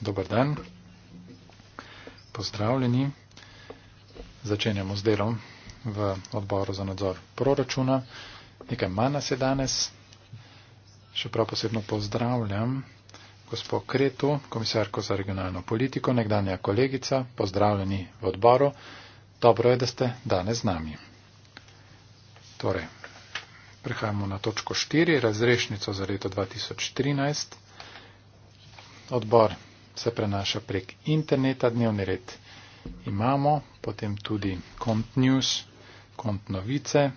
Dobar dan, pozdravljeni. Začenjamo z delom v odboru za nadzor proračuna. Nekaj manj nas je danes. Še prav posebno pozdravljam gospo Kretu, komisarko za regionalno politiko, nekdanja kolegica, pozdravljeni v odboru. Dobro je, da ste danes z nami. Torej, Prehajamo na točko 4, razrešnico za leto 2013. Odbor se prenaša prek interneta, dnevni red imamo, potem tudi kont news, kont novice.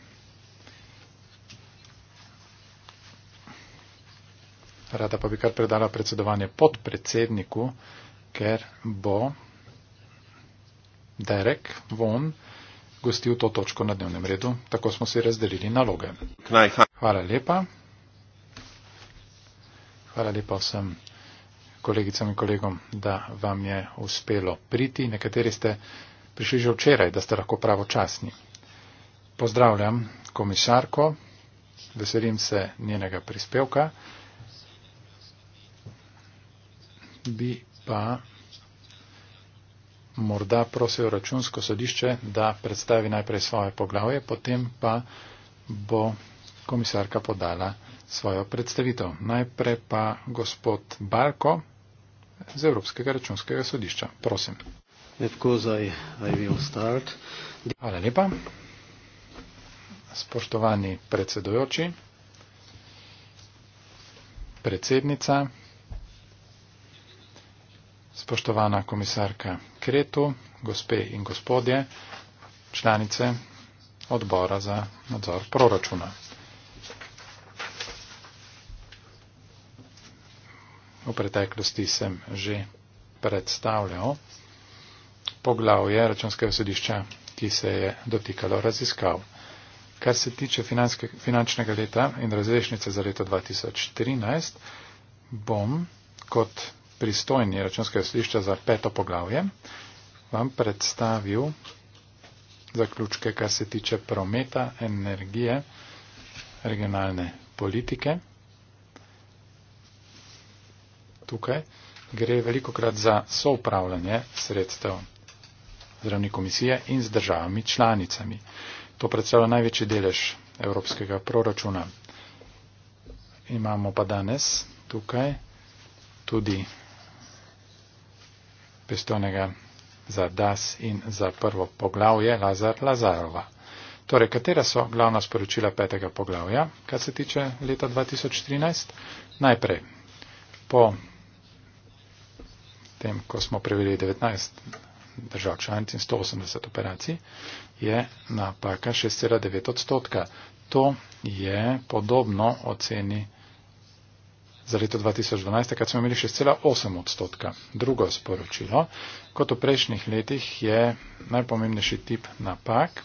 Rada pa bi kar predala predsedovanje podpredsedniku, ker bo Derek von gostil to točko na dnevnem redu. Tako smo si razdelili naloge. Hvala lepa. Hvala lepa vsem kolegicam in kolegom, da vam je uspelo priti. Nekateri ste prišli že včeraj, da ste lahko pravočasni. Pozdravljam komisarko, veselim se njenega prispevka. Bi pa morda prosil računsko sodišče, da predstavi najprej svoje poglavje, potem pa bo komisarka podala svojo predstavitev. Najprej pa gospod Barko z Evropskega računskega sodišča. Prosim. Of course I, I will start. Hvala lepa. Spoštovani predsedujoči, predsednica, spoštovana komisarka Kretu, gospe in gospodje, članice odbora za nadzor proračuna. V preteklosti sem že predstavljal poglavje računskega sodišča, ki se je dotikalo raziskav. Kar se tiče finančnega leta in razrešnice za leto 2013, bom kot pristojni računskega sodišča za peto poglavje, vam predstavil zaključke, kar se tiče prometa, energije, regionalne politike. Tukaj gre veliko krat za soupravljanje sredstev zdravni komisije in z državami članicami. To predstavlja največji delež evropskega proračuna. Imamo pa danes tukaj tudi pristojnega za das in za prvo poglavje Lazar Lazarova. Torej, katera so glavna sporočila petega poglavja, kar se tiče leta 2013? Najprej, po tem, ko smo preverili 19 držav članic in 180 operacij, je napaka 6,9 odstotka. To je podobno oceni Za leto 2012 takrat smo imeli 6,8 odstotka. Drugo sporočilo. Kot v prejšnjih letih je najpomembnejši tip napak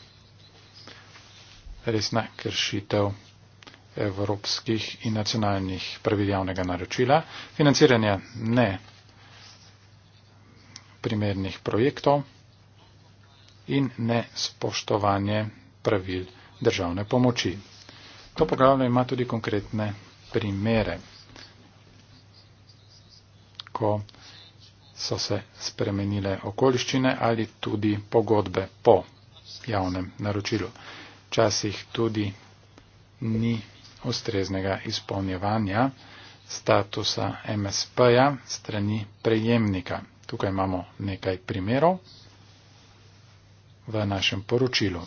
resna kršitev evropskih in nacionalnih pravil javnega naročila, financiranja ne primernih projektov in ne spoštovanje pravil državne pomoči. To poglavje ima tudi konkretne primere ko so se spremenile okoliščine ali tudi pogodbe po javnem naročilu. Včasih tudi ni ustreznega izpolnjevanja statusa MSP-ja strani prejemnika. Tukaj imamo nekaj primerov v našem poročilu,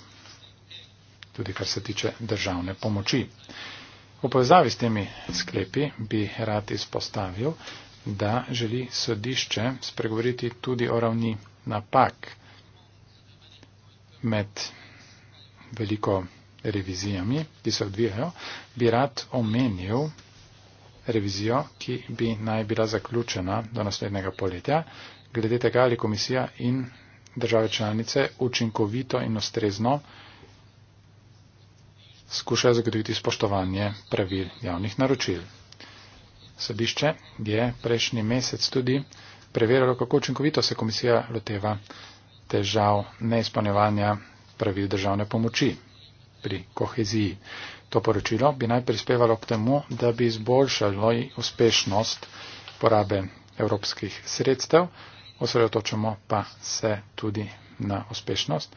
tudi kar se tiče državne pomoči. V povezavi s temi sklepi bi rad izpostavil, da želi sodišče spregovoriti tudi o ravni napak med veliko revizijami, ki se odvijajo, bi rad omenil revizijo, ki bi naj bila zaključena do naslednjega poletja, glede tega ali komisija in države članice učinkovito in ustrezno skušajo zagotoviti spoštovanje pravil javnih naročil. Sodišče je prejšnji mesec tudi preverilo, kako učinkovito se komisija loteva težav neizpolnjevanja pravil državne pomoči pri koheziji. To poročilo bi naj prispevalo k temu, da bi izboljšalo uspešnost porabe evropskih sredstev, osredotočamo pa se tudi na uspešnost.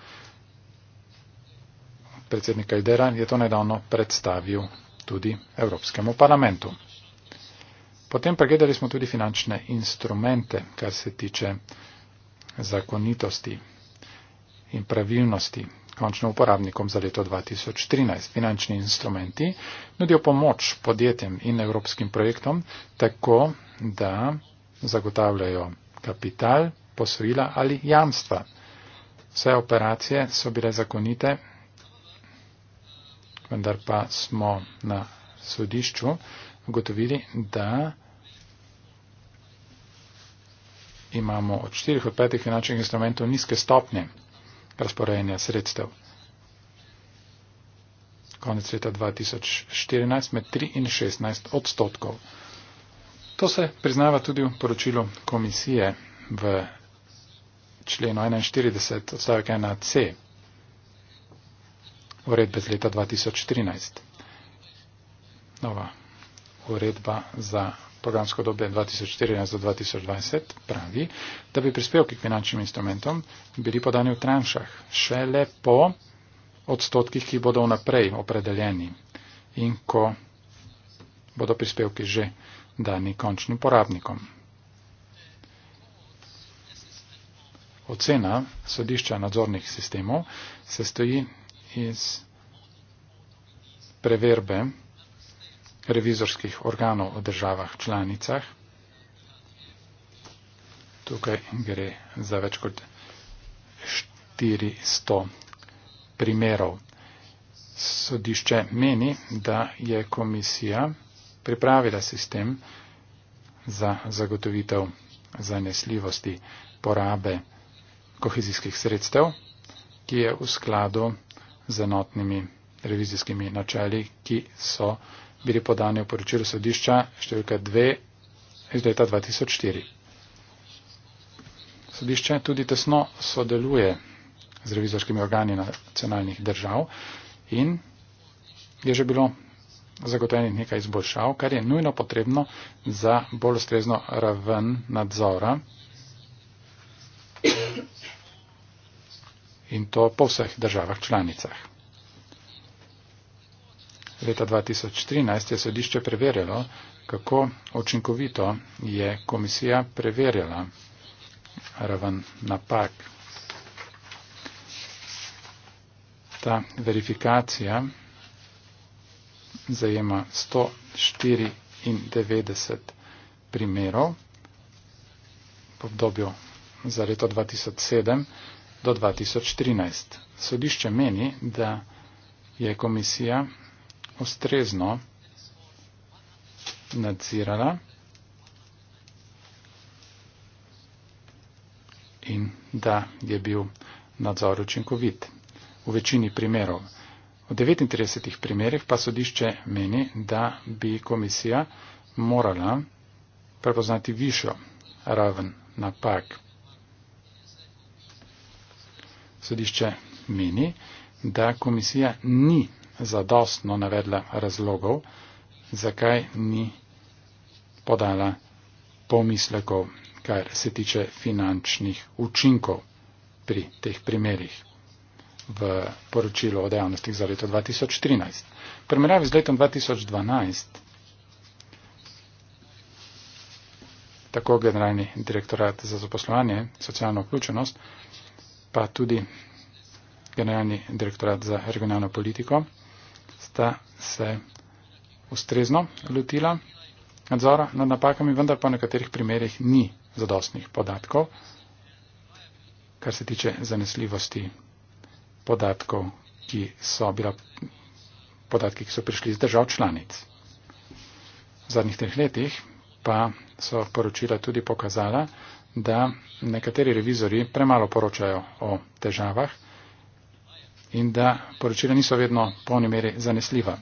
Predsednik Kajdera je to nedavno predstavil tudi Evropskemu parlamentu. Potem pregledali smo tudi finančne instrumente, kar se tiče zakonitosti in pravilnosti končno uporabnikom za leto 2013. Finančni instrumenti nudijo pomoč podjetjem in evropskim projektom tako, da zagotavljajo kapital, posojila ali jamstva. Vse operacije so bile zakonite, vendar pa smo na sodišču ugotovili, da imamo od štirih od petih finančnih instrumentov nizke stopnje razporejanja sredstev. Konec leta 2014 med 3 in 16 odstotkov. To se priznava tudi v poročilu komisije v členu 41 odstavek 1c uredbe z leta 2013. Nova uredba za pogansko dobe 2014 do 2020 pravi, da bi prispevki k finančnim instrumentom bili podani v tranšah, šele po odstotkih, ki bodo vnaprej opredeljeni in ko bodo prispevki že dani končnim porabnikom. Ocena sodišča nadzornih sistemov se stoji iz preverbe revizorskih organov v državah članicah. Tukaj gre za več kot 400 primerov. Sodišče meni, da je komisija pripravila sistem za zagotovitev zanesljivosti porabe kohezijskih sredstev, ki je v skladu z enotnimi revizijskimi načeli, ki so bili podani v poročilu sodišča številka 2 iz leta 2004. Sodišče tudi tesno sodeluje z revizorskimi organi nacionalnih držav in je že bilo zagotovljenih nekaj izboljšav, kar je nujno potrebno za bolj ustrezno raven nadzora in to po vseh državah članicah leta 2013 je sodišče preverjalo, kako očinkovito je komisija preverjala raven napak. Ta verifikacija zajema 194 primerov v obdobju za leto 2007 do 2013. Sodišče meni, da je komisija ustrezno nadzirala in da je bil nadzor učinkovit v večini primerov. V 39 primerih pa sodišče meni, da bi komisija morala prepoznati višjo raven napak. Sodišče meni, da komisija ni zadostno navedla razlogov, zakaj ni podala pomislekov, kar se tiče finančnih učinkov pri teh primerjih v poročilu o dejavnostih za leto 2013. V primerjavi z letom 2012, tako generalni direktorat za zaposlovanje, socialno vključenost, pa tudi generalni direktorat za regionalno politiko, sta se ustrezno lotila nadzora nad napakami, vendar pa v nekaterih primerjih ni zadostnih podatkov, kar se tiče zanesljivosti podatkov, ki so bila podatki, ki so prišli iz držav članic. V zadnjih treh letih pa so poročila tudi pokazala, da nekateri revizori premalo poročajo o težavah, in da poročila niso vedno polni meri zanesljiva.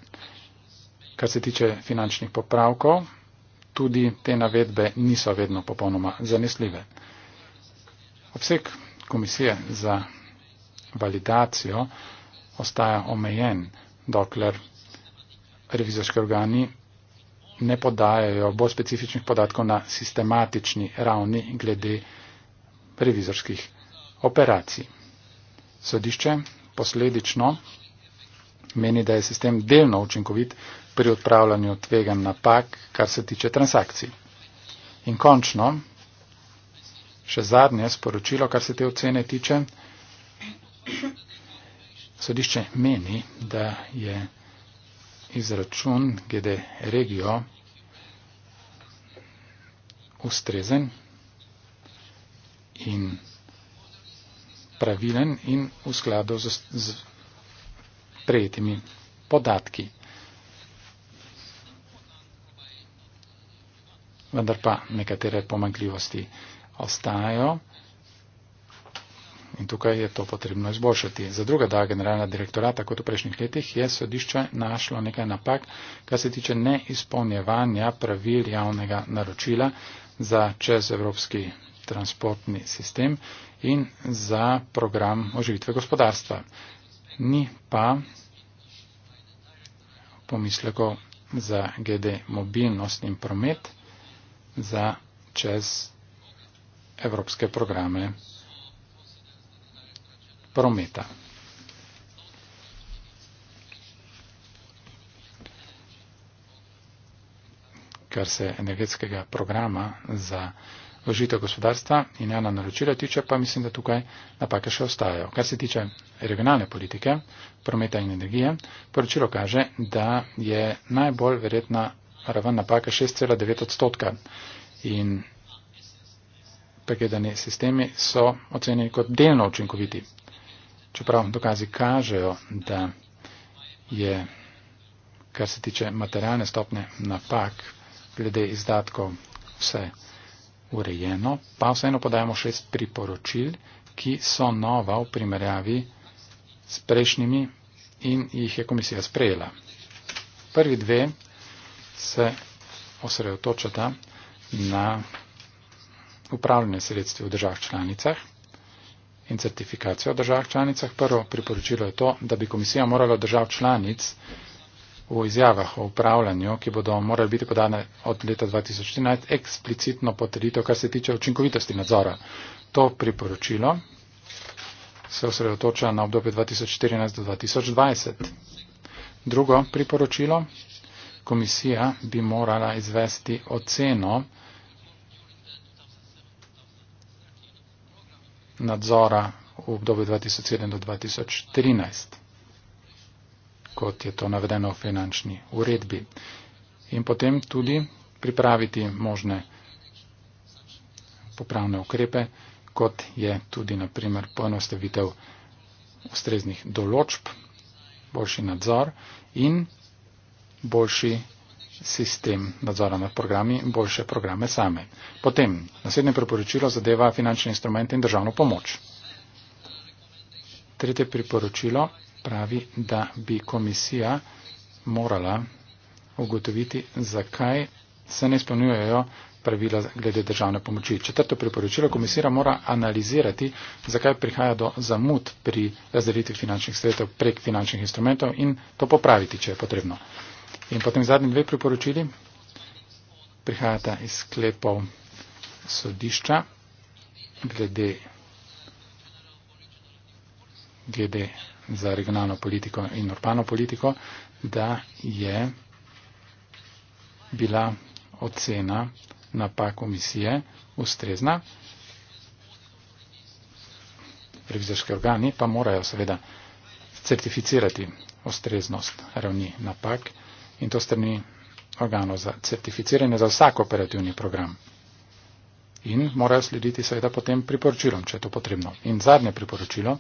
Kar se tiče finančnih popravkov, tudi te navedbe niso vedno popolnoma zanesljive. Obseg komisije za validacijo ostaja omejen, dokler revizorski organi ne podajajo bolj specifičnih podatkov na sistematični ravni glede revizorskih operacij. Sodišče posledično meni, da je sistem delno učinkovit pri odpravljanju tvegan napak, kar se tiče transakcij. In končno, še zadnje sporočilo, kar se te ocene tiče, sodišče meni, da je izračun GD regijo ustrezen in pravilen in v skladu z, z prejetimi podatki. Vendar pa nekatere pomankljivosti ostajajo in tukaj je to potrebno izboljšati. Za druga dva generalna direktorata, kot v prejšnjih letih, je sodišče našlo nekaj napak, kar se tiče neizpolnjevanja pravil javnega naročila za čezevropski transportni sistem in za program oživitve gospodarstva. Ni pa pomisleko za GD mobilnost in promet za čez evropske programe prometa. Kar se energetskega programa za vložitev gospodarstva in javna naročila tiče, pa mislim, da tukaj napake še ostajajo. Kar se tiče regionalne politike, prometa in energije, poročilo kaže, da je najbolj verjetna raven napake 6,9 odstotka in pregledani sistemi so ocenjeni kot delno učinkoviti. Čeprav dokazi kažejo, da je, kar se tiče materialne stopne napak, glede izdatkov, vse urejeno, pa vseeno podajamo šest priporočil, ki so nova v primerjavi s prejšnjimi in jih je komisija sprejela. Prvi dve se osredotočata na upravljanje sredstvi v državah članicah in certifikacijo v državah članicah. Prvo priporočilo je to, da bi komisija morala v držav članic v izjavah o upravljanju, ki bodo morali biti podane od leta 2014, eksplicitno potreditev, kar se tiče učinkovitosti nadzora. To priporočilo se osredotoča na obdobje 2014 do 2020. Drugo priporočilo, komisija bi morala izvesti oceno nadzora v obdobju 2007 do 2013 kot je to navedeno v finančni uredbi. In potem tudi pripraviti možne popravne ukrepe, kot je tudi naprimer poenostavitev ustreznih določb, boljši nadzor in boljši sistem nadzora nad programi in boljše programe same. Potem, naslednje priporočilo zadeva finančne instrumente in državno pomoč. Tretje priporočilo pravi, da bi komisija morala ugotoviti, zakaj se ne izpolnjujejo pravila glede državne pomoči. Četrto priporočilo, komisija mora analizirati, zakaj prihaja do zamud pri razdelitvi finančnih sredstev prek finančnih instrumentov in to popraviti, če je potrebno. In potem zadnji dve priporočili prihajata iz sklepov sodišča glede glede za regionalno politiko in urbano politiko, da je bila ocena napak komisije ustrezna. Revizorski organi pa morajo seveda certificirati ustreznost ravni napak in to strani organov za certificiranje za vsak operativni program. In morajo slediti seveda potem priporočilom, če je to potrebno. In zadnje priporočilo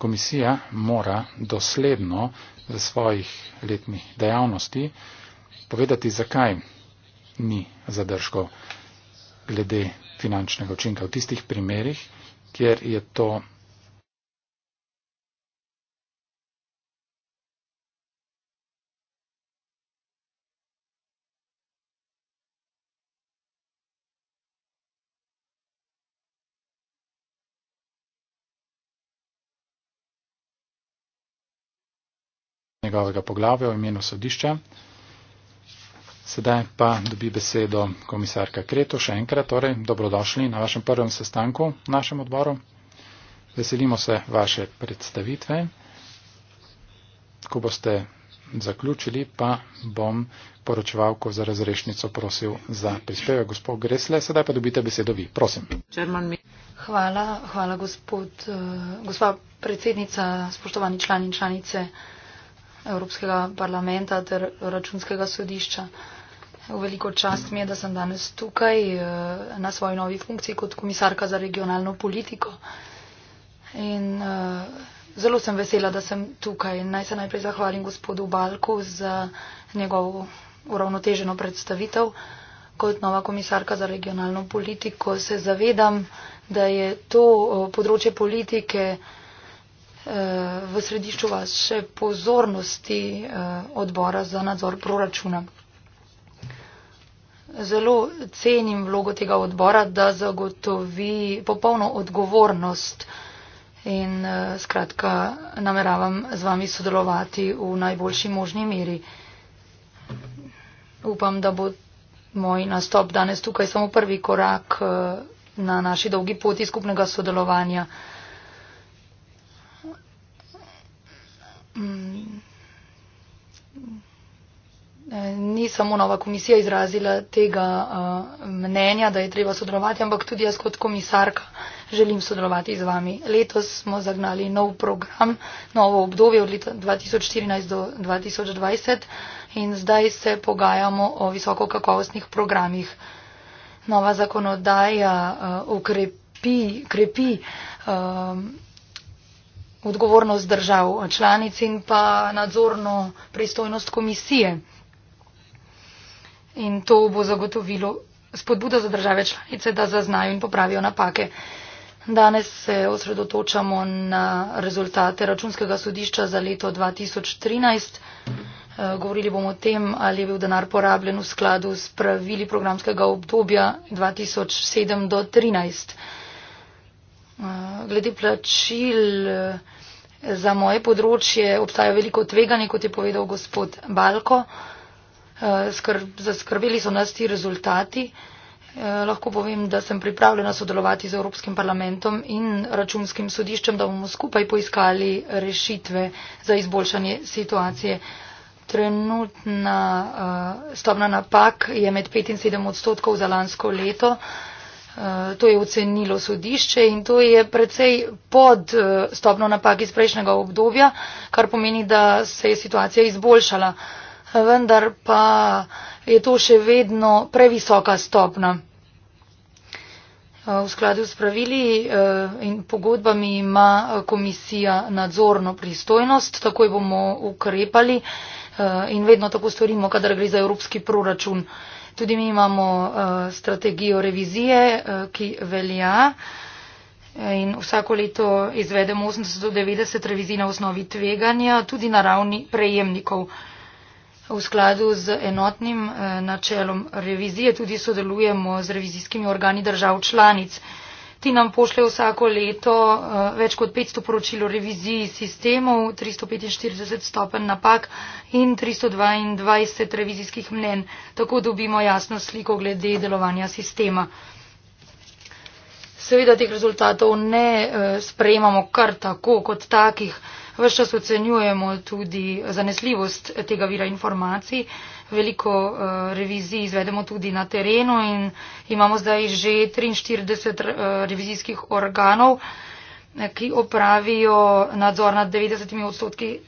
komisija mora dosledno v svojih letnih dejavnosti povedati, zakaj ni zadržkov glede finančnega učinka v tistih primerih, kjer je to njegovega poglavja v imenu sodišča. Sedaj pa dobi besedo komisarka Kreto še enkrat. Torej, dobrodošli na vašem prvem sestanku v našem odboru. Veselimo se vaše predstavitve. Ko boste zaključili, pa bom poročevalko za razrešnico prosil za prispevek. Gospod Gresle, sedaj pa dobite besedo vi. Prosim. Hvala, hvala gospod, eh, gospa predsednica, spoštovani člani in članice. Evropskega parlamenta ter računskega sodišča. Veliko čast mi je, da sem danes tukaj eh, na svoji novi funkciji kot komisarka za regionalno politiko. In eh, zelo sem vesela, da sem tukaj. Naj se najprej zahvalim gospodu Balku za njegovo uravnoteženo predstavitev. Kot nova komisarka za regionalno politiko se zavedam, da je to eh, področje politike v središču vaše pozornosti eh, odbora za nadzor proračuna. Zelo cenim vlogo tega odbora, da zagotovi popolno odgovornost in eh, skratka nameravam z vami sodelovati v najboljši možni meri. Upam, da bo moj nastop danes tukaj samo prvi korak eh, na naši dolgi poti skupnega sodelovanja. samo nova komisija izrazila tega uh, mnenja, da je treba sodelovati, ampak tudi jaz kot komisarka želim sodelovati z vami. Letos smo zagnali nov program, novo obdobje od leta 2014 do 2020 in zdaj se pogajamo o visoko kakovostnih programih. Nova zakonodaja uh, ukrepi, krepi. Uh, odgovornost držav članic in pa nadzorno pristojnost komisije in to bo zagotovilo spodbudo za države članice, da zaznajo in popravijo napake. Danes se osredotočamo na rezultate računskega sodišča za leto 2013. Eh, govorili bomo o tem, ali je bil denar porabljen v skladu s pravili programskega obdobja 2007 do 2013. Eh, glede plačil eh, za moje področje obstaja veliko tveganje, kot je povedal gospod Balko. Eh, zaskrbeli so nas ti rezultati. Eh, lahko povem, da sem pripravljena sodelovati z Evropskim parlamentom in računskim sodiščem, da bomo skupaj poiskali rešitve za izboljšanje situacije. Trenutna eh, stopna napak je med 5 in 7 odstotkov za lansko leto. To je ocenilo sodišče in to je precej pod stopno napak iz prejšnjega obdobja, kar pomeni, da se je situacija izboljšala vendar pa je to še vedno previsoka stopna. V skladu s pravili eh, in pogodbami ima eh, komisija nadzorno pristojnost, takoj bomo ukrepali eh, in vedno tako storimo, kadar gre za evropski proračun. Tudi mi imamo strategijo revizije, ki velja in vsako leto izvedemo 80-90 revizij na osnovi tveganja, tudi na ravni prejemnikov v skladu z enotnim eh, načelom revizije tudi sodelujemo z revizijskimi organi držav članic. Ti nam pošljejo vsako leto eh, več kot 500 poročil o reviziji sistemov, 345 stopen napak in 322 revizijskih mnen. Tako dobimo jasno sliko glede delovanja sistema. Seveda teh rezultatov ne eh, sprejemamo kar tako kot takih. Ves čas ocenjujemo tudi zanesljivost tega vira informacij. Veliko uh, revizij izvedemo tudi na terenu in imamo zdaj že 43 uh, eh, revizijskih organov, eh, ki opravijo nadzor nad 90 odstotki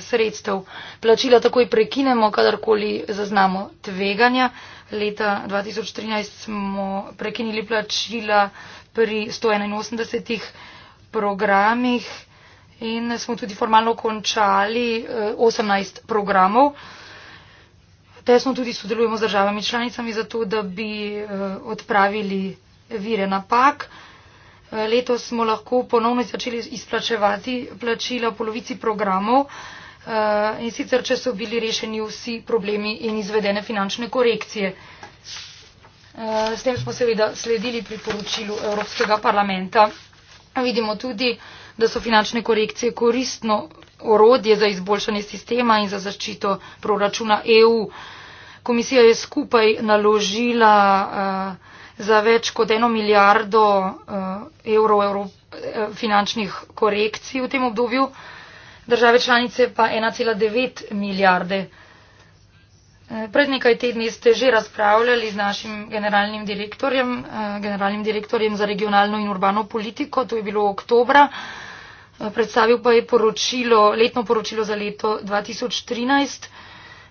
sredstev. Plačila takoj prekinemo, kadarkoli zaznamo tveganja. Leta 2013 smo prekinili plačila pri 181 programih in smo tudi formalno končali 18 eh, programov. Tesno tudi sodelujemo z državami članicami za to, da bi eh, odpravili vire napak. Eh, letos smo lahko ponovno začeli izplačevati plačila polovici programov in sicer, če so bili rešeni vsi problemi in izvedene finančne korekcije. S tem smo seveda sledili priporočilu Evropskega parlamenta. Vidimo tudi, da so finančne korekcije koristno orodje za izboljšanje sistema in za zaščito proračuna EU. Komisija je skupaj naložila uh, za več kot eno milijardo uh, evrov evro, eh, finančnih korekcij v tem obdobju, države članice pa 1,9 milijarde. Pred nekaj tedni ste že razpravljali z našim generalnim direktorjem, generalnim direktorjem za regionalno in urbano politiko, to je bilo v oktobra predstavil pa je poročilo, letno poročilo za leto 2013.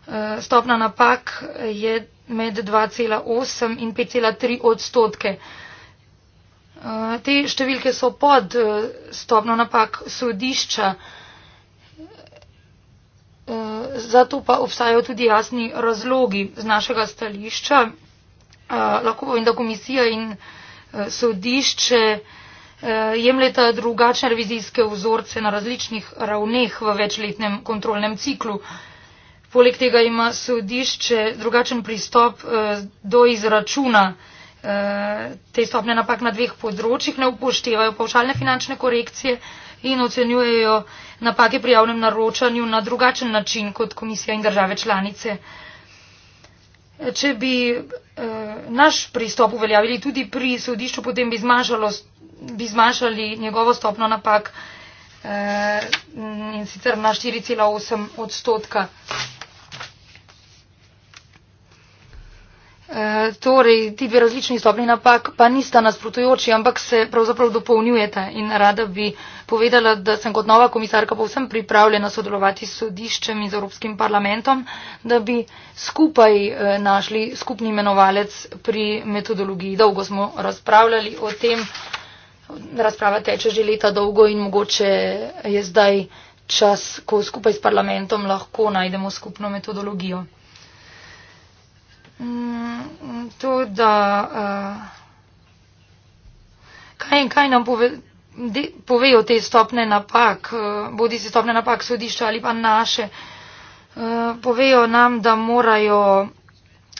Eh, stopna napak je med 2,8 in 5,3 odstotke. Eh, te številke so pod eh, stopno napak sodišča. Zato pa obstajajo tudi jasni razlogi z našega stališča. Lahko povem, da komisija in sodišče. Eh, jemljeta drugačne revizijske vzorce na različnih ravneh v večletnem kontrolnem ciklu. Poleg tega ima sodišče drugačen pristop eh, do izračuna eh, te stopne napak na dveh področjih, ne upoštevajo pavšalne finančne korekcije in ocenjujejo napake pri javnem naročanju na drugačen način kot komisija in države članice če bi eh, naš pristop uveljavili tudi pri sodišču, potem bi, zmažalo, bi zmažali njegovo stopno napak eh, in sicer na 4,8 odstotka. Eh, Eh, torej ti dve različni stopni napak pa nista nasprotujoči, ampak se pravzaprav dopolnjujete in rada bi povedala, da sem kot nova komisarka povsem pripravljena sodelovati s sodiščem in z Evropskim parlamentom, da bi skupaj eh, našli skupni imenovalec pri metodologiji. Dolgo smo razpravljali o tem, razprava teče že leta dolgo in mogoče je zdaj čas, ko skupaj s parlamentom lahko najdemo skupno metodologijo. Mm, to, da uh, kaj in kaj nam pove, de, povejo te stopne napak, uh, eh, bodi si stopne napak sodišča ali pa naše, uh, povejo nam, da morajo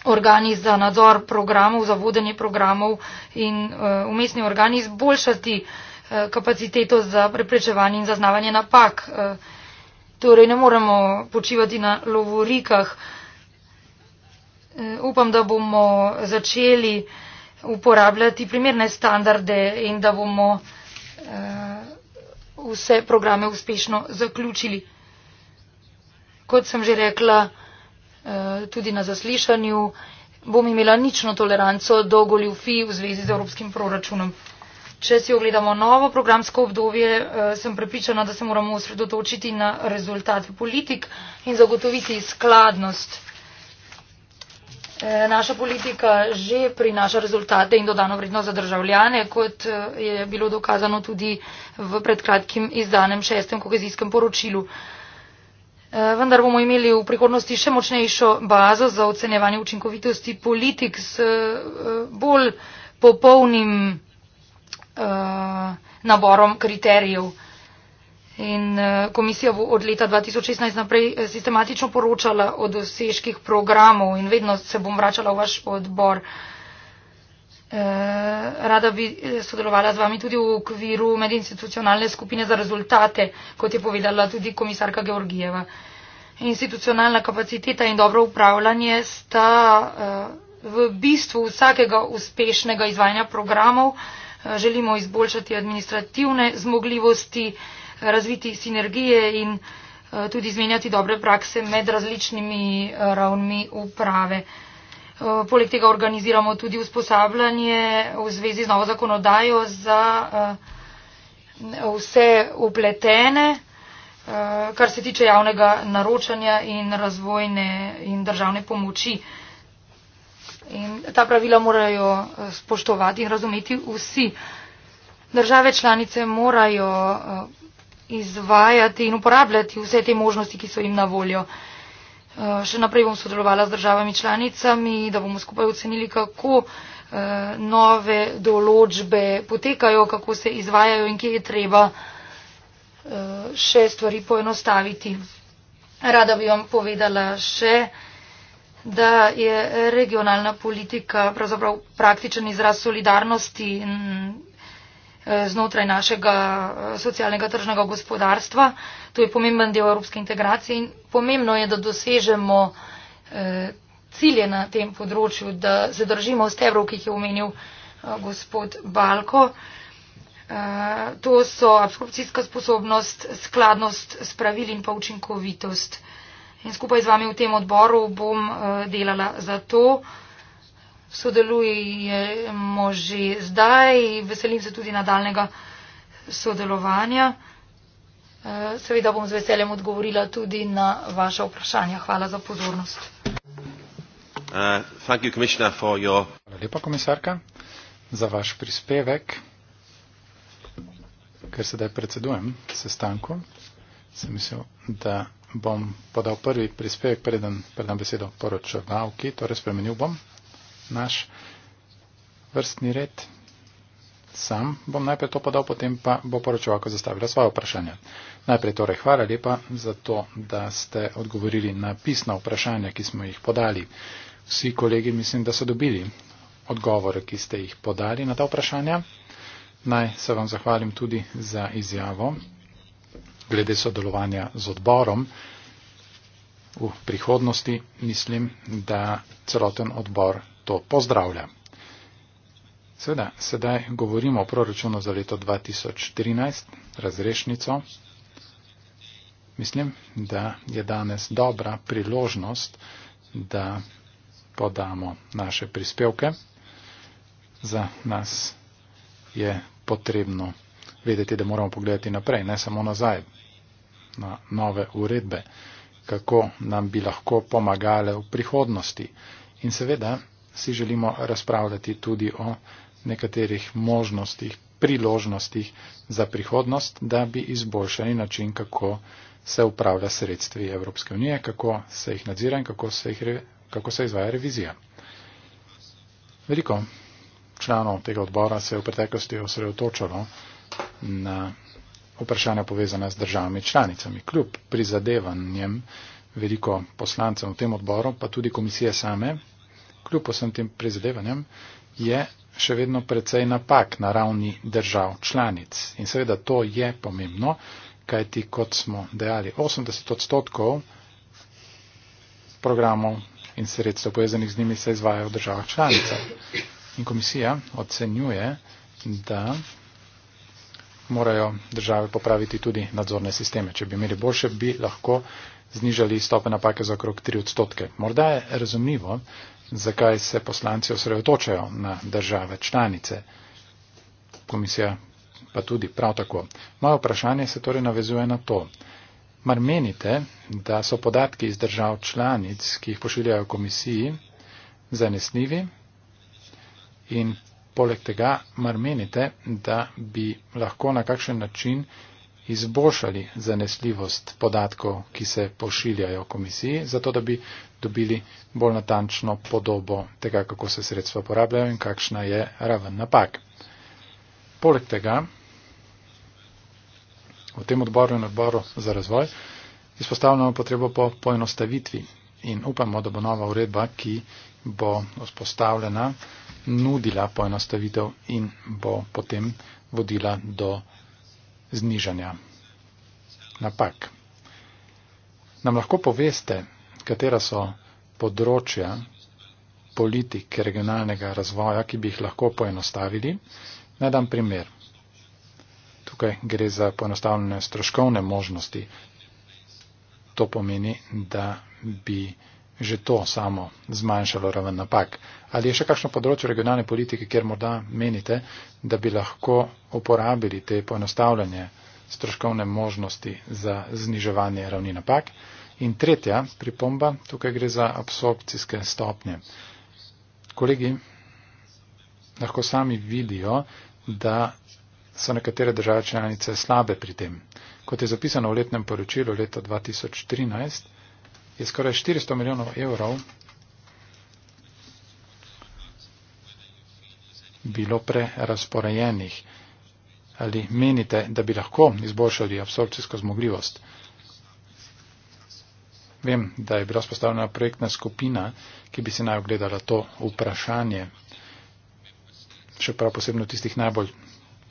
organi za nadzor programov, za vodenje programov in uh, umestni organi izboljšati uh, kapaciteto za preprečevanje in zaznavanje napak. Uh, torej ne moremo počivati na lovorikah. Uh, Eh, upam, da bomo začeli uporabljati primerne standarde in da bomo eh, vse programe uspešno zaključili. Kot sem že rekla, eh, tudi na zaslišanju, bom imela nično toleranco do goljufij v zvezi z evropskim proračunom. Če si ogledamo novo programsko obdobje, sem prepričana, da se moramo osredotočiti na rezultate politik in zagotoviti skladnost Eh, naša politika že prinaša rezultate in dodano vrednost za državljane, kot eh, je bilo dokazano tudi v predkratkim izdanem šestem kohezijskem poročilu. Eh, vendar bomo imeli v prihodnosti še močnejšo bazo za ocenjevanje učinkovitosti politik s bolj popolnim naborom kriterijev. In eh, komisija bo od leta 2016 naprej eh, sistematično poročala o dosežkih programov in vedno se bom vračala v vaš odbor. Eh, rada bi sodelovala z vami tudi v okviru medinstitucionalne skupine za rezultate, kot je povedala tudi komisarka Georgijeva. Institucionalna kapaciteta in dobro upravljanje sta v bistvu vsakega uspešnega izvajanja programov. Želimo izboljšati administrativne zmogljivosti, razviti sinergije in eh, tudi izmenjati dobre prakse med različnimi eh, ravnmi uprave. Eh, poleg tega organiziramo tudi usposabljanje v zvezi z novo zakonodajo za vse upletene, kar se tiče javnega naročanja in razvojne in državne pomoči. In ta pravila morajo spoštovati in razumeti vsi. Države članice morajo izvajati in uporabljati vse te možnosti, ki so jim na voljo. Uh, še naprej bom sodelovala z državami članicami, da bomo skupaj ocenili, kako uh, nove določbe potekajo, kako se izvajajo in kje je treba uh, še stvari poenostaviti. Rada bi vam povedala še, da je regionalna politika pravzaprav praktičen izraz solidarnosti Eh, znotraj našega eh, socialnega tržnega gospodarstva. To je pomemben del evropske integracije in pomembno je, da dosežemo eh, cilje na tem področju, da zadržimo stebrov, ki jih je omenil gospod Balko. To so absorpcijska sposobnost, skladnost s pravili in pa učinkovitost. In skupaj z vami v tem odboru bom delala za to sodelujemo že zdaj, veselim se tudi nadaljnega sodelovanja. Eh, seveda bom z veseljem odgovorila tudi na vaše vprašanja. Hvala za pozornost. Uh, you, your... Hvala lepa, komisarka, za vaš prispevek. Ker sedaj predsedujem sestanku, sem mislil, da bom podal prvi prispevek, preden predam besedo poročevalki, torej spremenil bom naš vrstni red. Sam bom najprej to podal, potem pa bo poročevalka zastavila svoje vprašanja. Najprej torej hvala lepa za to, da ste odgovorili na pisna vprašanja, ki smo jih podali. Vsi kolegi mislim, da so dobili odgovore, ki ste jih podali na ta vprašanja. Naj se vam zahvalim tudi za izjavo glede sodelovanja z odborom. V prihodnosti mislim, da celoten odbor to pozdravlja. Sveda, sedaj govorimo o proračunu za leto 2013, razrešnico. Mislim, da je danes dobra priložnost, da podamo naše prispevke. Za nas je potrebno vedeti, da moramo pogledati naprej, ne samo nazaj, na nove uredbe, kako nam bi lahko pomagale v prihodnosti. In seveda si želimo razpravljati tudi o nekaterih možnostih, priložnostih za prihodnost, da bi izboljšali način, kako se upravlja sredstvi Evropske unije, kako se jih nadzira in kako se, jih, kako se izvaja revizija. Veliko članov tega odbora se je v preteklosti osredotočalo na vprašanja povezana z državami članicami. Kljub prizadevanjem veliko poslancev v tem odboru, pa tudi komisije same, kljub vsem tem prizadevanjem, je še vedno precej napak na ravni držav članic. In seveda to je pomembno, kajti kot smo dejali, 80 odstotkov programov in sredstev povezanih z njimi se izvajajo v državah članicah. In komisija ocenjuje, da morajo države popraviti tudi nadzorne sisteme. Če bi imeli boljše, bi lahko znižali stope napake za okrog 3 odstotke. Morda je razumljivo, zakaj se poslanci osredotočajo na države članice. Komisija pa tudi prav tako. Moje vprašanje se torej navezuje na to. Mar menite, da so podatki iz držav članic, ki jih pošiljajo komisiji, zanesljivi in poleg tega mar menite, da bi lahko na kakšen način izboljšali zanesljivost podatkov, ki se pošiljajo komisiji, zato da bi dobili bolj natančno podobo tega, kako se sredstva porabljajo in kakšna je raven napak. Poleg tega, v tem odboru in odboru za razvoj izpostavljamo potrebo po poenostavitvi in upamo, da bo nova uredba, ki bo vzpostavljena, nudila poenostavitev in bo potem vodila do znižanja napak. Nam lahko poveste, katera so področja politike regionalnega razvoja, ki bi jih lahko poenostavili. Naj dam primer. Tukaj gre za poenostavljene stroškovne možnosti. To pomeni, da bi že to samo zmanjšalo raven napak. Ali je še kakšno področje regionalne politike, kjer morda menite, da bi lahko uporabili te poenostavljene stroškovne možnosti za zniževanje ravni napak? In tretja pripomba, tukaj gre za absorpcijske stopnje. Kolegi lahko sami vidijo, da so nekatere države članice slabe pri tem. Kot je zapisano v letnem poročilu leta 2013, je skoraj 400 milijonov evrov bilo prerasporejenih. Ali menite, da bi lahko izboljšali absorpcijsko zmogljivost? Vem, da je bila spostavljena projektna skupina, ki bi se naj ogledala to vprašanje, še prav posebno v tistih najbolj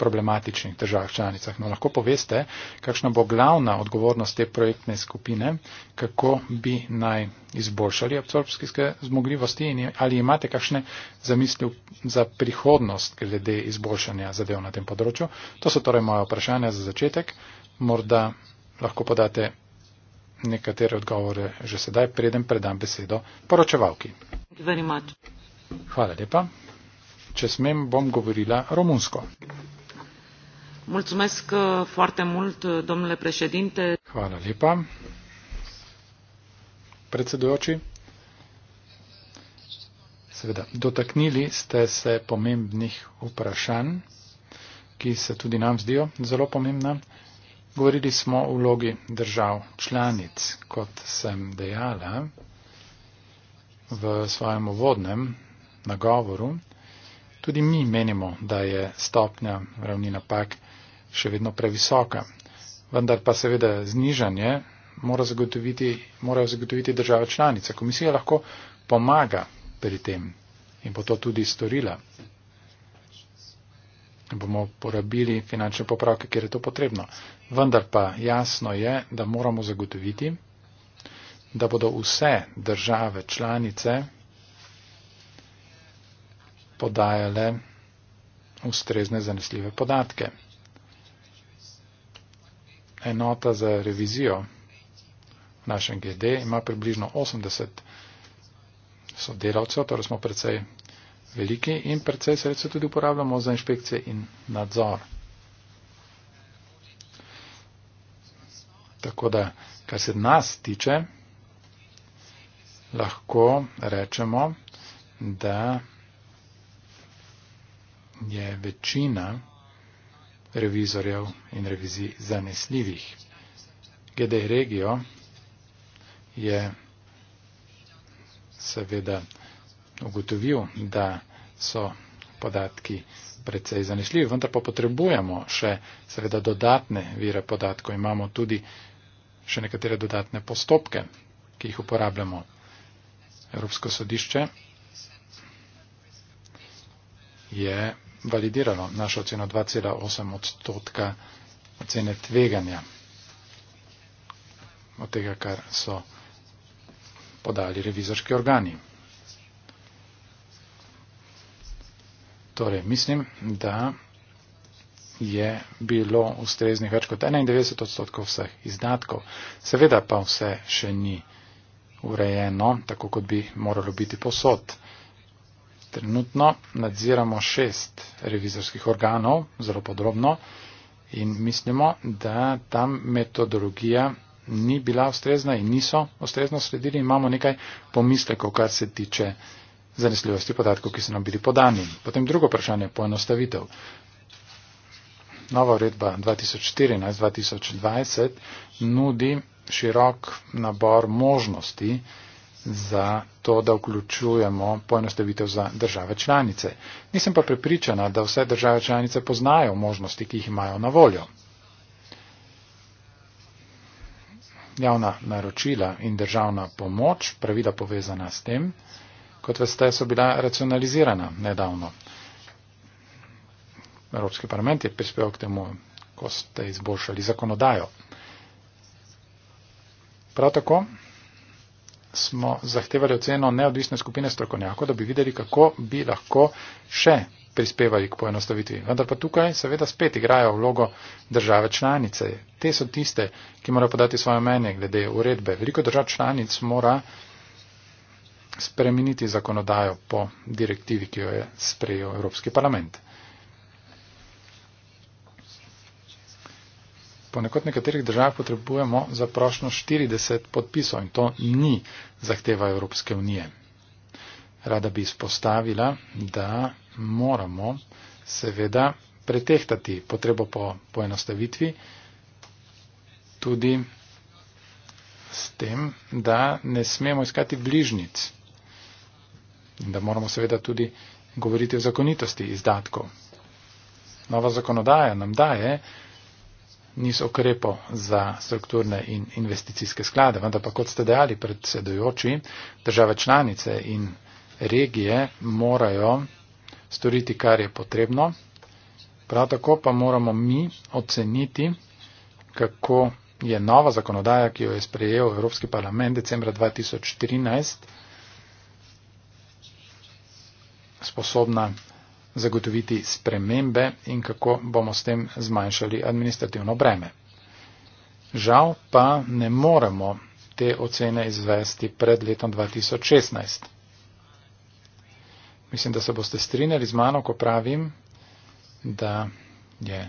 problematičnih državah članicah. No, lahko poveste, kakšna bo glavna odgovornost te projektne skupine, kako bi naj izboljšali absorpcijske zmogljivosti in ali imate kakšne zamisli za prihodnost glede izboljšanja zadev na tem področju. To so torej moje vprašanja za začetek. Morda lahko podate nekatere odgovore že sedaj, preden predam besedo poročevalki. Hvala lepa. Če smem, bom govorila romunsko. Mulțumesc uh, foarte mult, uh, domnule președinte. Hvala lepa. Predsedujoči, seveda, dotaknili ste se pomembnih vprašanj, ki se tudi nam zdijo zelo pomembna. Govorili smo o vlogi držav članic, kot sem dejala v svojem uvodnem nagovoru. Tudi mi menimo, da je stopnja ravni napak še vedno previsoka. Vendar pa seveda znižanje morajo zagotoviti, mora zagotoviti države članice. Komisija lahko pomaga pri tem in bo to tudi storila bomo porabili finančne popravke, kjer je to potrebno. Vendar pa jasno je, da moramo zagotoviti, da bodo vse države članice podajale ustrezne zanesljive podatke. Enota za revizijo v našem GD ima približno 80 sodelavcev, torej smo precej veliki in precej sredstva tudi uporabljamo za inšpekcije in nadzor. Tako da, kar se nas tiče, lahko rečemo, da je večina revizorjev in revizij zanesljivih. GDE regijo je seveda ugotovil, da so podatki precej zanešljivi, vendar pa potrebujemo še seveda dodatne vire podatkov. Imamo tudi še nekatere dodatne postopke, ki jih uporabljamo. Evropsko sodišče je validiralo našo oceno 2,8 odstotka ocene tveganja od tega, kar so podali revizorski organi. Torej, mislim, da je bilo ustreznih več kot 91 odstotkov vseh izdatkov. Seveda pa vse še ni urejeno, tako kot bi moralo biti posod. Trenutno nadziramo šest revizorskih organov zelo podrobno in mislimo, da tam metodologija ni bila ustrezna in niso ustrezno sledili. Imamo nekaj pomislekov, kar se tiče zanesljivosti podatkov, ki so nam bili podani. Potem drugo vprašanje, poenostavitev. Nova uredba 2014-2020 nudi širok nabor možnosti za to, da vključujemo poenostavitev za države članice. Nisem pa prepričana, da vse države članice poznajo možnosti, ki jih imajo na voljo. Javna naročila in državna pomoč, pravila povezana s tem, kot veste, so bila racionalizirana nedavno. Evropski parlament je prispeval k temu, ko ste izboljšali zakonodajo. Prav tako smo zahtevali oceno neodvisne skupine strokovnjakov, da bi videli, kako bi lahko še prispevali k poenostavitvi. Vendar pa tukaj seveda spet igrajo vlogo države članice. Te so tiste, ki morajo podati svoje mnenje glede uredbe. Veliko držav članic mora spremeniti zakonodajo po direktivi, ki jo je sprejel Evropski parlament. Ponekod nekaterih držav potrebujemo za prošno 40 podpisov in to ni zahteva Evropske unije. Rada bi izpostavila, da moramo seveda pretehtati potrebo po poenostavitvi tudi s tem, da ne smemo iskati bližnic in da moramo seveda tudi govoriti o zakonitosti izdatkov. Nova zakonodaja nam daje niz okrepov za strukturne in investicijske sklade, vendar pa kot ste dejali predsedujoči, države članice in regije morajo storiti, kar je potrebno. Prav tako pa moramo mi oceniti, kako je nova zakonodaja, ki jo je sprejel Evropski parlament decembra 2013, sposobna zagotoviti spremembe in kako bomo s tem zmanjšali administrativno breme. Žal pa ne moremo te ocene izvesti pred letom 2016. Mislim, da se boste strinjali z mano, ko pravim, da je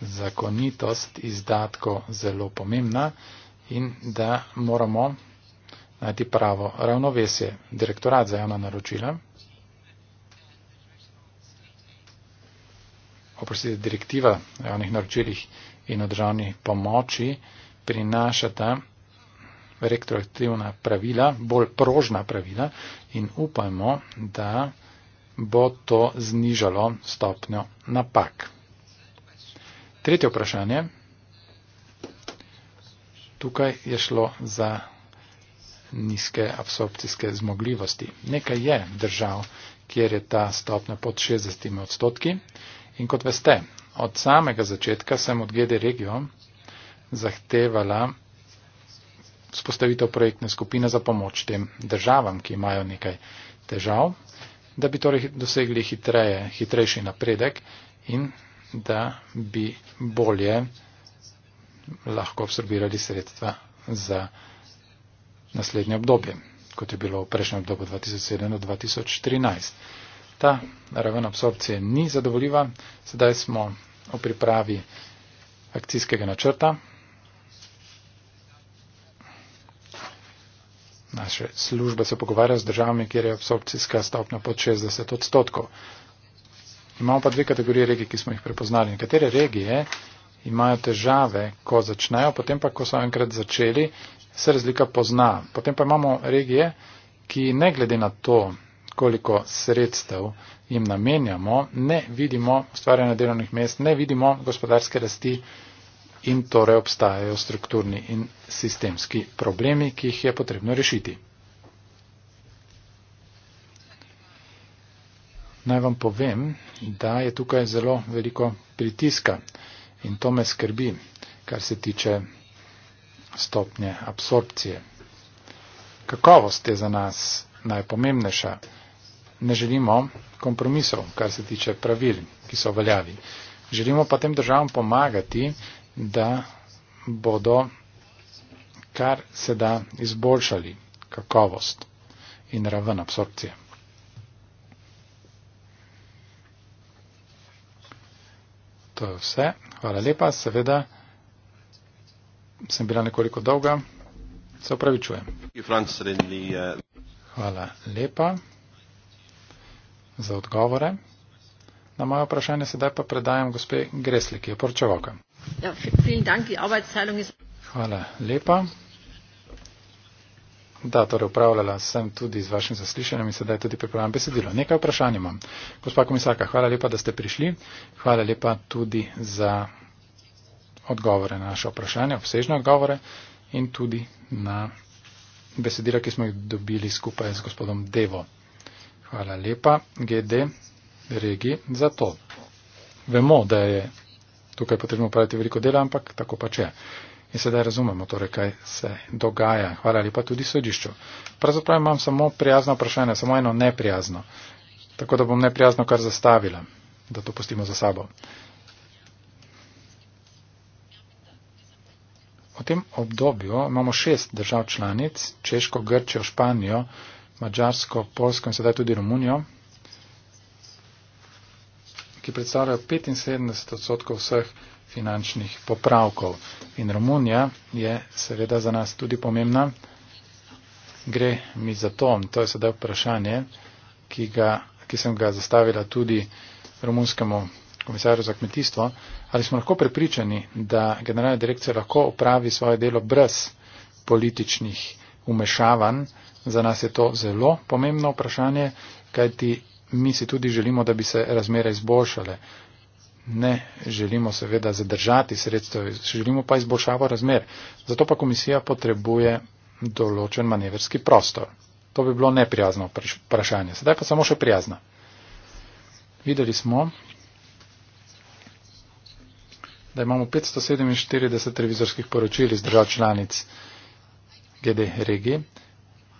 zakonitost izdatkov zelo pomembna in da moramo najti pravo ravnovesje. Direktorat za javna naročila oprosti direktiva o javnih naročilih in o državni pomoči prinašata rektroaktivna pravila, bolj prožna pravila in upajmo, da bo to znižalo stopnjo napak. Tretje vprašanje. Tukaj je šlo za nizke absorpcijske zmogljivosti. Nekaj je držav, kjer je ta stopnja pod 60 odstotki. In kot veste, od samega začetka sem od GD Regio zahtevala spostavitev projektne skupine za pomoč tem državam, ki imajo nekaj težav, da bi torej dosegli hitreje, hitrejši napredek in da bi bolje lahko absorbirali sredstva za naslednje obdobje, kot je bilo v prejšnjem obdobju 2007-2013 ta raven absorpcije ni zadovoljiva. Sedaj smo v pripravi akcijskega načrta. Naše službe se pogovarja z državami, kjer je absorpcijska stopnja pod 60 odstotkov. Imamo pa dve kategorije regij, ki smo jih prepoznali. Nekatere regije imajo težave, ko začnejo, potem pa, ko so enkrat začeli, se razlika pozna. Potem pa imamo regije, ki ne glede na to, koliko sredstev jim namenjamo, ne vidimo ustvarjanja delovnih mest, ne vidimo gospodarske rasti in torej obstajajo strukturni in sistemski problemi, ki jih je potrebno rešiti. Naj vam povem, da je tukaj zelo veliko pritiska in to me skrbi, kar se tiče stopnje absorpcije. Kakovost je za nas najpomembnejša ne želimo kompromisov, kar se tiče pravil, ki so veljavi. Želimo pa tem državam pomagati, da bodo kar se da izboljšali kakovost in raven absorpcije. To je vse. Hvala lepa. Seveda sem bila nekoliko dolga. Se opravičujem. Uh, Hvala lepa za odgovore. Na moje vprašanje sedaj pa predajam gospe Gresli, ki je porčevoka. Ja, hvala lepa. Da, torej upravljala sem tudi z vašim zaslišanjem in sedaj tudi pripravljam besedilo. Nekaj vprašanj imam. Gospa komisarka, hvala lepa, da ste prišli. Hvala lepa tudi za odgovore na naše vprašanje, obsežne odgovore in tudi na besedila, ki smo jih dobili skupaj z gospodom Devo. Hvala lepa, GD, regi, za to. Vemo, da je tukaj potrebno praviti veliko dela, ampak tako pa če. In sedaj razumemo torej, kaj se dogaja. Hvala lepa tudi sodišču. Pravzaprav imam samo prijazno vprašanje, samo eno neprijazno. Tako da bom neprijazno kar zastavila, da to pustimo za sabo. V tem obdobju imamo šest držav članic, Češko, Grčijo, Španijo, Mačarsko, Polsko in sedaj tudi Romunijo, ki predstavljajo 75 odstotkov vseh finančnih popravkov. In Romunija je seveda za nas tudi pomembna. Gre mi za to, to je sedaj vprašanje, ki, ga, ki sem ga zastavila tudi romunskemu komisarju za kmetijstvo, ali smo lahko prepričani, da generalna direkcija lahko opravi svoje delo brez političnih umešavanj, Za nas je to zelo pomembno vprašanje, kajti mi si tudi želimo, da bi se razmere izboljšale. Ne želimo seveda zadržati sredstev, želimo pa izboljšavo razmer. Zato pa komisija potrebuje določen manevrski prostor. To bi bilo neprijazno vprašanje. Sedaj pa samo še prijazno. Videli smo, da imamo 547 revizorskih poročil iz držav članic GD regije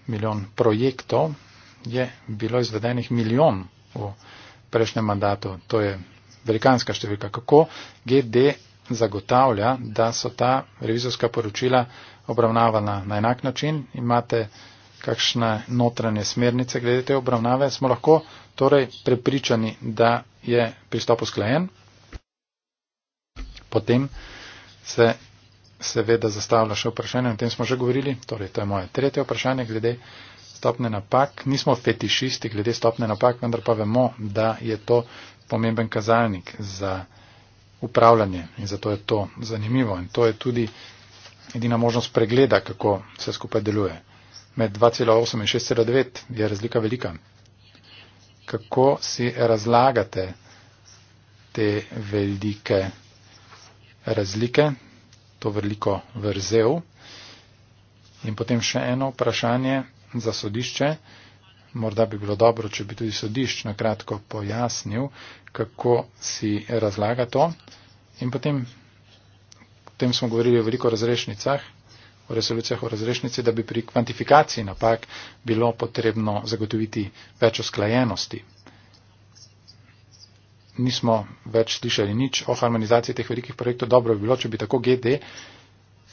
milijon projektov, je bilo izvedenih milijon v prejšnjem mandatu. To je velikanska številka. Kako GD zagotavlja, da so ta revizorska poročila obravnavana na enak način? Imate kakšne notranje smernice glede te obravnave? Smo lahko torej prepričani, da je pristop usklajen? Potem se seveda zastavlja še vprašanje, o tem smo že govorili, torej to je moje tretje vprašanje glede stopne napak. Nismo fetišisti glede stopne napak, vendar pa vemo, da je to pomemben kazalnik za upravljanje in zato je to zanimivo in to je tudi edina možnost pregleda, kako vse skupaj deluje. Med 2,8 in 6,9 je razlika velika. Kako si razlagate te velike razlike, to veliko vrzel. In potem še eno vprašanje za sodišče. Morda bi bilo dobro, če bi tudi sodišč na kratko pojasnil, kako si razlaga to. In potem, potem smo govorili o veliko razrešnicah, o resolucijah o razrešnici, da bi pri kvantifikaciji napak bilo potrebno zagotoviti več usklajenosti nismo več slišali nič o harmonizaciji teh velikih projektov. Dobro bi bilo, če bi tako GD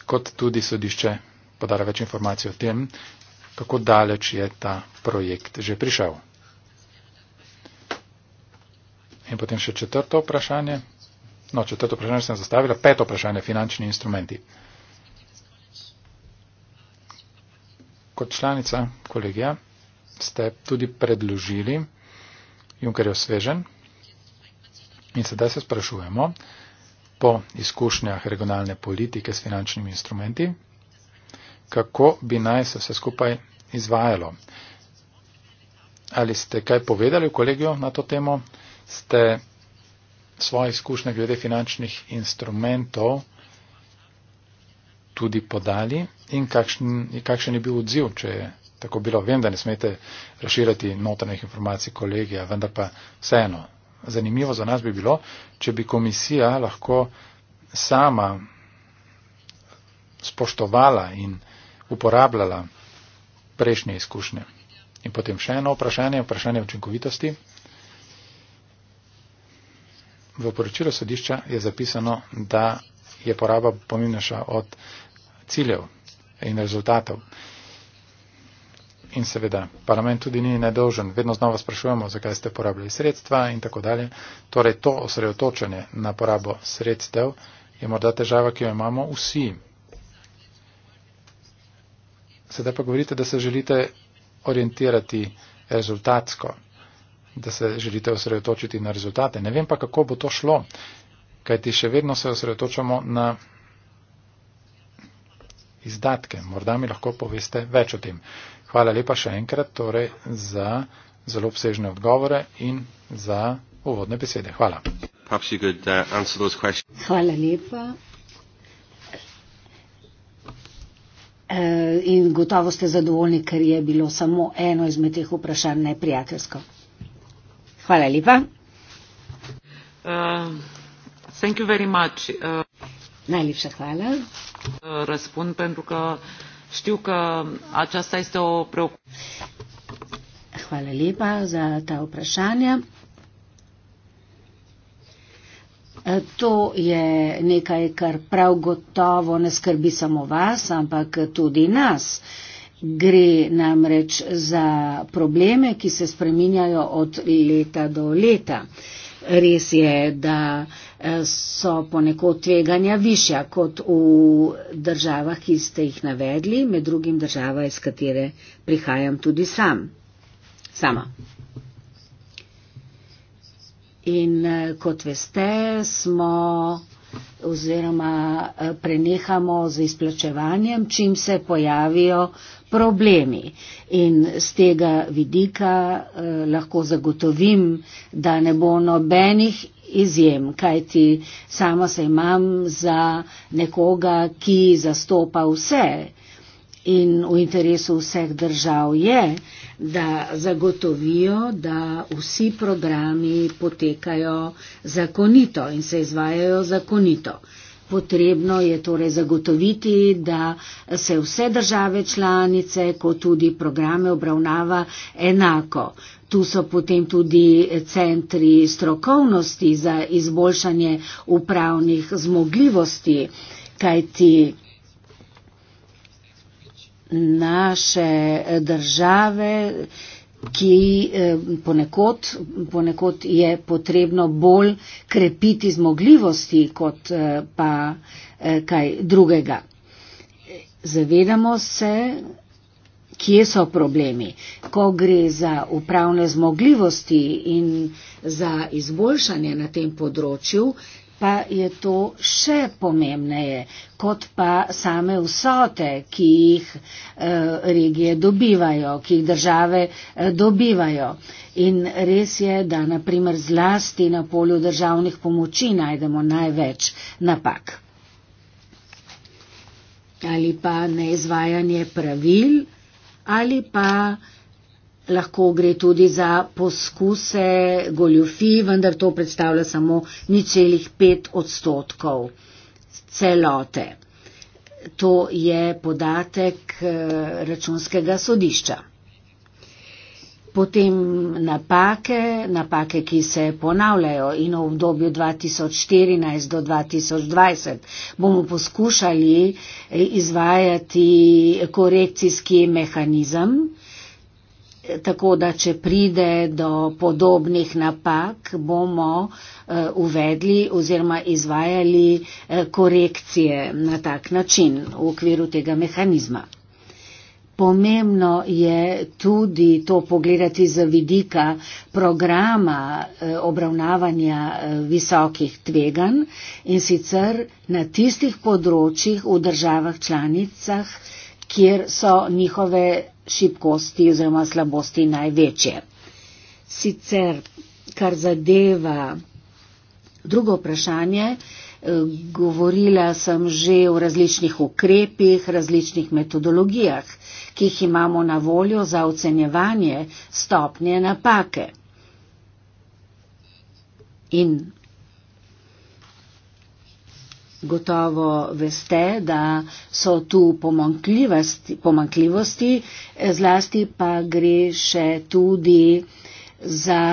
kot tudi sodišče podala več informacij o tem, kako daleč je ta projekt že prišel. In potem še četrto vprašanje. No, četrto vprašanje sem zastavila. Peto vprašanje, finančni instrumenti. Kot članica kolegija ste tudi predložili Junkerjev svežen In sedaj se sprašujemo po izkušnjah regionalne politike s finančnimi instrumenti, kako bi naj se vse skupaj izvajalo. Ali ste kaj povedali v kolegijo na to temo? Ste svoje izkušnje glede finančnih instrumentov tudi podali in kakšen, kakšen je bil odziv, če je tako bilo. Vem, da ne smete raširati notranjih informacij kolegija, vendar pa vseeno, zanimivo za nas bi bilo, če bi komisija lahko sama spoštovala in uporabljala prejšnje izkušnje. In potem še eno vprašanje, vprašanje učinkovitosti. V poročilu sodišča je zapisano, da je poraba pomembnejša od ciljev in rezultatov in seveda parlament tudi ni nedolžen. Vedno znova sprašujemo, zakaj ste porabili sredstva in tako dalje. Torej to osredotočenje na porabo sredstev je morda težava, ki jo imamo vsi. Sedaj pa govorite, da se želite orientirati rezultatsko, da se želite osredotočiti na rezultate. Ne vem pa, kako bo to šlo, kajti še vedno se osredotočamo na izdatke. Morda mi lahko poveste več o tem. Hvala lepa še enkrat torej, za zelo obsežne odgovore in za uvodne besede. Hvala. Uh, hvala lepa. E, in gotovo ste zadovoljni, ker je bilo samo eno izmed teh vprašanj neprijateljsko. Hvala lepa. Uh, uh, Najlepša hvala. Uh, știu că aceasta este o preocupare. E, to je nekaj, kar prav gotovo ne skrbi samo vas, ampak tudi nas. Gre namreč za probleme, ki se spreminjajo od leta do leta. Res je, da so ponekod tveganja višja kot v državah, ki ste jih navedli, med drugim država, iz katere prihajam tudi sam. Sama. In kot veste, smo oziroma prenehamo z izplačevanjem, čim se pojavijo problemi. In z tega vidika eh, lahko zagotovim, da ne bo nobenih izjem, kajti sama se imam za nekoga, ki zastopa vse. In v interesu vseh držav je, da zagotovijo, da vsi programi potekajo zakonito in se izvajajo zakonito. Potrebno je torej zagotoviti, da se vse države članice, kot tudi programe obravnava enako. Tu so potem tudi centri strokovnosti za izboljšanje upravnih zmogljivosti, kajti naše države, ki eh, ponekod, ponekod je potrebno bolj krepiti zmogljivosti kot eh, pa eh, kaj drugega. Zavedamo se, kje so problemi. Ko gre za upravne zmogljivosti in za izboljšanje na tem področju, pa je to še pomembneje kot pa same vsote, ki jih eh, regije dobivajo, ki jih države eh, dobivajo. In res je, da naprimer zlasti na polju državnih pomoči najdemo največ napak ali pa neizvajanje pravil ali pa lahko gre tudi za poskuse goljufi, vendar to predstavlja samo ničelih pet odstotkov celote. To je podatek eh, računskega sodišča potem napake, napake, ki se ponavljajo in v obdobju 2014 do 2020 bomo poskušali eh, izvajati korekcijski mehanizem, eh, tako da če pride do podobnih napak, bomo eh, uvedli oziroma izvajali korekcije na tak način v okviru tega mehanizma. Pomembno je tudi to pogledati z vidika programa eh, obravnavanja eh, visokih tveganj in sicer na tistih področjih v državah članicah, kjer so njihove šibkosti oziroma slabosti največje. Sicer, kar zadeva drugo vprašanje, Govorila sem že o različnih ukrepih, različnih metodologijah, ki jih imamo na voljo za ocenjevanje stopnje napake. In gotovo veste, da so tu pomankljivosti, zlasti pa gre še tudi za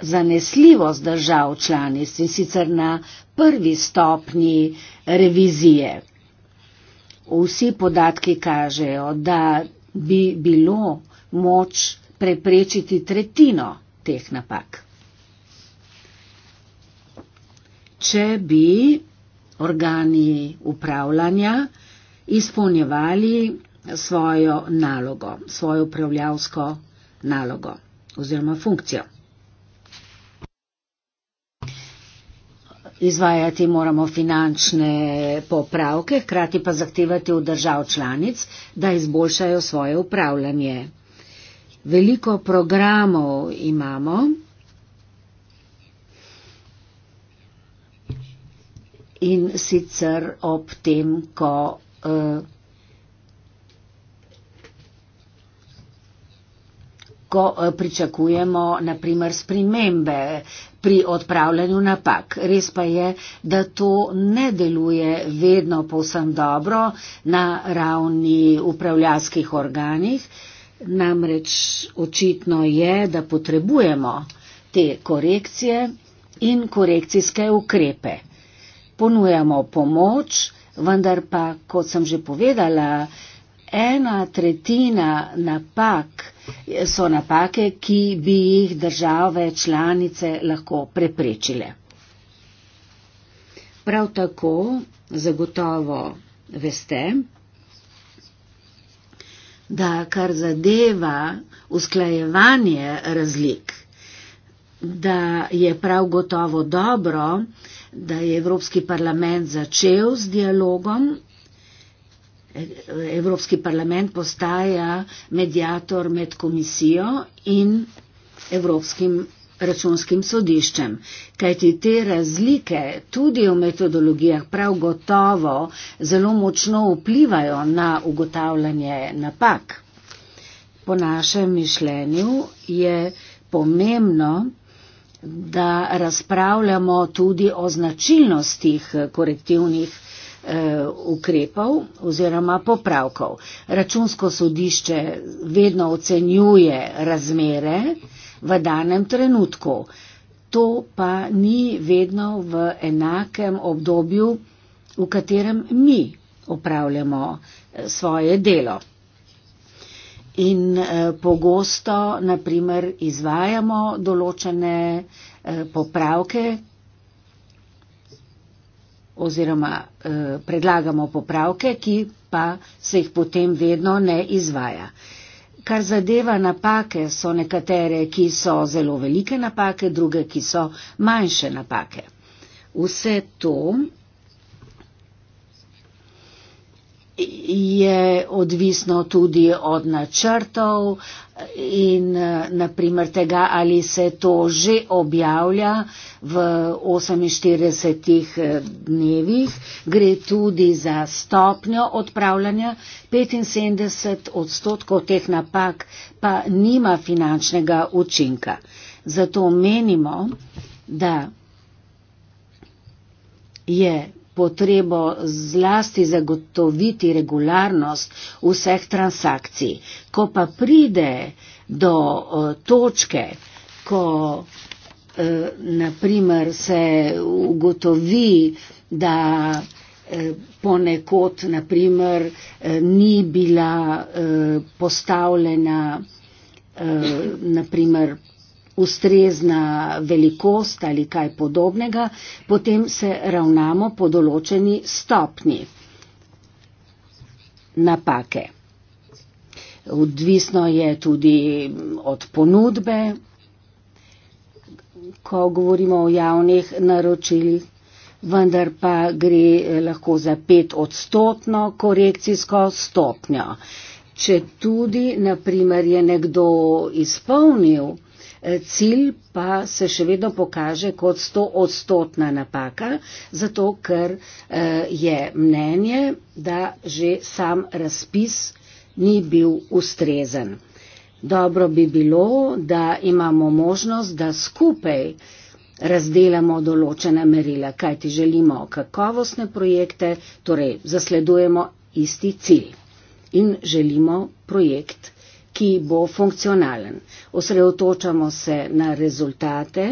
zanesljivost držav članic in sicer na prvi stopnji revizije. Vsi podatki kažejo, da bi bilo moč preprečiti tretjino teh napak. Če bi organi upravljanja izpolnjevali svojo nalogo, svojo upravljavsko nalogo oziroma funkcijo. Izvajati moramo finančne popravke, hkrati pa zahtevati od držav članic, da izboljšajo svoje upravljanje. Veliko programov imamo. In sicer ob tem, ko uh, ko eh, pričakujemo naprimer spremembe pri odpravljanju napak. Res pa je, da to ne deluje vedno povsem dobro na ravni upravljanskih organih, namreč očitno je, da potrebujemo te korekcije in korekcijske ukrepe. Ponujamo pomoč, vendar pa, kot sem že povedala, ena tretjina napak so napake, ki bi jih države članice lahko preprečile. Prav tako zagotovo veste, da kar zadeva usklajevanje razlik, da je prav gotovo dobro, da je Evropski parlament začel z dialogom Evropski parlament postaja medijator med komisijo in Evropskim računskim sodiščem. Kajti te razlike tudi v metodologijah prav gotovo zelo močno vplivajo na ugotavljanje napak. Po našem mišljenju je pomembno, da razpravljamo tudi o značilnostih korektivnih eh, Eh, ukrepov oziroma popravkov. Računsko sodišče vedno ocenjuje razmere v danem trenutku. To pa ni vedno v enakem obdobju, v katerem mi opravljamo eh, svoje delo. In eh, pogosto, naprimer, izvajamo določene popravke, oziroma eh, predlagamo popravke, ki pa se jih potem vedno ne izvaja. Kar zadeva napake, so nekatere, ki so zelo velike napake, druge, ki so manjše napake. Vse to je odvisno tudi od načrtov, in eh, naprimer tega, ali se to že objavlja v 48 eh, dnevih. Gre tudi za stopnjo odpravljanja. 75 odstotkov teh napak pa nima finančnega učinka. Zato menimo, da je potrebo zlasti zagotoviti regularnost vseh transakcij. Ko pa pride do točke, ko e, naprimer se ugotovi, da e, ponekod naprimer e, ni bila postavljena naprimer ustrezna velikost ali kaj podobnega, potem se ravnamo po določeni stopni napake. Odvisno je tudi od ponudbe, ko govorimo o javnih naročilih, vendar pa gre eh, lahko za pet odstotno korekcijsko stopnjo. Če tudi, naprimer, je nekdo izpolnil Eh, cilj pa se še vedno pokaže kot sto odstotna napaka, zato ker eh, je mnenje, da že sam razpis ni bil ustrezen. Dobro bi bilo, da imamo možnost, da skupaj razdelamo določena merila, kajti želimo kakovostne projekte, torej zasledujemo isti cilj in želimo projekt ki bo funkcionalen. Osredotočamo se na rezultate.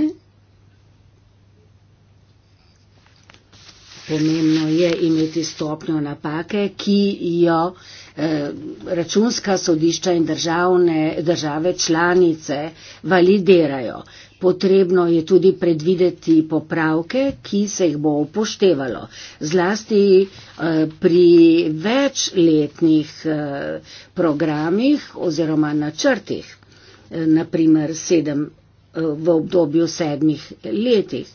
Pomembno je imeti stopnjo napake, ki jo eh, računska sodišča in državne, države članice validirajo. Potrebno je tudi predvideti popravke, ki se jih bo upoštevalo, zlasti eh, pri večletnih eh, programih oziroma načrtih, eh, naprimer sedem v obdobju sedmih letih.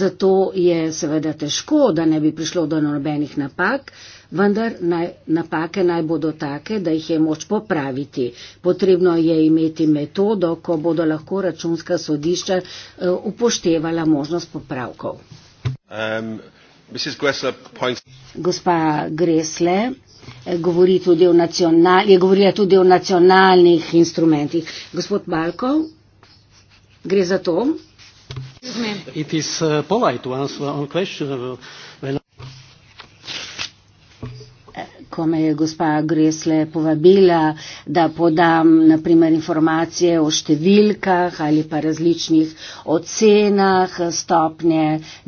Zato je seveda težko, da ne bi prišlo do nobenih napak, vendar naj, napake naj bodo take, da jih je moč popraviti. Potrebno je imeti metodo, ko bodo lahko računska sodišča eh, upoštevala možnost popravkov. Um, Gospa Gresle eh, govori tudi nacional, je govorila tudi o nacionalnih instrumentih. Gospod Balkov, gre za to? It is uh, polite to answer on question. Uh, when ko me je gospa Gresle povabila, da podam naprimer informacije o številkah ali pa različnih ocenah, stopnje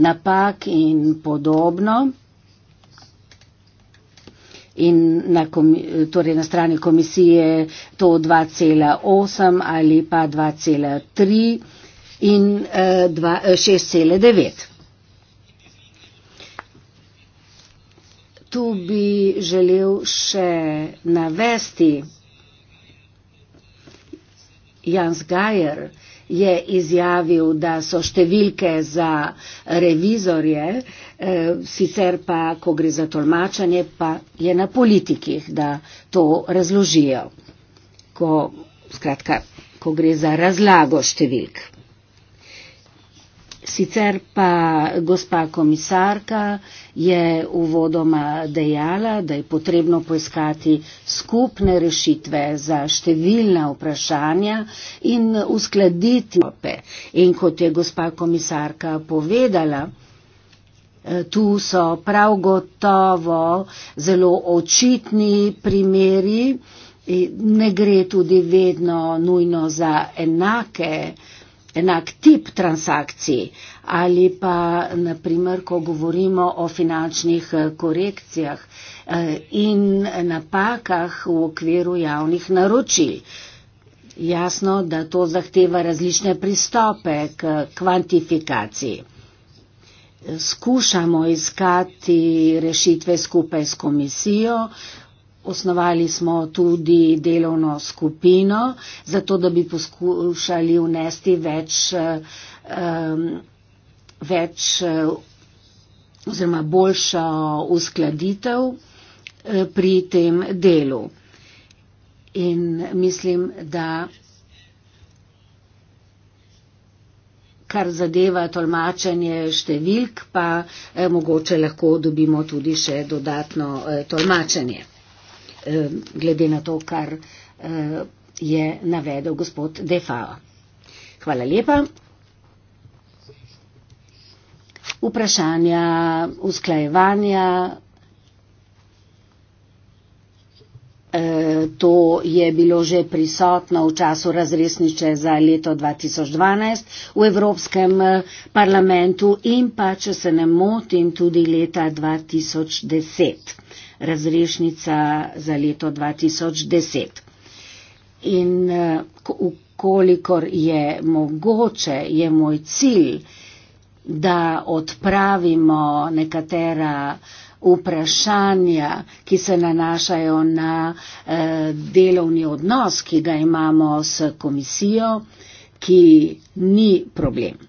napak in podobno. In na, komi, torej na strani komisije to 2,8 ali pa 2,3 in 6,9. Eh, tu bi želel še navesti. Jans Gajer je izjavil, da so številke za revizorje, eh, sicer pa, ko gre za tolmačanje, pa je na politikih, da to razložijo. Ko, skratka, ko gre za razlago številk. Sicer pa gospa komisarka je uvodoma dejala, da je potrebno poiskati skupne rešitve za številna vprašanja in uskladiti Evrope. In kot je gospa komisarka povedala, eh, tu so prav gotovo zelo očitni primeri, eh, ne gre tudi vedno nujno za enake enak tip transakcij ali pa naprimer, ko govorimo o finančnih eh, korekcijah eh, in napakah v okviru javnih naročil. Jasno, da to zahteva različne pristope k kvantifikaciji. Skušamo iskati rešitve skupaj s komisijo, Osnovali smo tudi delovno skupino, zato da bi poskušali unesti več, več oziroma boljšo uskladitev eh, pri tem delu. In mislim, da kar zadeva tolmačenje številk, pa eh, mogoče lahko dobimo tudi še dodatno eh, tolmačenje. Eh, glede na to, kar eh, je navedel gospod Defao. Hvala lepa. Vprašanja, usklajevanja. E, to je bilo že prisotno v času razresniče za leto 2012 v Evropskem parlamentu in pa, če se ne motim, tudi leta 2010 razrešnica za leto 2010. In ukolikor eh, je mogoče, je moj cilj, da odpravimo nekatera vprašanja, ki se nanašajo na eh, delovni odnos, ki ga imamo s komisijo, ki ni problem.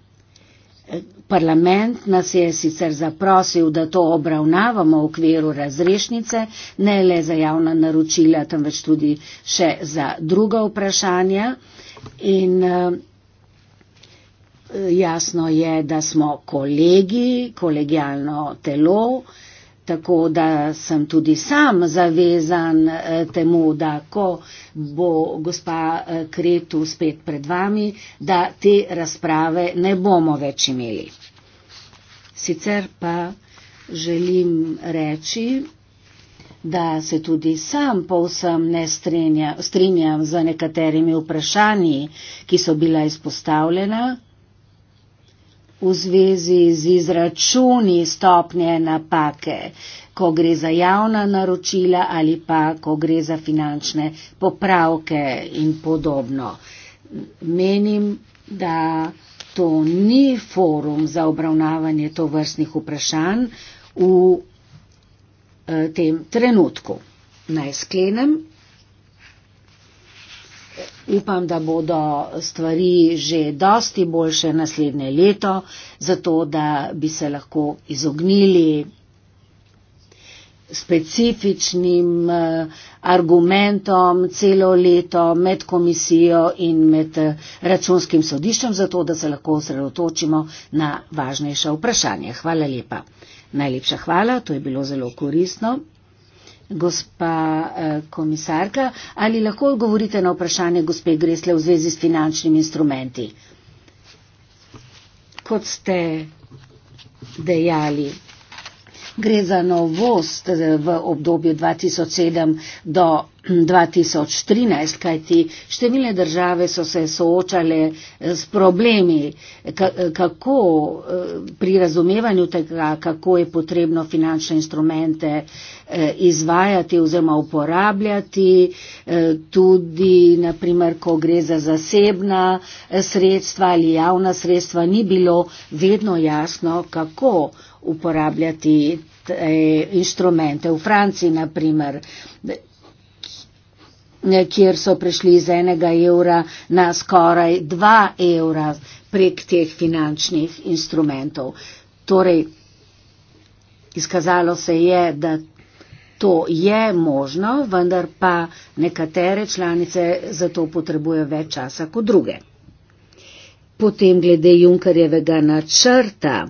Parlament nas je sicer zaprosil, da to obravnavamo v okviru razrešnice, ne le za javna naročila, temveč tudi še za druga vprašanja. In eh, jasno je, da smo kolegi, kolegijalno telo, tako da sem tudi sam zavezan eh, temu, da ko bo gospa eh, Kretu spet pred vami, da te razprave ne bomo več imeli. Sicer pa želim reči, da se tudi sam povsem ne strenja, strinjam z nekaterimi vprašanji, ki so bila izpostavljena v zvezi z izračuni stopnje napake, ko gre za javna naročila ali pa ko gre za finančne popravke in podobno. Menim, da to ni forum za obravnavanje tovrstnih vprašanj v eh, tem trenutku. Naj sklenem. Upam, da bodo stvari že dosti boljše naslednje leto, zato da bi se lahko izognili specifičnim eh, argumentom celo leto med komisijo in med eh, računskim sodiščem, zato da se lahko osredotočimo na važnejše vprašanje. Hvala lepa. Najlepša hvala, to je bilo zelo koristno. Gospa eh, komisarka, ali lahko odgovorite na vprašanje gospe Gresle v zvezi s finančnimi instrumenti? Kot ste dejali, gre za novost eh, v obdobju 2007 do 2008. 2013, kajti številne države so se soočale eh, s problemi, eh, kako eh, pri razumevanju tega, kako je potrebno finančne instrumente izvajati oziroma uporabljati, tudi naprimer, ko gre za zasebna sredstva ali javna sredstva, ni bilo vedno jasno, kako uporabljati. Inštrumente. V Franciji, naprimer, kjer so prišli iz enega evra na skoraj dva evra prek teh finančnih instrumentov. Torej, izkazalo se je, da to je možno, vendar pa nekatere članice za to potrebujejo več časa kot druge. Potem glede Junkarjevega načrta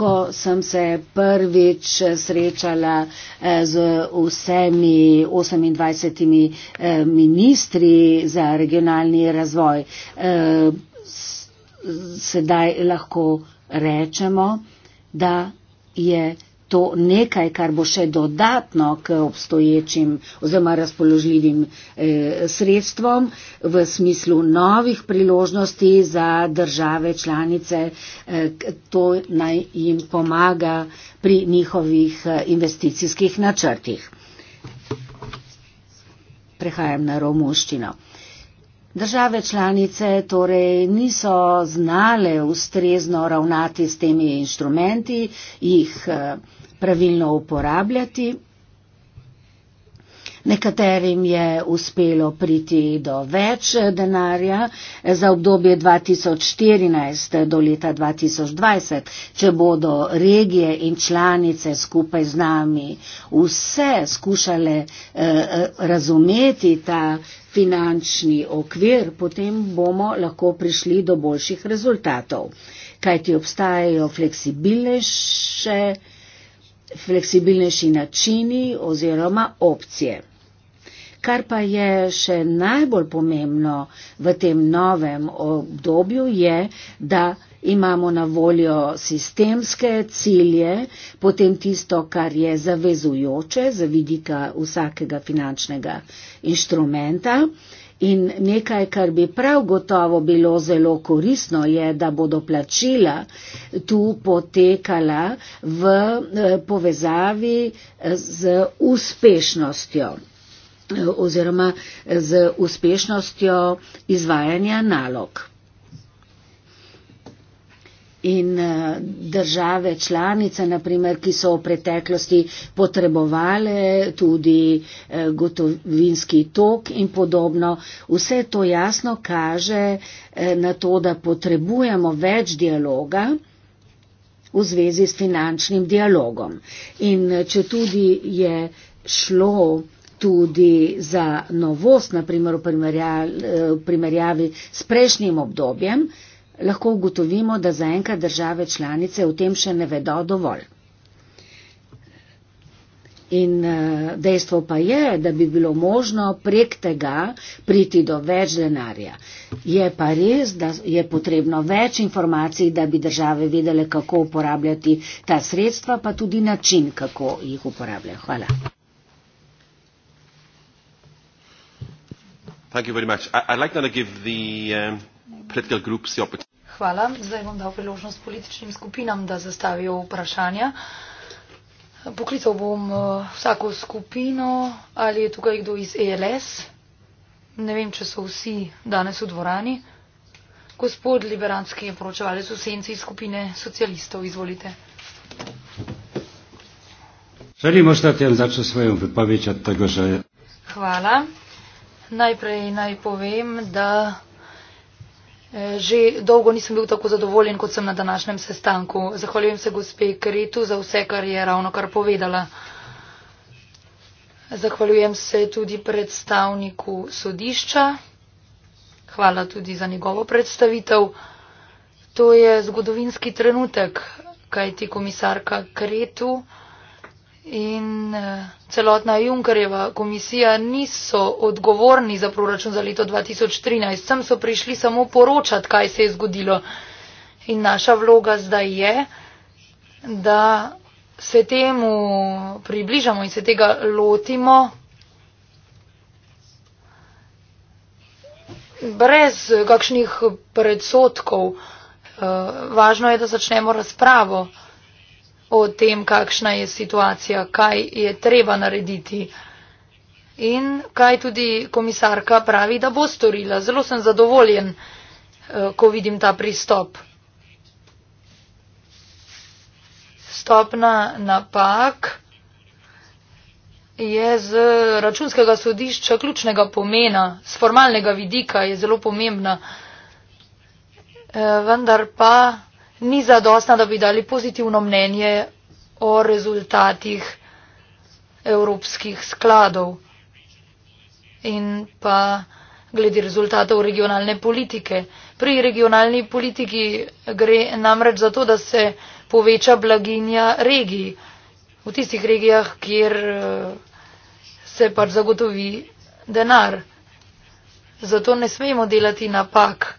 ko sem se prvič srečala eh, z vsemi 28 eh, ministri za regionalni razvoj. Eh, sedaj lahko rečemo, da je to nekaj, kar bo še dodatno k obstoječim oziroma razpoložljivim eh, sredstvom v smislu novih priložnosti za države članice, eh, to naj jim pomaga pri njihovih eh, investicijskih načrtih. Prehajam na romuščino. Države članice torej niso znale ustrezno ravnati s temi inštrumenti, jih eh, pravilno uporabljati. Nekaterim je uspelo priti do več denarja za obdobje 2014 do leta 2020. Če bodo regije in članice skupaj z nami vse skušale eh, razumeti ta finančni okvir, potem bomo lahko prišli do boljših rezultatov. Kaj ti obstajajo fleksibilnejše? fleksibilnejši načini oziroma opcije. Kar pa je še najbolj pomembno v tem novem obdobju je, da imamo na voljo sistemske cilje, potem tisto, kar je zavezujoče za vidika vsakega finančnega inštrumenta. In nekaj, kar bi prav gotovo bilo zelo korisno, je, da bodo plačila tu potekala v eh, povezavi eh, z uspešnostjo eh, oziroma z uspešnostjo izvajanja nalog in eh, države članice, naprimer, ki so v preteklosti potrebovale tudi eh, gotovinski tok in podobno. Vse to jasno kaže eh, na to, da potrebujemo več dialoga v zvezi s finančnim dialogom. In če tudi je šlo tudi za novost, naprimer v primerjavi s prejšnjim obdobjem, lahko ugotovimo, da zaenkrat države članice v tem še ne vedo dovolj. In eh, dejstvo pa je, da bi bilo možno prek tega priti do več denarja. Je pa res, da je potrebno več informacij, da bi države vedele, kako uporabljati ta sredstva, pa tudi način, kako jih uporablja. Hvala. Thank you very much. I'd like now to give the um, political groups the opportunity. Hvala. Zdaj bom dal priložnost političnim skupinam, da zastavijo vprašanja. Poklical bom uh, vsako skupino, ali je tukaj kdo iz ELS. Ne vem, če so vsi danes v dvorani. Gospod Liberanski je poročevalec v senci skupine socialistov. Izvolite. Želim ostati in začeti svojo vypovedi od tega, že. Hvala. Najprej naj povem, da. Eh, že dolgo nisem bil tako zadovoljen, kot sem na današnjem sestanku. Zahvaljujem se gospe Kretu za vse, kar je ravno kar povedala. Zahvaljujem se tudi predstavniku sodišča. Hvala tudi za njegovo predstavitev. To je zgodovinski trenutek, kajti komisarka Kretu in eh, celotna Junkerjeva komisija niso odgovorni za proračun za leto 2013. Sem so prišli samo poročati, kaj se je zgodilo. In naša vloga zdaj je, da se temu približamo in se tega lotimo brez kakšnih predsotkov. Eh, važno je, da začnemo razpravo o tem, kakšna je situacija, kaj je treba narediti in kaj tudi komisarka pravi, da bo storila. Zelo sem zadovoljen, eh, ko vidim ta pristop. Stopna napak je z računskega sodišča ključnega pomena, z formalnega vidika je zelo pomembna. Eh, vendar pa ni zadostna, da bi dali pozitivno mnenje o rezultatih evropskih skladov in pa glede rezultatov regionalne politike. Pri regionalni politiki gre namreč za to, da se poveča blaginja regij v tistih regijah, kjer eh, se pač zagotovi denar. Zato ne smemo delati napak.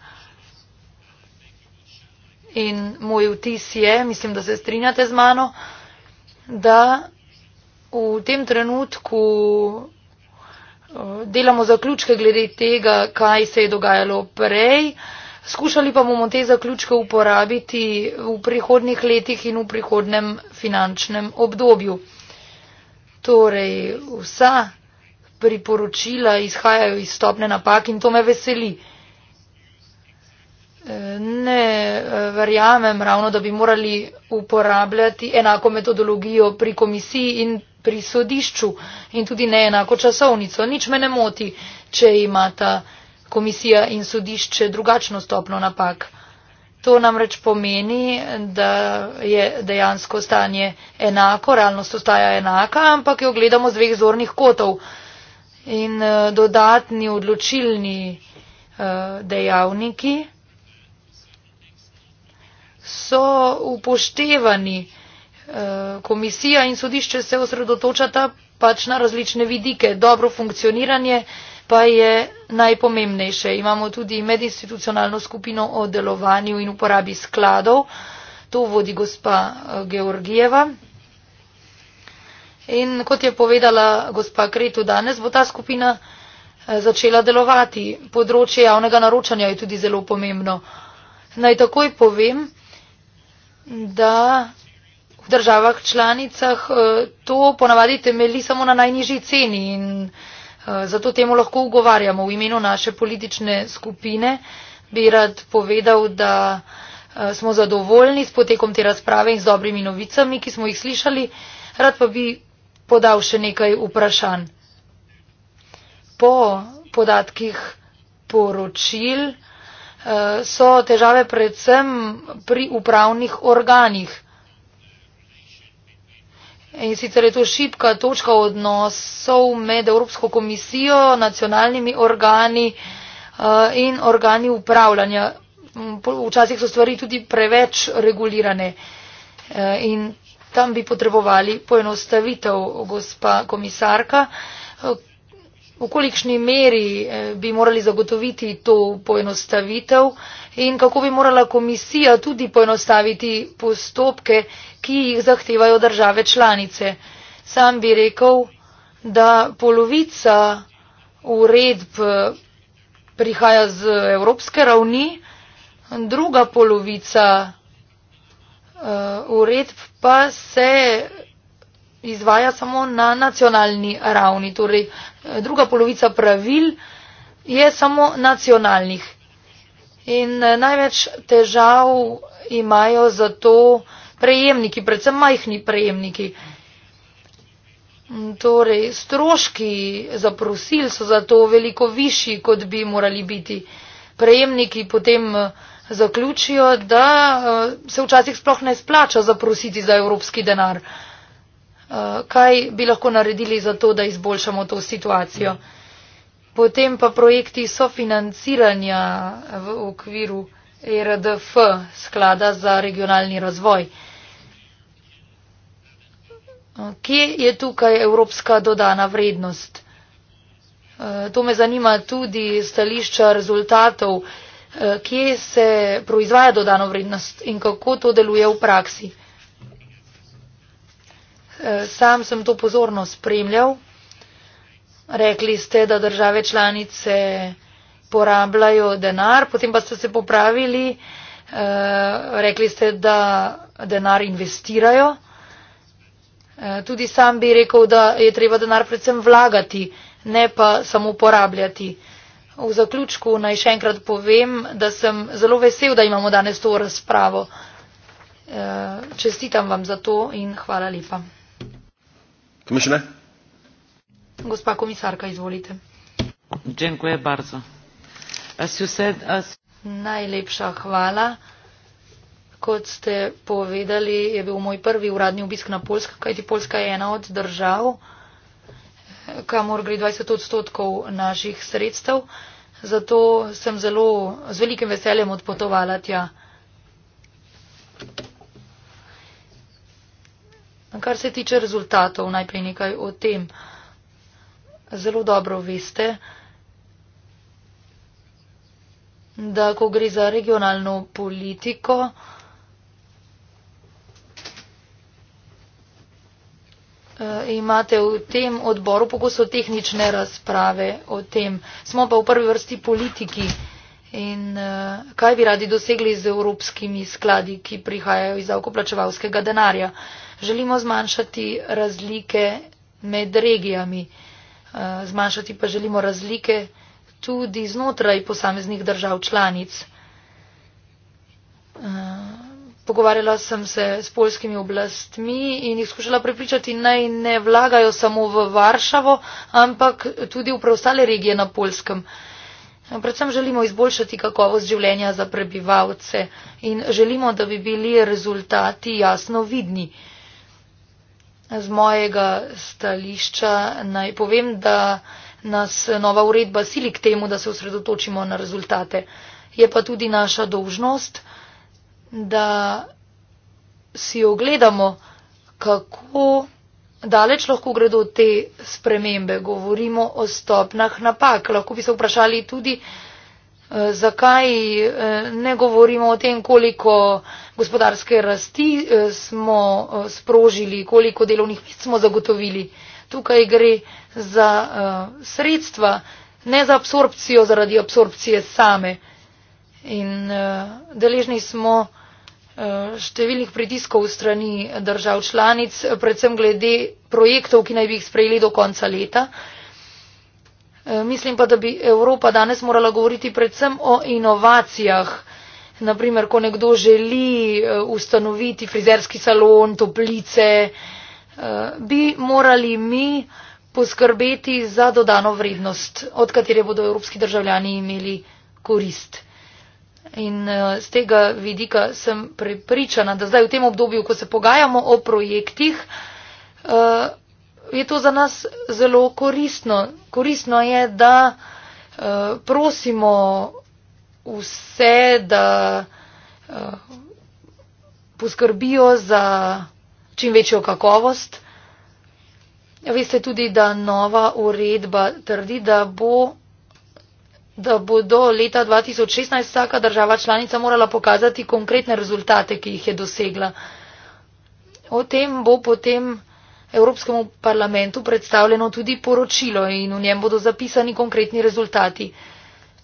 In moj vtis je, mislim, da se strinjate z mano, da v tem trenutku eh, delamo zaključke glede tega, kaj se je dogajalo prej. Skušali pa bomo te zaključke uporabiti v prihodnih letih in v prihodnem finančnem obdobju. Torej, vsa priporočila izhajajo iz stopne napak in to me veseli. Ne verjamem ravno, da bi morali uporabljati enako metodologijo pri komisiji in pri sodišču in tudi ne enako časovnico. Nič me ne moti, če imata komisija in sodišče drugačno stopno napak. To namreč pomeni, da je dejansko stanje enako, realnost ostaja enaka, ampak jo gledamo z dveh zornih kotov. In eh, dodatni odločilni eh, dejavniki so upoštevani. Eh, komisija in sodišče se osredotočata pač na različne vidike. Dobro funkcioniranje pa je najpomembnejše. Imamo tudi medinstitucionalno skupino o delovanju in uporabi skladov. To vodi gospa eh, Georgijeva. In kot je povedala gospa Kretu danes, bo ta skupina eh, začela delovati. Področje javnega naročanja je tudi zelo pomembno. Naj takoj povem, da v državah članicah eh, to ponavadi temeli samo na najnižji ceni in eh, zato temu lahko ugovarjamo. V imenu naše politične skupine bi rad povedal, da eh, smo zadovoljni s potekom te razprave in z dobrimi novicami, ki smo jih slišali. Rad pa bi podal še nekaj vprašanj. Po podatkih poročil, so težave predvsem pri upravnih organih. In sicer je to šipka točka odnosov med Evropsko komisijo, nacionalnimi organi eh, in organi upravljanja. Mm, včasih so stvari tudi preveč regulirane eh, in tam bi potrebovali poenostavitev, gospa komisarka v kolikšni meri eh, bi morali zagotoviti to poenostavitev in kako bi morala komisija tudi poenostaviti postopke, ki jih zahtevajo države članice. Sam bi rekel, da polovica uredb eh, prihaja z evropske ravni, druga polovica eh, uredb pa se izvaja samo na nacionalni ravni. Torej, druga polovica pravil je samo nacionalnih. In eh, največ težav imajo zato prejemniki, predvsem majhni prejemniki. Torej, stroški za prosil so zato veliko višji, kot bi morali biti. Prejemniki potem eh, zaključijo, da eh, se včasih sploh ne splača zaprositi za evropski denar. Eh, kaj bi lahko naredili za to, da izboljšamo to situacijo. Potem pa projekti sofinanciranja v okviru e RDF, sklada za regionalni razvoj. Kje je tukaj evropska dodana vrednost? Eh, to me zanima tudi stališča rezultatov. Eh, kje se proizvaja dodano vrednost in kako to deluje v praksi? Eh, sam sem to pozorno spremljal. Rekli ste, da države članice porabljajo denar, potem pa ste se popravili. Eh, rekli ste, da denar investirajo. Eh, tudi sam bi rekel, da je treba denar predvsem vlagati, ne pa samo porabljati. V zaključku naj še enkrat povem, da sem zelo vesel, da imamo danes to razpravo. Čestitam vam za to in hvala lepa gospa komisarka izvolite najlepša hvala kot ste povedali je bil moj prvi uradni obisk na poljskem kajti poljska je ena od držav kamor gre dvajset odstotkov naših sredstev zato sem zelo z velikim veseljem odpotovala tja Kar se tiče rezultatov, najprej nekaj o tem. Zelo dobro veste, da ko gre za regionalno politiko, eh, imate v tem odboru pogosto tehnične razprave o tem. Smo pa v prvi vrsti politiki. In uh, kaj bi radi dosegli z evropskimi skladi, ki prihajajo iz davkoplačevalskega denarja? Želimo zmanjšati razlike med regijami, uh, zmanjšati pa želimo razlike tudi znotraj posameznih držav članic. Uh, pogovarjala sem se s polskimi oblastmi in jih skušala prepričati, naj ne vlagajo samo v Varšavo, ampak tudi v preostale regije na polskem. Uh, No, predvsem želimo izboljšati kakovost življenja za prebivalce in želimo, da bi bili rezultati jasno vidni. Z mojega stališča naj povem, da nas nova uredba sili k temu, da se osredotočimo na rezultate. Je pa tudi naša dožnost, da si ogledamo, kako daleč lahko gredo te spremembe. Govorimo o stopnah napak. Lahko bi se vprašali tudi, eh, zakaj eh, ne govorimo o tem, koliko gospodarske rasti eh, smo sprožili, koliko delovnih mest smo zagotovili. Tukaj gre za sredstva, ne za absorpcijo zaradi absorpcije same. In deležni smo. Eh, številnih pritiskov strani držav članic, predvsem glede projektov, ki naj bi jih sprejeli do konca leta. Eh, mislim pa, da bi Evropa danes morala govoriti predvsem o inovacijah. Naprimer, ko nekdo želi eh, ustanoviti frizerski salon, toplice, bi morali mi poskrbeti za dodano vrednost, od katere bodo evropski državljani imeli korist. In z eh, tega vidika sem prepričana, da zdaj v tem obdobju, ko se pogajamo o projektih, eh, je to za nas zelo koristno. Koristno je, da eh, prosimo vse, da poskrbijo za čim večjo kakovost. Veste tudi, da nova uredba trdi, da bo da bo do leta 2016 vsaka država članica morala pokazati konkretne rezultate, ki jih je dosegla. O tem bo potem Evropskemu parlamentu predstavljeno tudi poročilo in v njem bodo zapisani konkretni rezultati.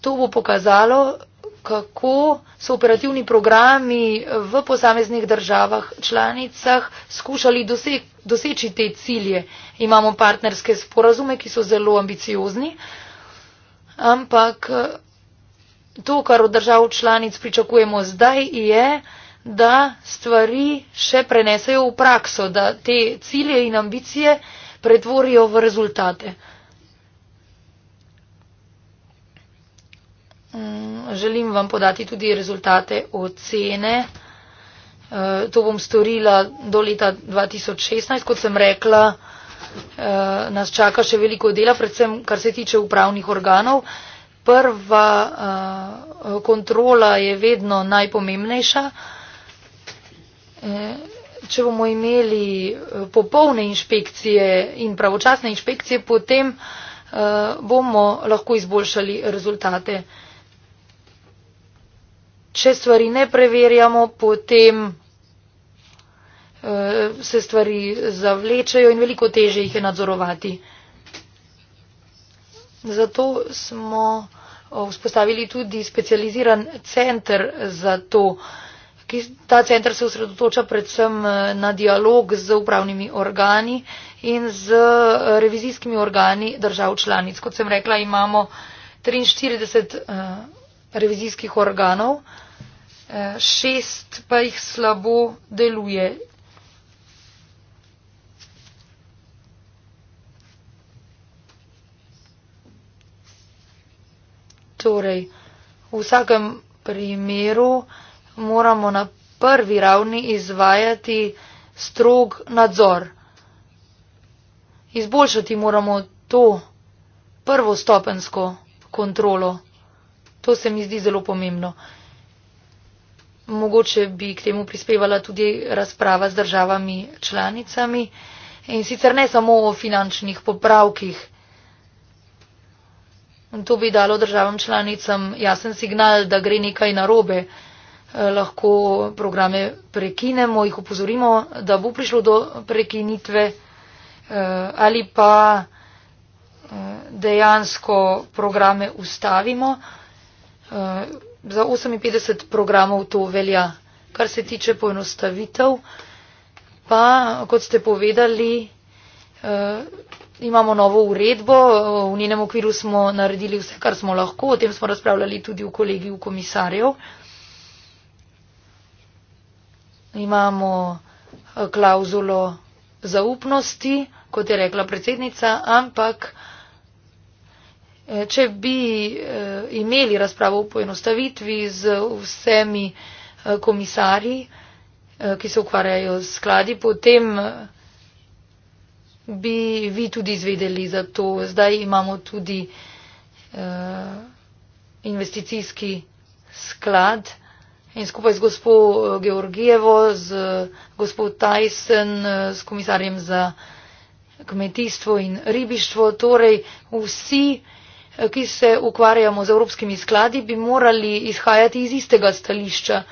To bo pokazalo, kako so operativni programi v posameznih državah članicah skušali doseg, doseči te cilje. Imamo partnerske sporazume, ki so zelo ambiciozni ampak eh, to, kar od držav članic pričakujemo zdaj, je, da stvari še prenesejo v prakso, da te cilje in ambicije pretvorijo v rezultate. Mm, želim vam podati tudi rezultate ocene. Eh, to bom storila do leta 2016, kot sem rekla. Eh, nas čaka še veliko dela, predvsem kar se tiče upravnih organov. Prva eh, kontrola je vedno najpomembnejša. Eh, če bomo imeli popolne inšpekcije in pravočasne inšpekcije, potem bomo lahko izboljšali rezultate. Če stvari ne preverjamo, potem uh, se stvari zavlečejo in veliko teže jih je nadzorovati. Zato smo eh, vzpostavili tudi specializiran center za to. Ta center se osredotoča predvsem eh, na dialog z upravnimi organi in z revizijskimi organi držav članic. Kot sem rekla, imamo 43 revizijskih organov, šest pa jih slabo deluje Torej, v vsakem primeru moramo na prvi ravni izvajati strog nadzor. Izboljšati moramo to prvostopensko kontrolo. To se mi zdi zelo pomembno. Mogoče bi k temu prispevala tudi razprava z državami članicami in sicer ne samo o finančnih popravkih. In to bi dalo državam članicam jasen signal, da gre nekaj narobe. Eh, lahko programe prekinemo, jih upozorimo, da bo prišlo do prekinitve eh, ali pa eh, dejansko programe ustavimo. Za 58 programov to velja. Kar se tiče poenostavitev, pa kot ste povedali, imamo novo uredbo, v njenem okviru smo naredili vse, kar smo lahko, o tem smo razpravljali tudi v kolegiju komisarjev. Imamo eh, klauzulo zaupnosti, kot je rekla predsednica, ampak eh, če bi eh, imeli razpravo v poenostavitvi z vsemi komisarji, ki se ukvarjajo s skladi, potem bi vi tudi izvedeli za to. Zdaj imamo tudi uh, investicijski sklad in skupaj z gospod eh, Georgijevo, z gospod Tyson, eh, s komisarjem za kmetijstvo in ribištvo, torej vsi, ki se ukvarjamo z evropskimi skladi, bi morali izhajati iz istega stališča. Uh,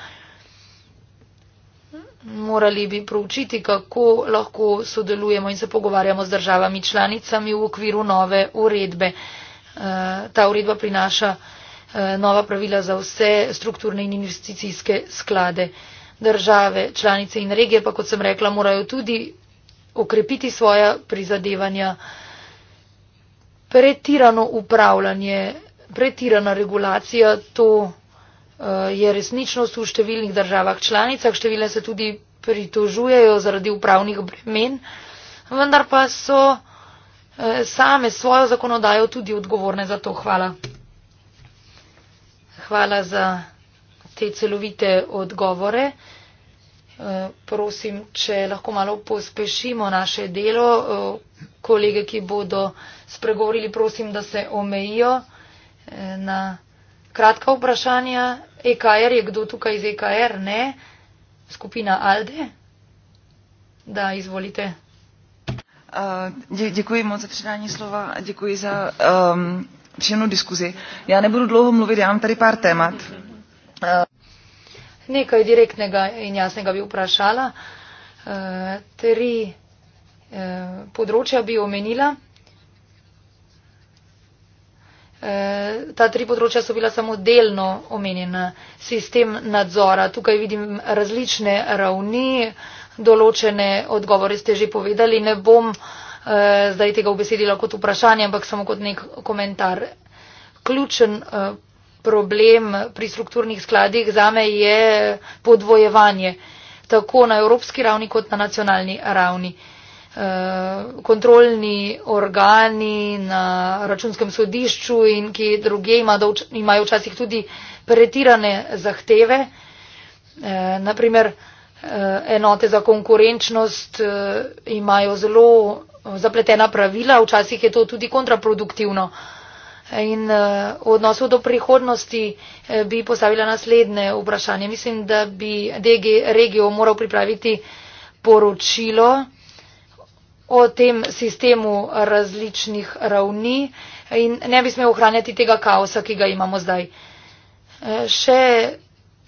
morali bi proučiti, kako lahko sodelujemo in se pogovarjamo z državami članicami v okviru nove uredbe. Eh, ta uredba prinaša eh, nova pravila za vse strukturne in investicijske sklade. Države, članice in regije pa, kot sem rekla, morajo tudi okrepiti svoja prizadevanja. Pretirano upravljanje, pretirana regulacija to Eh, je resničnost v številnih državah članicah, številne se tudi pritožujejo zaradi upravnih bremen, vendar pa so eh, same svojo zakonodajo tudi odgovorne za to. Hvala. Hvala za te celovite odgovore. Eh, prosim, če lahko malo pospešimo naše delo. Kolege, ki bodo spregovorili, prosim, da se omejijo na. Kratka vprašanja. EKR er je kdo tukaj iz EKR? Er? Ne. Skupina ALDE? Da, izvolite. Uh, dě, děkuji moc za předání slova a děkuji za um, příjemnou diskuzi. Já nebudu dlouho mluvit, já mám tady pár témat. Uh. Nekaj direktnega in jasnega bi vprašala. Uh, tri uh, področja bi omenila. Eh, ta tri področja so bila samo delno omenjena. Sistem nadzora. Tukaj vidim različne ravni, določene odgovore ste že povedali. Ne bom eh, zdaj tega obesedila kot vprašanje, ampak samo kot nek komentar. Ključen eh, problem pri strukturnih skladih za me je podvojevanje tako na evropski ravni kot na nacionalni ravni. Uh, Eh, kontrolni organi na računskem sodišču in ki druge imajo včasih tudi pretirane zahteve. Eh, Naprimer, eh, enote za konkurenčnost imajo zelo zapletena pravila, včasih je to tudi kontraproduktivno. In v odnosu do prihodnosti bi postavila naslednje vprašanje. Mislim, da bi DG regijo moral pripraviti poročilo, o tem sistemu različnih ravni in ne bi smel ohranjati tega kaosa, ki ga imamo zdaj. E, še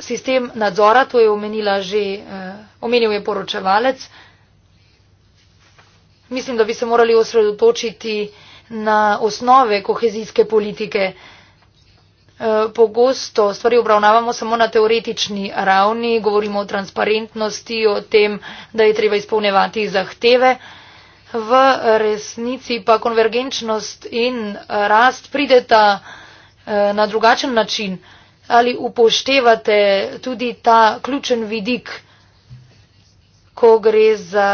sistem nadzora, to je omenila že, e, omenil je poročevalec. Mislim, da bi se morali osredotočiti na osnove kohezijske politike. E, pogosto stvari obravnavamo samo na teoretični ravni, govorimo o transparentnosti, o tem, da je treba izpolnevati zahteve v resnici pa konvergenčnost in rast prideta eh, na drugačen način. Ali upoštevate tudi ta ključen vidik, ko gre za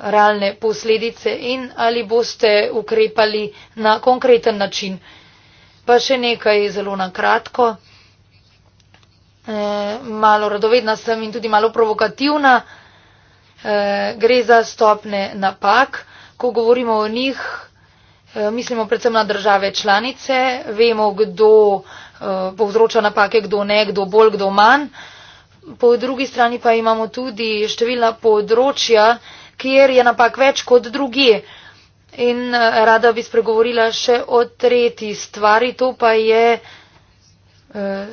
realne posledice in ali boste ukrepali na konkreten način? Pa še nekaj zelo na kratko. E, malo radovedna sem in tudi malo provokativna. Eh, gre za stopne napak. Ko govorimo o njih, eh, mislimo predvsem na države članice, vemo, kdo eh, povzroča napake, kdo ne, kdo bolj, kdo manj. Po drugi strani pa imamo tudi številna področja, kjer je napak več kot druge. In rada bi spregovorila še o tretji stvari, to pa je e,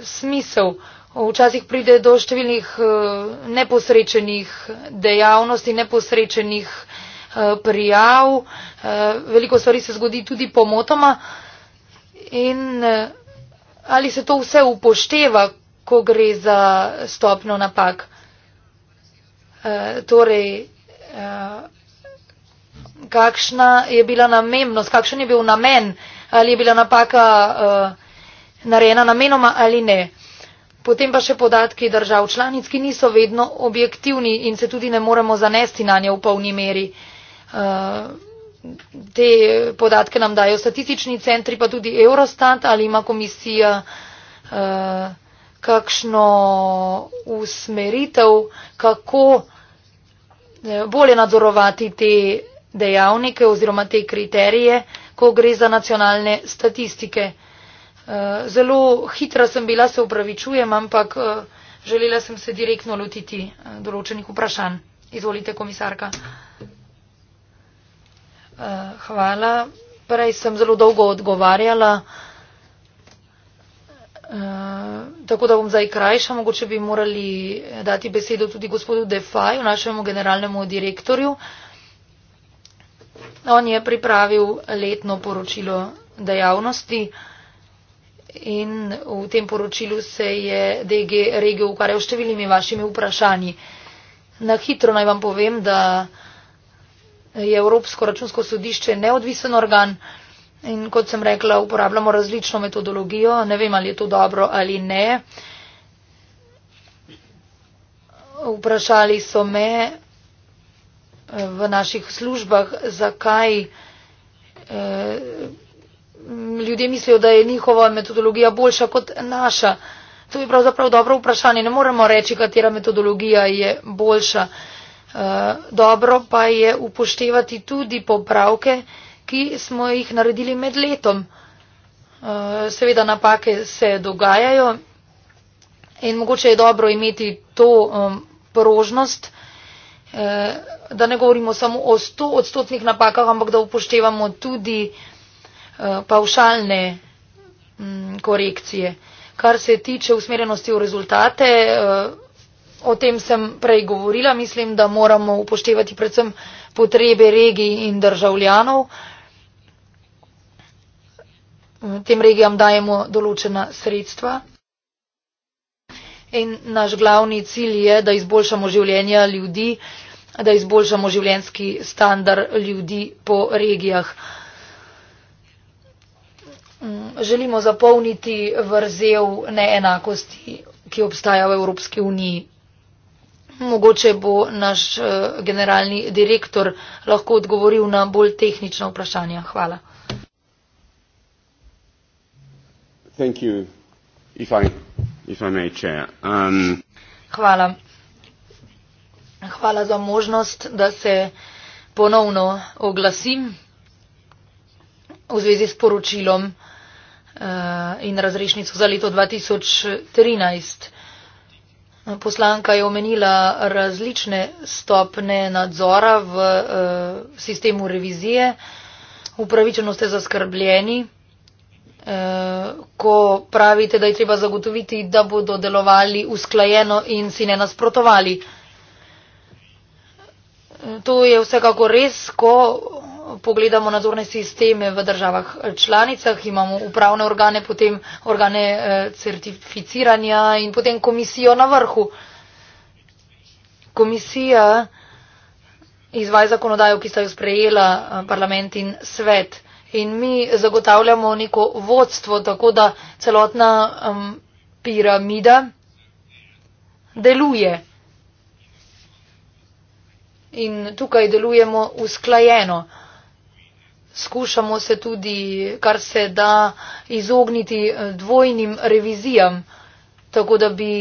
smisel včasih pride do številnih eh, neposrečenih dejavnosti, neposrečenih eh, prijav, eh, veliko stvari se zgodi tudi pomotoma in ali se to vse upošteva, ko gre za stopno napak. Torej, kakšna je bila namemnost, kakšen je bil namen, ali je bila napaka narejena namenoma ali ne. Potem pa še podatki držav članic, ki niso vedno objektivni in se tudi ne moremo zanesti na nje v polni meri. Uh, te podatke nam dajo statistični centri, pa tudi Eurostat ali ima komisija uh, kakšno usmeritev, kako eh, bolje nadzorovati te dejavnike oziroma te kriterije, ko gre za nacionalne statistike. Eh, zelo hitra sem bila, se upravičujem, ampak eh, želela sem se direktno lotiti eh, določenih vprašanj. Izvolite, komisarka. Hvala. Prej sem zelo dolgo odgovarjala, tako da bom zdaj krajša. Mogoče bi morali dati besedo tudi gospodu Defaju, našemu generalnemu direktorju. On je pripravil letno poročilo dejavnosti in v tem poročilu se je DG regijo ukvarjal številnimi vašimi vprašanji. Na hitro naj vam povem, da je Evropsko računsko sodišče neodvisen organ in kot sem rekla, uporabljamo različno metodologijo, ne vem, ali je to dobro ali ne. Vprašali so me eh, v naših službah, zakaj. Eh, Mm, ljudje mislijo, da je njihova metodologija boljša kot naša. To je pravzaprav dobro vprašanje. Ne moremo reči, katera metodologija je boljša. Eh, dobro pa je upoštevati tudi popravke, ki smo jih naredili med letom. Eh, seveda napake se dogajajo in mogoče je dobro imeti to um, porožnost, eh, da ne govorimo samo o 100 odstotnih napakah, ampak da upoštevamo tudi Eh, pavšalne mm, korekcije. Kar se tiče usmerjenosti v rezultate, eh, o tem sem prej govorila, mislim, da moramo upoštevati predvsem potrebe regij in državljanov. Eh, tem regijam dajemo določena sredstva. In naš glavni cilj je, da izboljšamo življenja ljudi, da izboljšamo življenski standard ljudi po regijah. Mm, želimo zapolniti vrzel neenakosti, ki obstaja v Evropski uniji. Mogoče bo naš eh, generalni direktor lahko odgovoril na bolj tehnična vprašanja. Hvala. Thank you. If I, if I may, chair. Um... Hvala. Hvala za možnost, da se ponovno oglasim v zvezi s poročilom. Eh, in razrešnico za leto 2013. Poslanka je omenila različne stopne nadzora v eh, sistemu revizije. Upravičeno ste zaskrbljeni, eh, ko pravite, da je treba zagotoviti, da bodo delovali usklajeno in si ne nasprotovali. To je vsekako res, ko pogledamo nadzorne sisteme v državah članicah, imamo upravne organe, potem organe eh, certificiranja in potem komisijo na vrhu. Komisija izvaja zakonodajo, ki sta jo sprejela eh, parlament in svet. In mi zagotavljamo neko vodstvo, tako da celotna um, piramida deluje. In tukaj delujemo usklajeno skušamo se tudi, kar se da, izogniti eh, dvojnim revizijam, tako da bi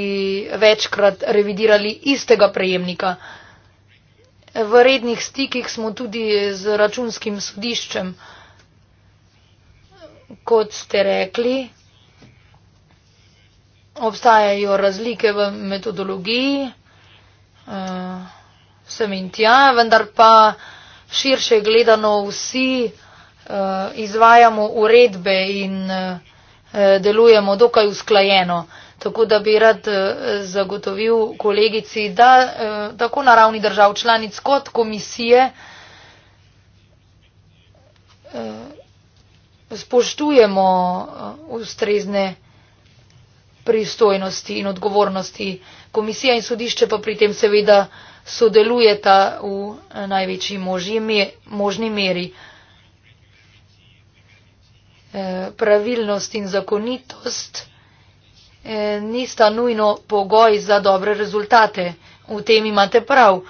večkrat revidirali istega prejemnika. V rednih stikih smo tudi z računskim sodiščem, kot ste rekli. Obstajajo razlike v metodologiji, eh, sem in tja, vendar pa širše gledano vsi Eh, izvajamo uredbe in eh, delujemo dokaj usklajeno. Tako da bi rad eh, zagotovil kolegici, da tako na ravni držav članic kot komisije spoštujemo ustrezne pristojnosti in odgovornosti. Komisija in sodišče pa pri tem seveda sodelujeta v največji možni meri pravilnost in zakonitost eh, nista nujno pogoj za dobre rezultate. V tem imate prav.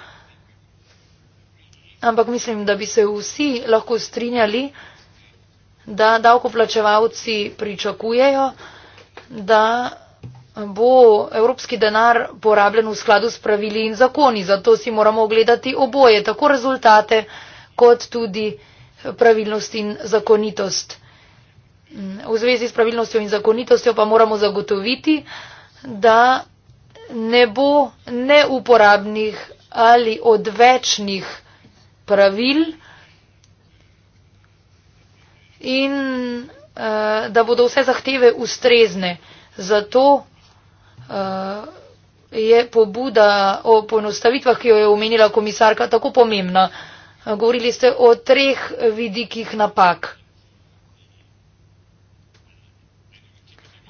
Ampak mislim, da bi se vsi lahko strinjali, da davkoplačevalci pričakujejo, da bo evropski denar porabljen v skladu s pravili in zakoni. Zato si moramo ogledati oboje, tako rezultate kot tudi pravilnost in zakonitost. V zvezi s pravilnostjo in zakonitostjo pa moramo zagotoviti, da ne bo neuporabnih ali odvečnih pravil in eh, da bodo vse zahteve ustrezne. Zato eh, je pobuda o ponostavitvah, ki jo je omenila komisarka, tako pomembna. Govorili ste o treh vidikih napak.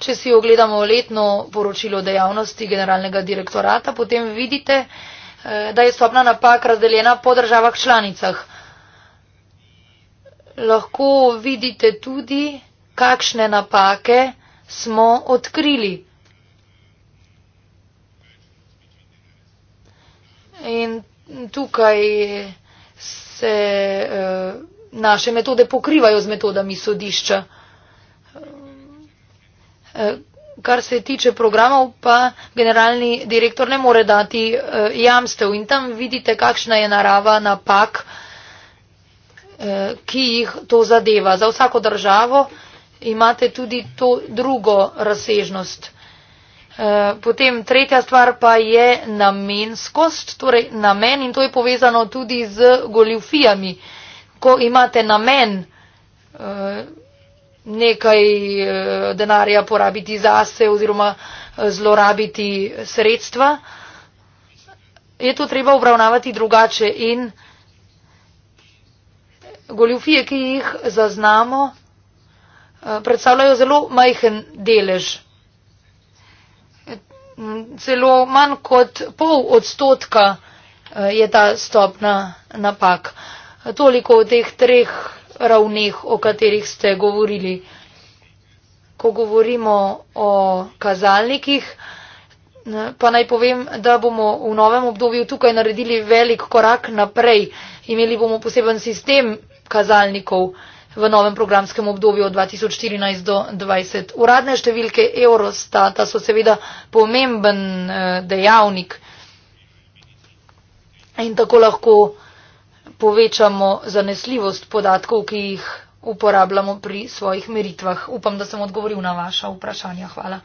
Če si ogledamo letno poročilo dejavnosti generalnega direktorata, potem vidite, eh, da je stopna napak razdeljena po državah članicah. Lahko vidite tudi, kakšne napake smo odkrili. In tukaj se eh, naše metode pokrivajo z metodami sodišča. Eh, kar se tiče programov, pa generalni direktor ne more dati eh, jamstev in tam vidite, kakšna je narava napak, eh, ki jih to zadeva. Za vsako državo imate tudi to drugo razsežnost. Potem tretja stvar pa je namenskost, torej namen in to je povezano tudi z goljufijami. Ko imate namen nekaj eh, denarja porabiti zase oziroma eh, zlorabiti sredstva, je to treba obravnavati drugače in goljufije, ki jih zaznamo, eh, predstavljajo zelo majhen delež. Celo manj kot pol odstotka je ta stopna napak. Toliko o teh treh ravneh, o katerih ste govorili. Ko govorimo o kazalnikih, pa naj povem, da bomo v novem obdobju tukaj naredili velik korak naprej. Imeli bomo poseben sistem kazalnikov v novem programskem obdobju od 2014 do 2020. Uradne številke Eurostata so seveda pomemben eh, dejavnik in tako lahko povečamo zanesljivost podatkov, ki jih uporabljamo pri svojih meritvah. Upam, da sem odgovoril na vaša vprašanja. Hvala.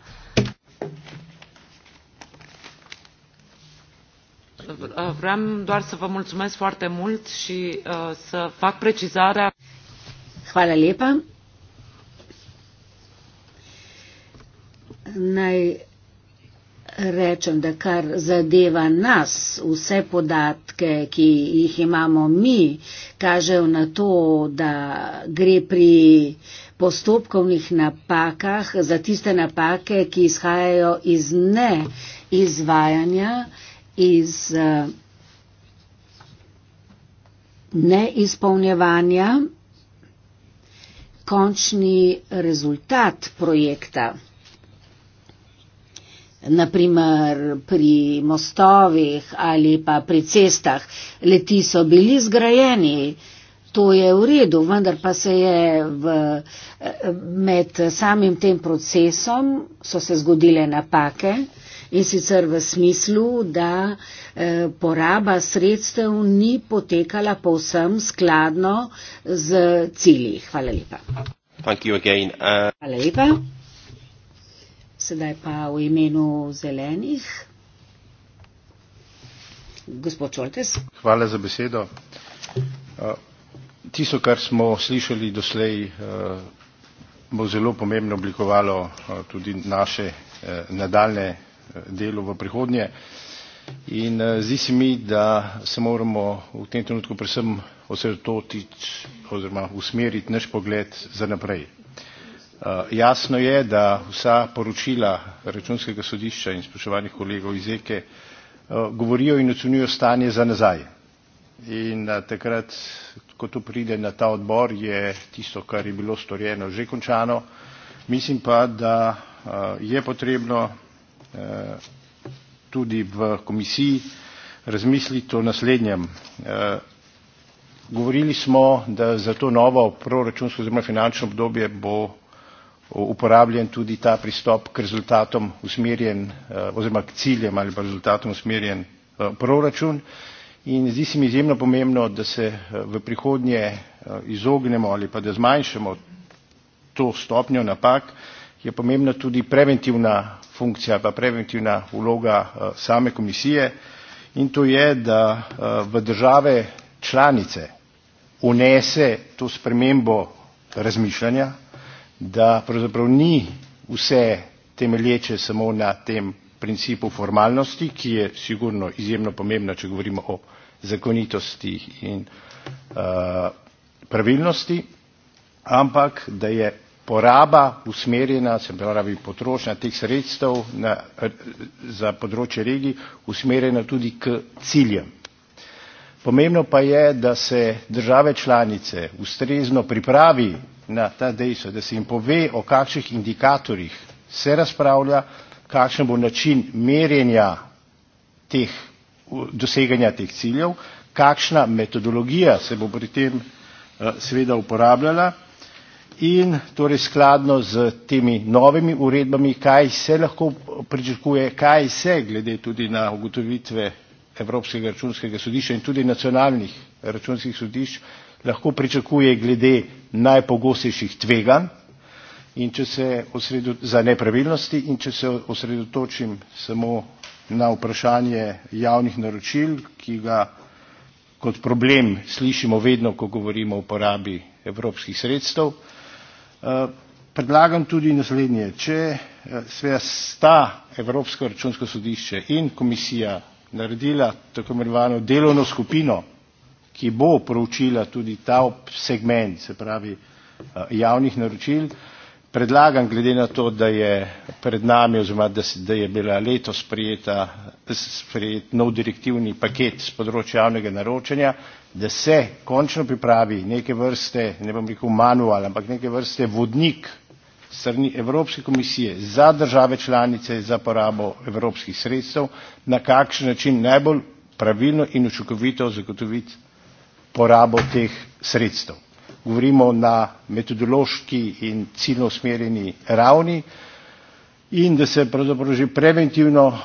Uh, vreau doar să vă mulțumesc foarte mult și uh, să fac precizarea. Hvala lepa. Naj rečem, da kar zadeva nas, vse podatke, ki jih imamo mi, kažejo na to, da gre pri postopkovnih napakah za tiste napake, ki izhajajo iz ne izvajanja, iz eh, neizpolnjevanja. Končni rezultat projekta naprimer pri mostovih ali pa pri cestah, leti so bili zgrajeni, to je v redu, vendar pa se je v, med samim tem procesom so se zgodile napake in sicer v smislu, da eh, poraba sredstev ni potekala povsem skladno z cilji. Hvala lepa. Thank you again. Uh... Hvala lepa. Sedaj pa v imenu zelenih. Gospod Čoltes. Hvala za besedo. Eh, tisto, kar smo slišali doslej, eh, bo zelo pomembno oblikovalo eh, tudi naše nadaljne delo v prihodnje. In zdi se mi, da se moramo v tem trenutku predvsem osredotočiti oziroma usmeriti naš pogled za naprej. Eh, jasno je da vsa poročila računskega sodišča in spoštovanih kolegov iz eke eh, govorijo in ocenjujejo stanje za nazaj in eh, takrat ko to pride na ta odbor je tisto kar je bilo storjeno že končano mislim pa da je potrebno tudi v komisiji razmisliti o naslednjem govorili smo da za to novo proračunsko oziroma finančno obdobje bo uporabljen tudi ta pristop k rezultatom usmerjen eh, oziroma k ciljem ali pa rezultatom usmerjen eh, proračun. In zdi se mi izjemno pomembno, da se eh, v prihodnje izognemo ali pa da zmanjšamo to stopnjo napak, je pomembna tudi preventivna funkcija pa preventivna vloga same komisije in to je, da v države članice unese to spremembo razmišljanja, da pravzaprav ni vse temelječe samo na tem principu formalnosti, ki je sigurno izjemno pomembna, če govorimo o zakonitosti in uh, pravilnosti, ampak da je poraba usmerjena, se pravi potrošnja teh sredstev na, za področje regij usmerjena tudi k ciljem. Pomembno pa je, da se države članice ustrezno pripravi na ta dejstva, da se jim pove, o kakšnih indikatorjih se razpravlja, kakšen bo način merjenja teh, doseganja teh ciljev, kakšna metodologija se bo pri tem eh, seveda uporabljala in torej skladno z temi novimi uredbami, kaj se lahko pričakuje, kaj se glede tudi na ugotovitve Evropskega računskega sodišča in tudi nacionalnih računskih sodišč lahko pričakuje glede najpogostejših tveganj in če se za nepravilnosti in če se osredotočim samo na vprašanje javnih naročil, ki ga kot problem slišimo vedno, ko govorimo o porabi evropskih sredstev. Eh, predlagam tudi naslednje, če eh, se sta Evropsko računsko sodišče in komisija naredila tako imenovano delovno skupino ki bo proučila tudi ta segment, se pravi eh, javnih naročil. Predlagam, glede na to, da je pred nami oziroma da, da je bila leto sprejeta, sprejet nov direktivni paket z področja javnega naročanja, da se končno pripravi neke vrste, ne bom rekel manual, ampak neke vrste vodnik strani Evropske komisije za države članice za porabo evropskih sredstev, na kakšen način najbolj pravilno in učinkovito zagotoviti porabo teh sredstev. Govorimo na metodološki in ciljno usmerjeni ravni in da se pravzaprav že preventivno uh,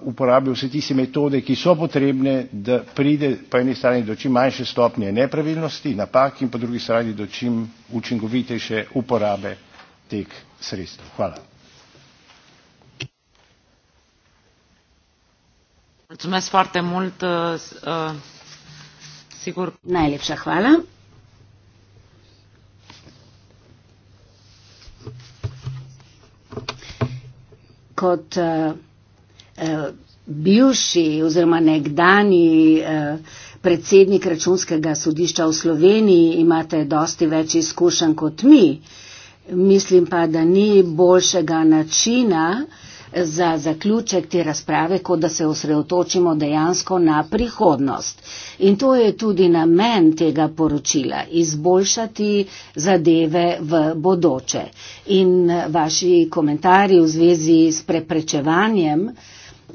uporabijo vse tiste metode, ki so potrebne, da pride po eni strani do čim manjše stopnje nepravilnosti, napak in po drugi strani do čim učinkovitejše uporabe teh sredstev. Hvala. Mulțumesc foarte mult, uh, uh, Sigur. Najlepša hvala. Kot uh, uh, bivši oziroma nekdani uh, eh, predsednik računskega sodišča v Sloveniji imate dosti več izkušenj kot mi. Mislim pa, da ni boljšega načina, uh, za zaključek te razprave, kot da se osredotočimo dejansko na prihodnost. In to je tudi namen tega poročila - izboljšati zadeve v bodoče. In vaši komentarji v zvezi s preprečevanjem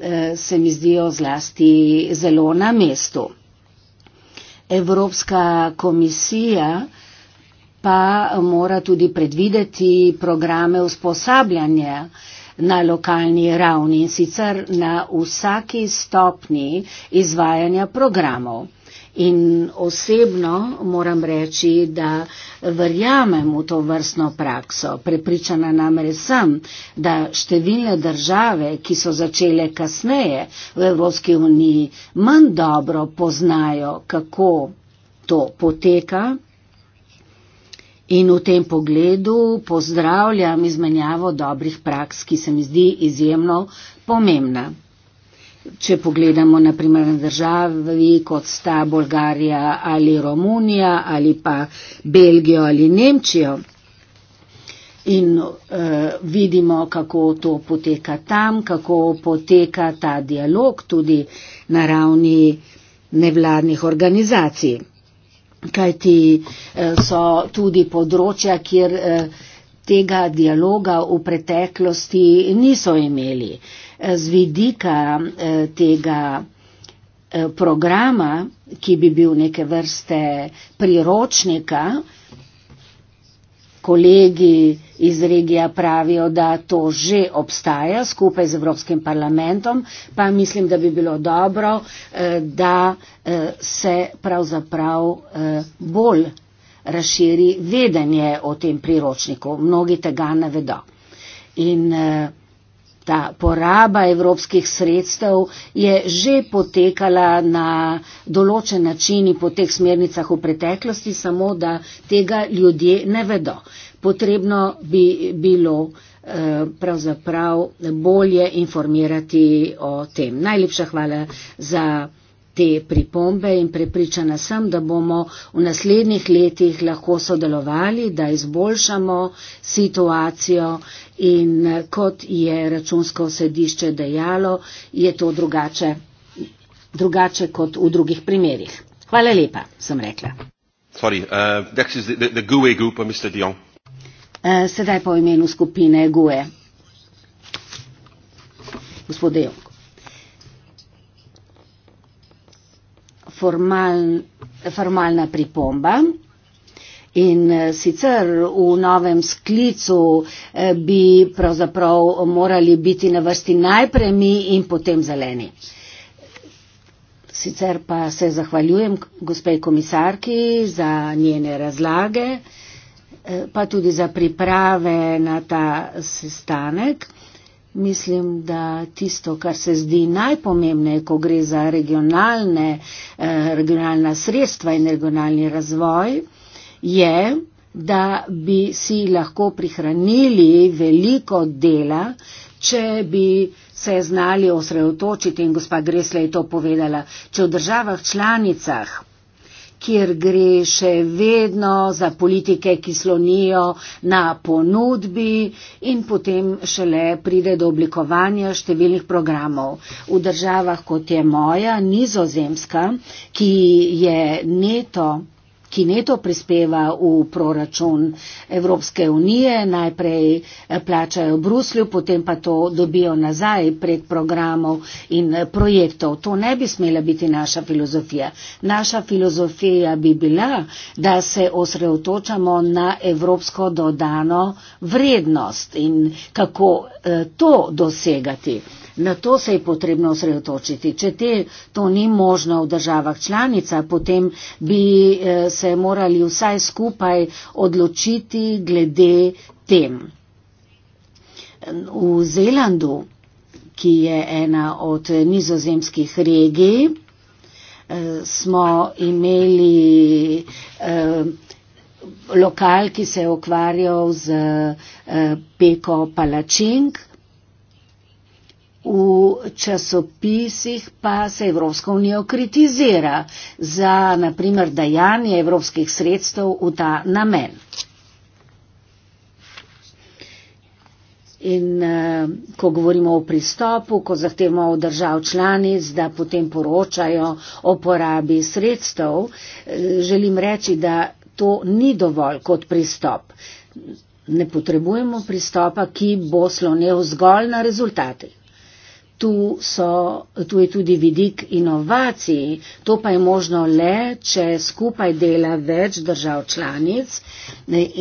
eh, se mi zdijo zlasti zelo na mestu. Evropska komisija pa mora tudi predvideti programe usposabljanja na lokalni ravni in sicer na vsaki stopni izvajanja programov. In osebno moram reči, da verjamem v to vrstno prakso. Prepričana namre sem, da številne države, ki so začele kasneje v Evropski uniji, manj dobro poznajo, kako to poteka In v tem pogledu pozdravljam izmenjavo dobrih praks, ki se mi zdi izjemno pomembna. Če pogledamo naprimer na državi, kot sta Bolgarija ali Romunija ali pa Belgijo ali Nemčijo in uh, vidimo, kako to poteka tam, kako poteka ta dialog tudi na ravni nevladnih organizacij kajti eh, so tudi področja, kjer eh, tega dialoga v preteklosti niso imeli. Eh, z vidika tega programa, ki bi bil neke vrste priročnika, kolegi, iz regija pravijo, da to že obstaja skupaj z Evropskim parlamentom, pa mislim, da bi bilo dobro, eh, da eh, se pravzaprav eh, bolj razširi vedenje o tem priročniku. Mnogi tega ne vedo. In Ta poraba evropskih sredstev je že potekala na določen način in po teh smernicah v preteklosti, samo da tega ljudje ne vedo. Potrebno bi bilo eh, pravzaprav bolje informirati o tem. Najlepša hvala za te pripombe in prepričana sem, da bomo v naslednjih letih lahko sodelovali, da izboljšamo situacijo in kot je računsko sedišče dejalo, je to drugače, drugače kot v drugih primerjih. Hvala lepa, sem rekla. Uh, e uh, sedaj pa v imenu skupine GUE. Gospod Dejong. formal, formalna pripomba. In eh, sicer v novem sklicu eh, bi pravzaprav morali biti na vrsti najprej mi in potem zeleni. Sicer pa se zahvaljujem gospej komisarki za njene razlage, eh, pa tudi za priprave na ta sestanek. Mislim, da tisto, kar se zdi najpomembnejše, ko gre za regionalne, eh, regionalna sredstva in regionalni razvoj, je, da bi si lahko prihranili veliko dela, če bi se znali osredotočiti in gospa Gresla je to povedala, če v državah članicah kjer gre še vedno za politike, ki slonijo na ponudbi in potem šele pride do oblikovanja številnih programov. V državah kot je moja, nizozemska, ki je neto ki neto prispeva v proračun Evropske unije, najprej eh, plačajo Bruslju, potem pa to dobijo nazaj prek programov in eh, projektov. To ne bi smela biti naša filozofija. Naša filozofija bi bila, da se osredotočamo na evropsko dodano vrednost in kako eh, to dosegati. Na to se je potrebno osredotočiti. Če te, to ni možno v državah članica, potem bi eh, se morali vsaj skupaj odločiti glede tem. V Zelandu, ki je ena od nizozemskih regij, eh, smo imeli eh, lokal, ki se je ukvarjal z peko palačink v časopisih pa se Evropska unija kritizira za, naprimer, dajanje evropskih sredstev v ta namen. In eh, ko govorimo o pristopu, ko zahtevamo od držav članic, da potem poročajo o porabi sredstev, eh, želim reči, da to ni dovolj kot pristop. Ne potrebujemo pristopa, ki bo slonil zgolj na rezultatih tu, so, tu je tudi vidik inovacij. To pa je možno le, če skupaj dela več držav članic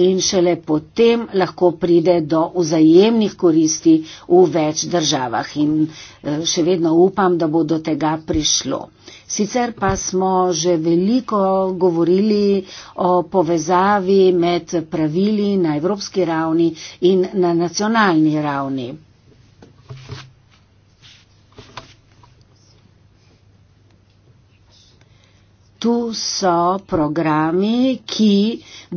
in šele potem lahko pride do vzajemnih koristi v več državah. In e, še vedno upam, da bo do tega prišlo. Sicer pa smo že veliko govorili o povezavi med pravili na evropski ravni in na nacionalni ravni. Tu so programi, ki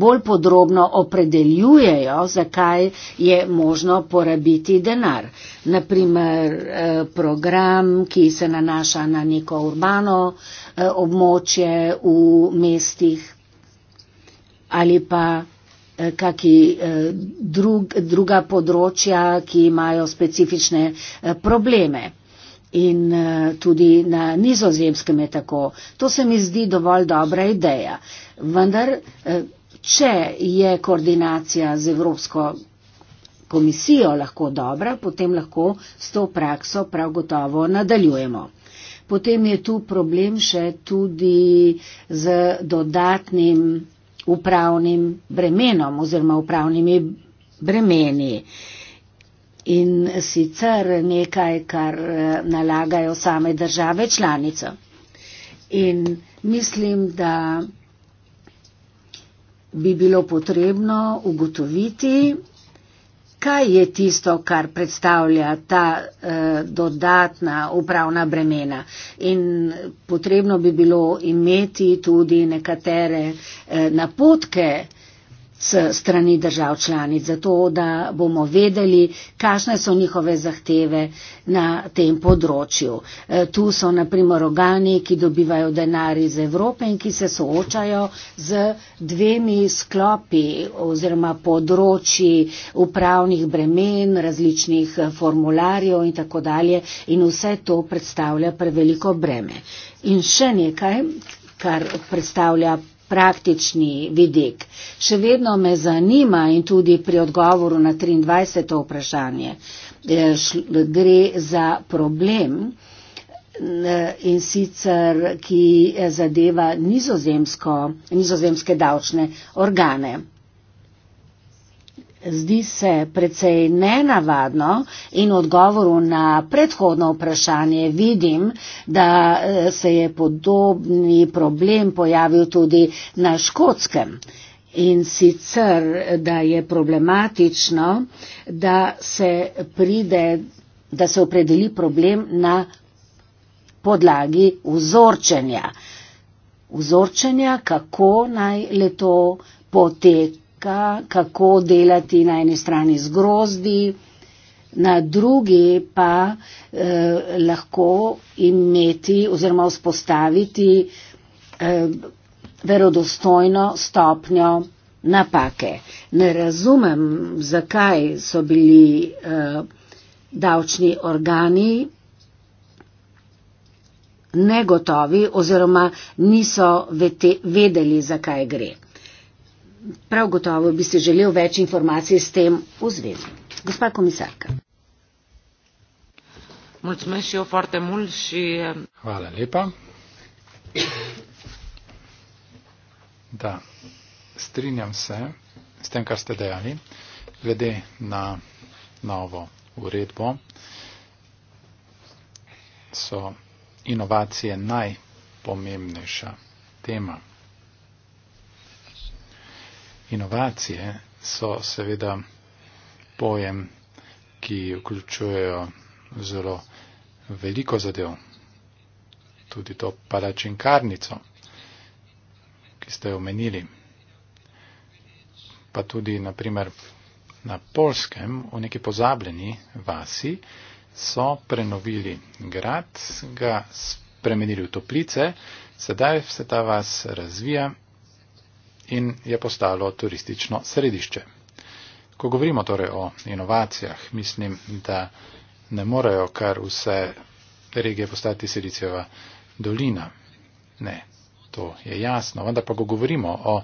bolj podrobno opredeljujejo, zakaj je možno porabiti denar. Naprimer, eh, program, ki se nanaša na neko urbano eh, območje v mestih ali pa eh, kakšna drug, druga področja, ki imajo specifične probleme. In eh, tudi na nizozemskem je tako. To se mi zdi dovolj dobra ideja. Vendar, eh, če je koordinacija z Evropsko komisijo lahko dobra, potem lahko s to prakso prav gotovo nadaljujemo. Potem je tu problem še tudi z dodatnim upravnim bremenom oziroma upravnimi bremeni. Uh, in sicer nekaj, kar eh, nalagajo same države članice. In mislim, da bi bilo potrebno ugotoviti, kaj je tisto, kar predstavlja ta eh, dodatna upravna bremena. In potrebno bi bilo imeti tudi nekatere eh, napotke, eh, s strani držav članic, zato da bomo vedeli, kakšne so njihove zahteve na tem področju. E, tu so naprimer organi, ki dobivajo denar iz Evrope in ki se soočajo z dvemi sklopi oziroma področji upravnih bremen, različnih e, formularjev in tako dalje in vse to predstavlja preveliko breme. In še nekaj, kar predstavlja praktični vidik. Še vedno me zanima in tudi pri odgovoru na 23. vprašanje eh, gre za problem eh, in sicer, ki zadeva nizozemske davčne organe. Zdi se precej nenavadno in odgovoru na predhodno vprašanje vidim, da eh, se je podobni problem pojavil tudi na škotskem. In sicer, da je problematično, da se, pride, da se opredeli problem na podlagi vzorčenja. Vzorčenja, kako naj le to poteka ka, kako delati na eni strani z grozdi, na drugi pa eh, lahko imeti oziroma vzpostaviti eh, verodostojno stopnjo napake. Ne razumem, zakaj so bili eh, davčni organi negotovi oziroma niso vete, vedeli, zakaj gre. Prav gotovo bi si želel več informacij s tem v zvezi. Gospa komisarka. Eh, Hvala lepa. Da, strinjam se s tem, kar ste dejali, glede na novo uredbo. So inovacije najpomembnejša tema Inovacije so seveda pojem, ki vključujejo zelo veliko zadev. Tudi to palačinkarnico, ki ste jo omenili. Pa tudi, naprimer, na Polskem, v neki pozabljeni vasi, so prenovili grad, ga spremenili v toplice, sedaj se ta vas razvija in je postalo turistično središče. Ko govorimo torej o inovacijah, mislim, da ne morejo kar vse regije postati Silicijeva dolina. Ne, to je jasno. Vendar pa, ko govorimo o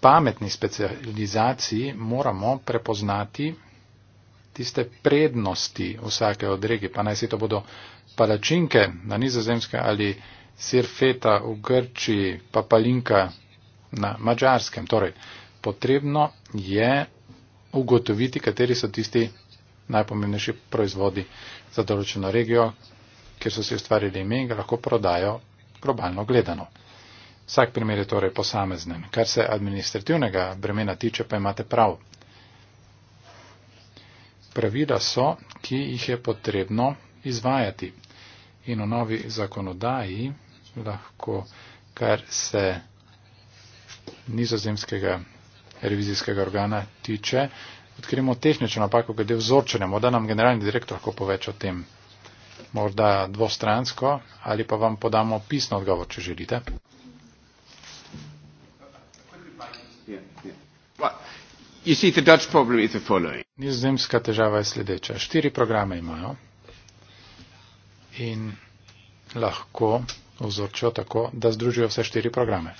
pametni specializaciji, moramo prepoznati tiste prednosti vsake od regij, pa naj se to bodo palačinke na nizozemske ali sirfeta v Grčiji, papalinka na mačarskem. Torej, potrebno je ugotoviti, kateri so tisti najpomembnejši proizvodi za določeno regijo, kjer so si ustvarili ime in ga lahko prodajo globalno gledano. Vsak primer je torej posamezen. Kar se administrativnega bremena tiče, pa imate prav. Pravila so, ki jih je potrebno izvajati. In v novi zakonodaji lahko, kar se nizozemskega revizijskega organa tiče, odkrijemo tehnično napako glede vzorčenja. Morda nam generalni direktor lahko poveča o tem. Morda dvostransko ali pa vam podamo pisno odgovor, če želite. Nizozemska težava je sledeča. Štiri programe imajo in lahko vzorčijo tako, da združijo vse štiri programe.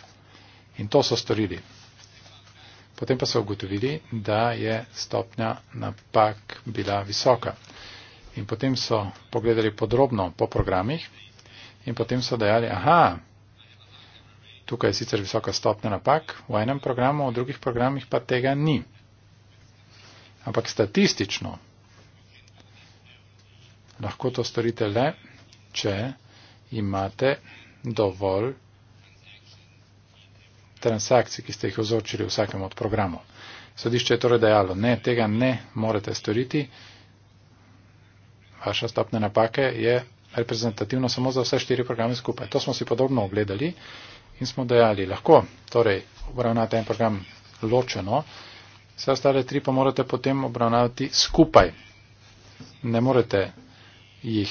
In to so storili. Potem pa so ugotovili, da je stopnja napak bila visoka. In potem so pogledali podrobno po programih in potem so dejali, aha, tukaj je sicer visoka stopnja napak, v enem programu, v drugih programih pa tega ni. Ampak statistično lahko to storite le, če imate dovolj transakcij, ki ste jih ozorčili v vsakem od programov. Sodišče je torej dejalo, ne, tega ne morete storiti. Vaša stopna napake je reprezentativna samo za vse štiri programe skupaj. To smo si podobno ogledali in smo dejali, lahko torej obravnate en program ločeno, vse ostale tri pa morate potem obravnavati skupaj. Ne morete jih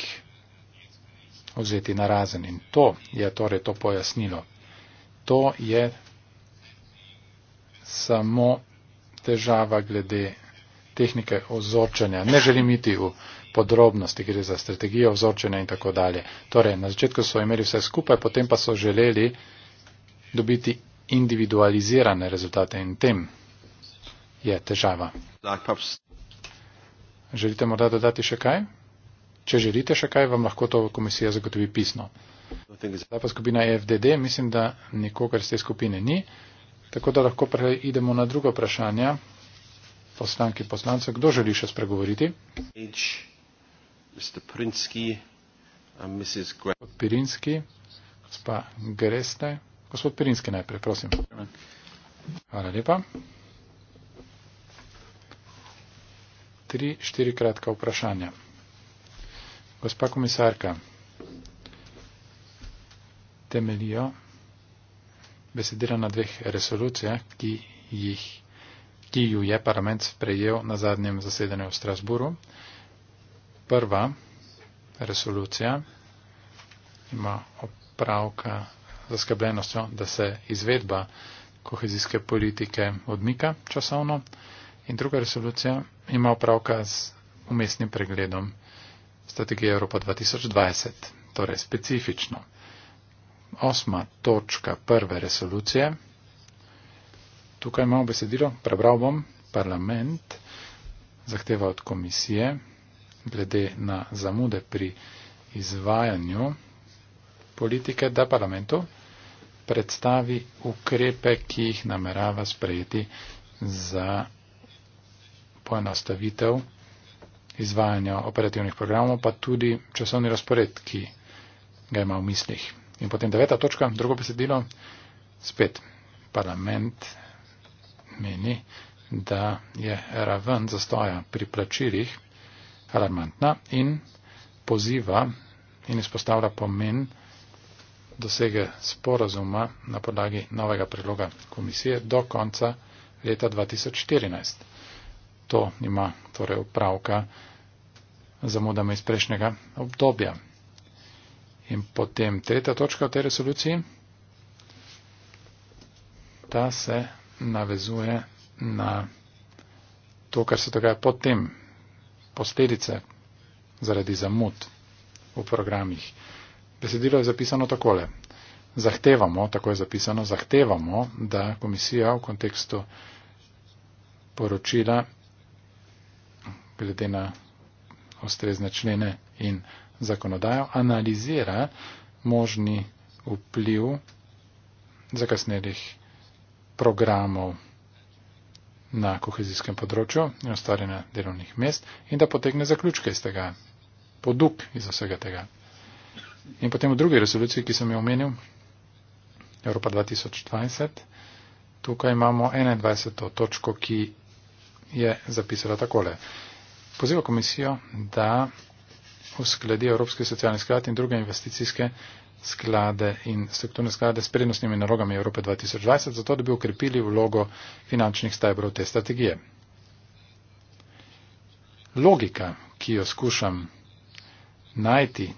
vzeti na razen in to je torej to pojasnilo. To je samo težava glede tehnike ozorčanja. Ne želim iti v podrobnosti, gre za strategijo ozorčanja in tako dalje. Torej, na začetku so imeli vse skupaj, potem pa so želeli dobiti individualizirane rezultate in tem je težava. Želite morda dodati še kaj? Če želite še kaj, vam lahko to komisija zagotovi pisno. Ta pa skupina EFDD, mislim, da nikogar iz te skupine ni. Tako da lahko preidemo na drugo vprašanje. Poslanki poslance, kdo želi še spregovoriti? Gospod Pirinski, gospa Gresne, gospod Pirinski najprej, prosim. Hvala lepa. Tri, štiri kratka vprašanja. Gospa komisarka, temelijo besedila na dveh resolucijah, ki jih ki ju je parlament sprejel na zadnjem zasedanju v Strasburu. Prva resolucija ima opravka z zaskrbljenostjo, da se izvedba kohezijske politike odmika časovno. In druga resolucija ima opravka z umestnim pregledom strategije Evropa 2020, torej specifično osma točka prve resolucije. Tukaj imamo besedilo, prebral bom, parlament zahteva od komisije glede na zamude pri izvajanju politike, da parlamentu predstavi ukrepe, ki jih namerava sprejeti za poenostavitev izvajanja operativnih programov, pa tudi časovni razpored, ki ga ima v mislih. In potem deveta točka, drugo besedilo, spet parlament meni, da je raven zastoja pri plačilih alarmantna in poziva in izpostavlja pomen dosege sporazuma na podlagi novega predloga komisije do konca leta 2014. To ima torej upravka zamudama iz prejšnjega obdobja. In potem tretja točka v tej resoluciji, ta se navezuje na to, kar se dogaja potem, posledice zaradi zamud v programih. Besedilo je zapisano takole. Zahtevamo, tako je zapisano, zahtevamo, da komisija v kontekstu poročila glede na ostrezne člene in zakonodajo, analizira možni vpliv zakasnelih programov na kohezijskem področju in ustvarjanja delovnih mest in da potegne zaključke iz tega, poduk iz vsega tega. In potem v drugi resoluciji, ki sem jo omenil, Evropa 2020, tukaj imamo 21. točko, ki je zapisala takole. Poziva komisijo, da uskladi Evropski socialni sklad in druge investicijske sklade in strukturne sklade s prednostnimi narogami Evrope 2020, zato da bi ukrepili vlogo finančnih stajbrov te strategije. Logika, ki jo skušam najti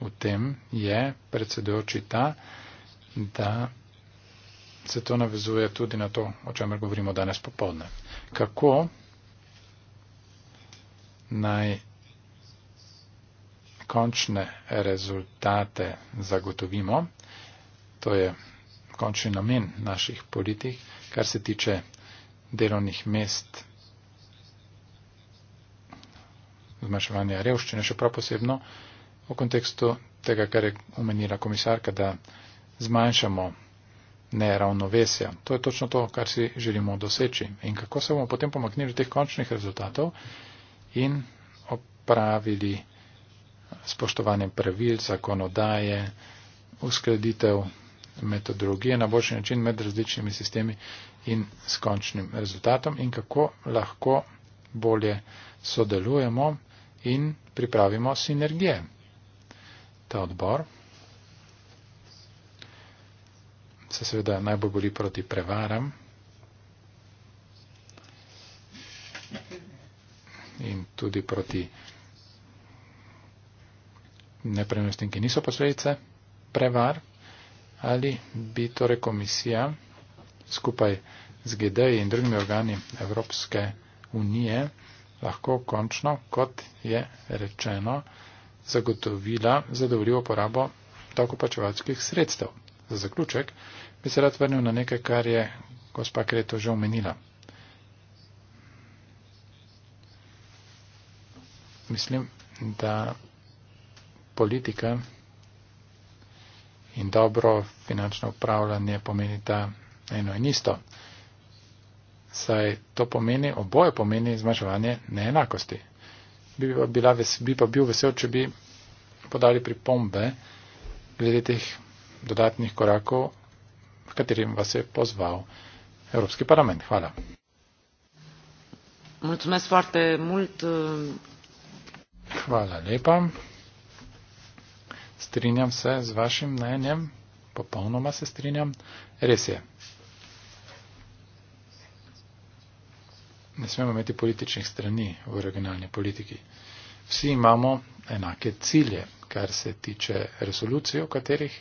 v tem, je predsedujoči ta, da se to navezuje tudi na to, o čemer govorimo danes popovdne. Kako naj končne rezultate zagotovimo. To je končni namen naših politik, kar se tiče delovnih mest, zmanjševanja revščine, še prav posebno v kontekstu tega, kar je omenila komisarka, da zmanjšamo neravnovesja. To je točno to, kar si želimo doseči. In kako se bomo potem pomaknili teh končnih rezultatov in opravili spoštovanjem pravil, zakonodaje, uskladitev metodologije na boljši način med različnimi sistemi in s končnim rezultatom in kako lahko bolje sodelujemo in pripravimo sinergije. Ta odbor se seveda najbolj boli proti prevaram in tudi proti nepremnosti, ki niso posledice prevar, ali bi torej komisija skupaj z GD in drugimi organi Evropske unije lahko končno, kot je rečeno, zagotovila zadovoljivo porabo dokopačevalskih sredstev. Za zaključek bi se rad vrnil na nekaj, kar je gospa Kreto že omenila. Mislim, da politika in dobro finančno upravljanje pomenita eno in isto. Saj to pomeni, oboje pomeni zmaževanje neenakosti. Bi pa, bila, bi pa bil vesel, če bi podali pripombe glede teh dodatnih korakov, v katerim vas je pozval Evropski parlament. Hvala. Mulțumesc foarte mult. Uh. Hvala lepa. Strinjam se z vašim mnenjem, popolnoma se strinjam, res je. Ne smemo imeti političnih strani v regionalni politiki. Vsi imamo enake cilje, kar se tiče resolucij, o katerih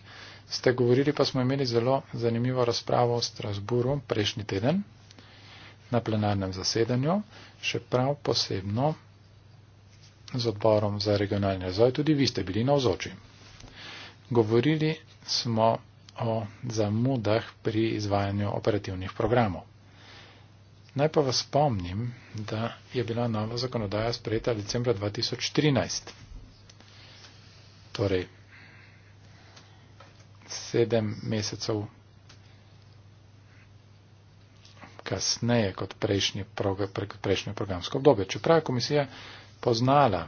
ste govorili, pa smo imeli zelo zanimivo razpravo v Strasburu prejšnji teden na plenarnem zasedanju, še prav posebno z odborom za regionalni razvoj. Tudi vi ste bili na ozočim. Govorili smo o zamudah pri izvajanju operativnih programov. Naj pa vas spomnim, da je bila nova zakonodaja sprejeta decembra 2013. Torej, sedem mesecev kasneje kot prejšnje, proga, prejšnje programsko obdobje. Čeprav je komisija poznala,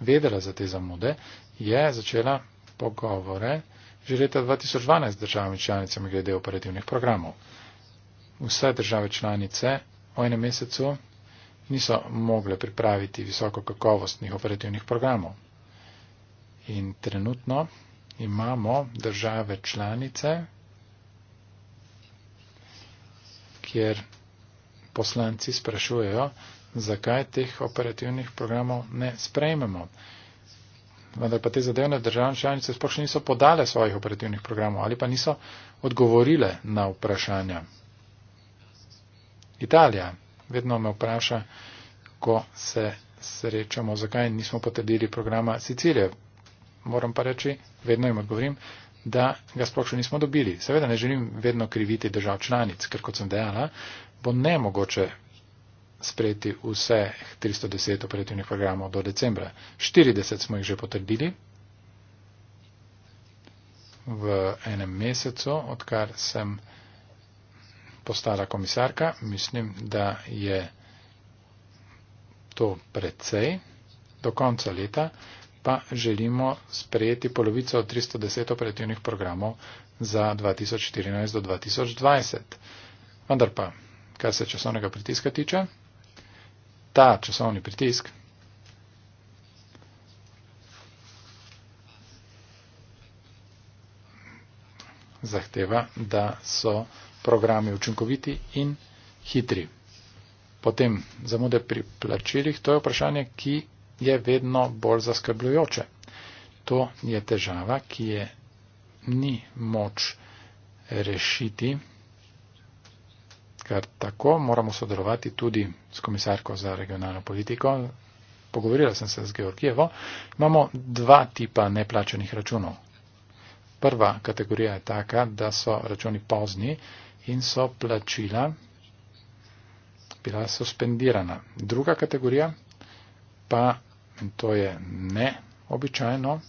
vedela za te zamude, je začela pogovore že leta 2012 z državami članicami glede operativnih programov. Vse države članice v enem mesecu niso mogle pripraviti visoko kakovostnih operativnih programov. In trenutno imamo države članice, kjer poslanci sprašujejo, zakaj teh operativnih programov ne sprejmemo vendar pa te zadevne države članice sploh še niso podale svojih operativnih programov ali pa niso odgovorile na vprašanja. Italija vedno me vpraša, ko se srečamo, zakaj nismo potrdili programa Sicilije. Moram pa reči, vedno jim odgovorim, da ga sploh še nismo dobili. Seveda ne želim vedno kriviti držav članic, ker kot sem dejala, bo ne mogoče sprejeti vse 310 operativnih programov do decembra. 40 smo jih že potrdili v enem mesecu, odkar sem postala komisarka. Mislim, da je to precej. Do konca leta pa želimo sprejeti polovico od 310 operativnih programov za 2014 do 2020. Vendar pa, kar se časovnega pritiska tiče, ta časovni pritisk. Zahteva, da so programi učinkoviti in hitri. Potem zamude pri plačilih, to je vprašanje, ki je vedno bolj zaskrbljujoče. To je težava, ki je ni moč rešiti ker tako moramo sodelovati tudi s komisarko za regionalno politiko. Pogovorila sem se z Georgijevo. Imamo dva tipa neplačenih računov. Prva kategorija je taka, da so računi pozni in so plačila bila suspendirana. Druga kategorija pa, in to je neobičajno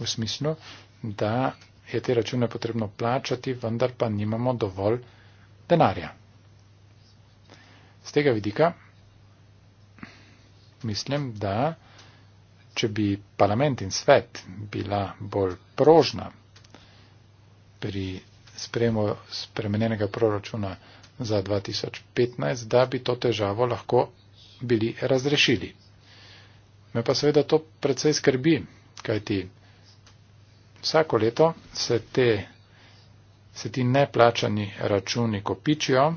v smislu, da je te račune potrebno plačati, vendar pa nimamo dovolj denarja. Z tega vidika mislim, da če bi parlament in svet bila bolj prožna pri sprejemu spremenjenega proračuna za 2015, da bi to težavo lahko bili razrešili. Me pa seveda to predvsej skrbi, kajti vsako leto se, te, se ti neplačani računi kopičijo,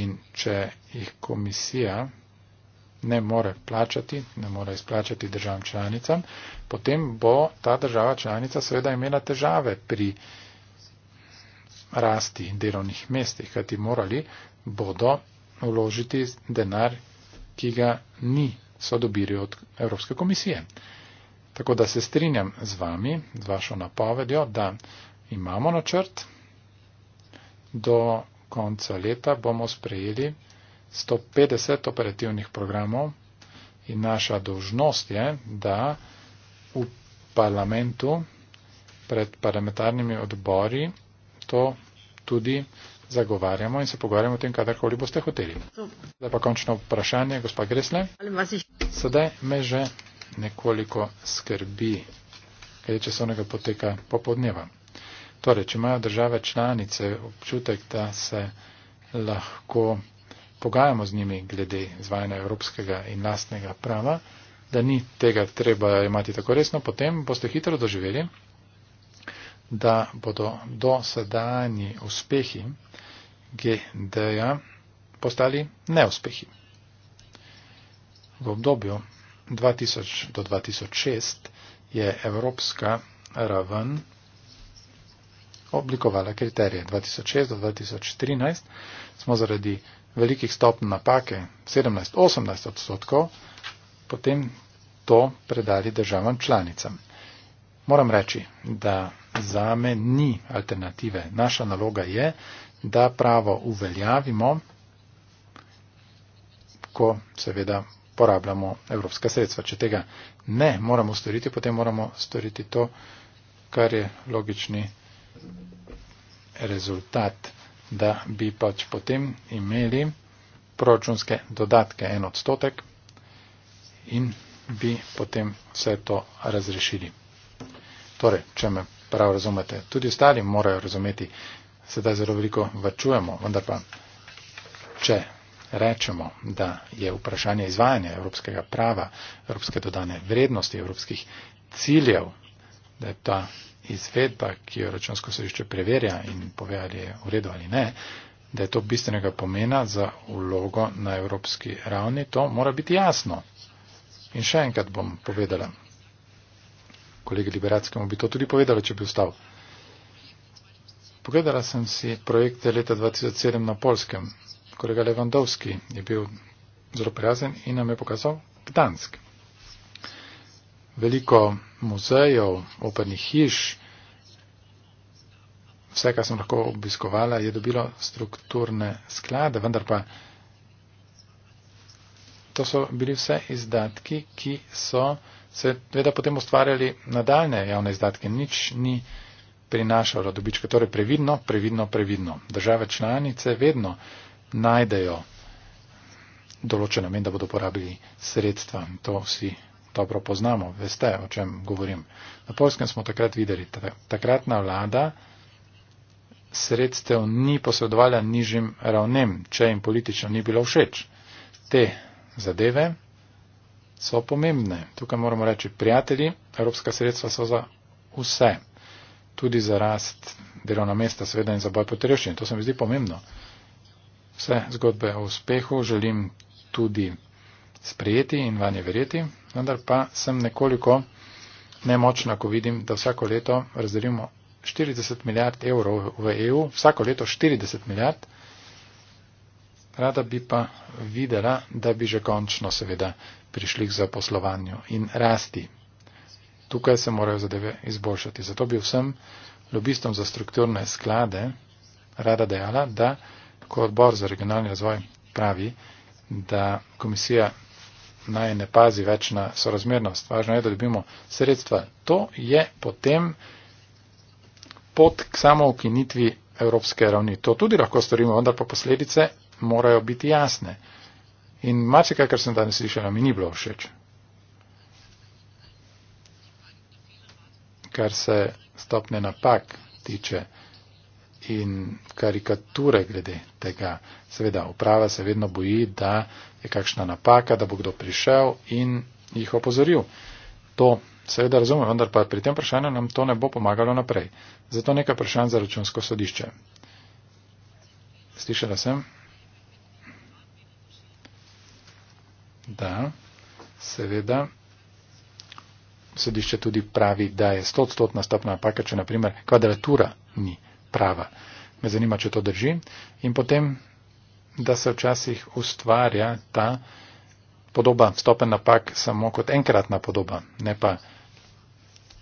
in če jih komisija ne more plačati, ne more izplačati državam članicam, potem bo ta država članica seveda imela težave pri rasti delovnih mestih, kajti morali bodo vložiti denar, ki ga ni so dobili od Evropske komisije. Tako da se strinjam z vami, z vašo napovedjo, da imamo načrt do konca leta bomo sprejeli 150 operativnih programov in naša dožnost je, da v parlamentu pred parlamentarnimi odbori to tudi zagovarjamo in se pogovarjamo o tem, kadarkoli boste hoteli. Zdaj pa končno vprašanje, gospa Gresle. Sedaj me že nekoliko skrbi, kaj je časovnega poteka popodneva. Torej, če imajo države članice občutek, da se lahko pogajamo z njimi glede izvajanja evropskega in lastnega prava, da ni tega treba imati tako resno, potem boste hitro doživeli, da bodo do sedajni uspehi GDA postali neuspehi. V obdobju 2000 do 2006 je evropska raven oblikovala kriterije. 2006 do 2013 smo zaradi velikih stopn napake 17-18 odstotkov potem to predali državam članicam. Moram reči, da za me ni alternative. Naša naloga je, da pravo uveljavimo, ko seveda porabljamo evropska sredstva. Če tega ne moramo storiti, potem moramo storiti to, kar je logični rezultat, da bi pač potem imeli proračunske dodatke en odstotek in bi potem vse to razrešili. Torej, če me prav razumete, tudi ostali morajo razumeti, sedaj zelo veliko vačujemo, vendar pa, če rečemo, da je vprašanje izvajanja evropskega prava, evropske dodane vrednosti, evropskih ciljev, da je ta izvedba, ki jo računsko sodišče preverja in pove, ali je v redu ali ne, da je to bistvenega pomena za vlogo na evropski ravni, to mora biti jasno. In še enkrat bom povedala, kolegi Liberatskemu bi to tudi povedala, če bi ustal. Pogledala sem si projekte leta 2007 na Polskem. Kolega Levandovski je bil zelo prijazen in nam je pokazal Gdansk veliko muzejev, opernih hiš, vse, kar sem lahko obiskovala, je dobilo strukturne sklade, vendar pa to so bili vse izdatki, ki so se veda potem ustvarjali nadaljne javne izdatke. Nič ni prinašalo dobička. Torej previdno, previdno, previdno. Države članice vedno najdejo določeno namen, da bodo porabili sredstva. To vsi dobro poznamo, veste, o čem govorim. Na Polskem smo takrat videli, da takratna vlada sredstev ni posredovala nižjim ravnem, če jim politično ni bilo všeč. Te zadeve so pomembne. Tukaj moramo reči, prijatelji, evropska sredstva so za vse. Tudi za rast delovna mesta, seveda, in za boj proti revščini. To se mi zdi pomembno. Vse zgodbe o uspehu želim tudi sprejeti in vanje verjeti, vendar pa sem nekoliko nemočna, ko vidim, da vsako leto razdelimo 40 milijard evrov v EU, vsako leto 40 milijard. Rada bi pa videla, da bi že končno seveda prišli k zaposlovanju in rasti. Tukaj se morajo zadeve izboljšati. Zato bi vsem lobistom za strukturne sklade rada dejala, da ko odbor za regionalni razvoj pravi, da komisija naj ne pazi več na sorazmernost. Važno je, da dobimo sredstva. To je potem pot k samo ukinitvi evropske ravni. To tudi lahko storimo, vendar pa posledice morajo biti jasne. In marsikaj, kar sem danes slišala, mi ni bilo všeč. Kar se stopne napak tiče in karikature glede tega. Seveda, uprava se vedno boji, da je kakšna napaka, da bo kdo prišel in jih opozoril. To seveda razumem, vendar pa pri tem vprašanju nam to ne bo pomagalo naprej. Zato nekaj vprašanj za računsko sodišče. Slišala sem? Da, seveda. Sodišče tudi pravi, da je 100-stotna stopna napaka, če naprimer kvadratura ni prava. Me zanima, če to drži. In potem da se včasih ustvarja ta podoba, stopen napak samo kot enkratna podoba, ne pa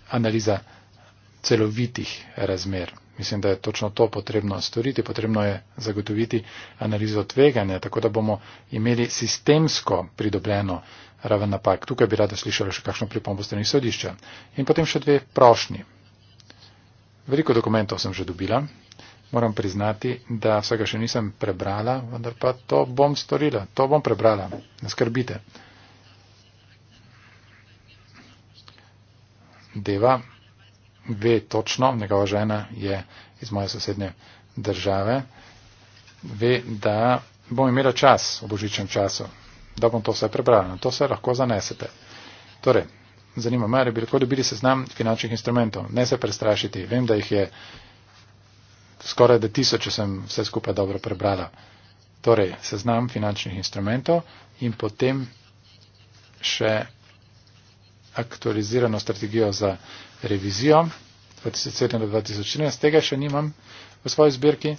analiza celovitih razmer. Mislim, da je točno to potrebno storiti, potrebno je zagotoviti analizo tveganja, tako da bomo imeli sistemsko pridobljeno raven napak. Tukaj bi rada slišala še kakšno pripombo strani sodišča. In potem še dve prošnji. Veliko dokumentov sem že dobila moram priznati, da vsega še nisem prebrala, vendar pa to bom storila, to bom prebrala, ne skrbite. Deva ve točno, njegova žena je iz moje sosednje države, ve, da bom imela čas v božičnem času, da bom to vse prebrala. Na to se lahko zanesete. Torej, zanima me, ali bi lahko dobili seznam finančnih instrumentov. Ne se prestrašiti. Vem, da jih je skoraj da tisoč, če sem vse skupaj dobro prebrala. Torej, seznam finančnih instrumentov in potem še aktualizirano strategijo za revizijo 2007-2013. Tega še nimam v svoji zbirki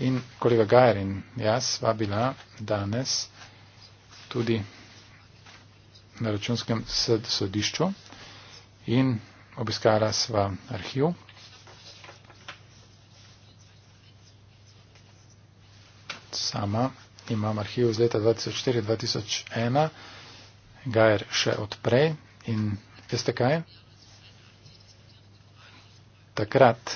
in kolega Gajer in jaz sva bila danes tudi na računskem sodišču in obiskala sva arhiv sama, imam arhiv iz leta 2004-2001, Gajer še odprej in veste kaj? Takrat,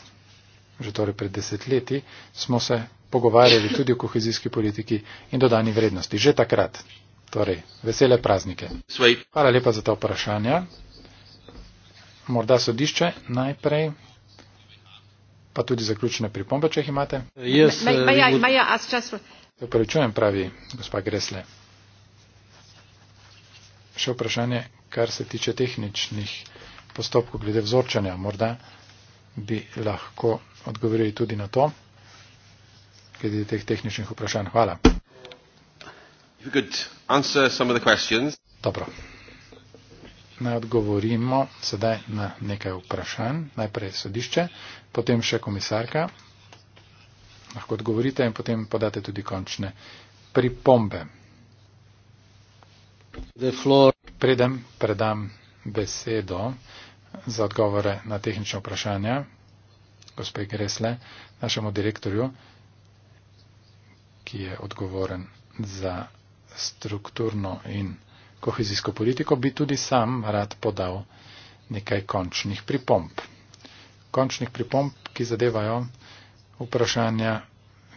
že torej pred desetletji, smo se pogovarjali tudi o kohezijski politiki in dodani vrednosti. Že takrat. Torej, vesele praznike. Hvala lepa za ta vprašanja. Morda sodišče najprej, pa tudi zaključne pripombe, če jih imate. Yes, uh, Se upravičujem, pravi gospa Gresle. Še vprašanje, kar se tiče tehničnih postopkov glede vzorčanja, morda bi lahko odgovorili tudi na to, glede teh tehničnih vprašanj. Hvala. Dobro. Naj odgovorimo sedaj na nekaj vprašanj. Najprej sodišče, potem še komisarka, lahko odgovorite in potem podate tudi končne pripombe. Predem predam besedo za odgovore na tehnične vprašanja gospe Gresle, našemu direktorju, ki je odgovoren za strukturno in kohezijsko politiko, bi tudi sam rad podal nekaj končnih pripomb. Končnih pripomb, ki zadevajo vprašanja,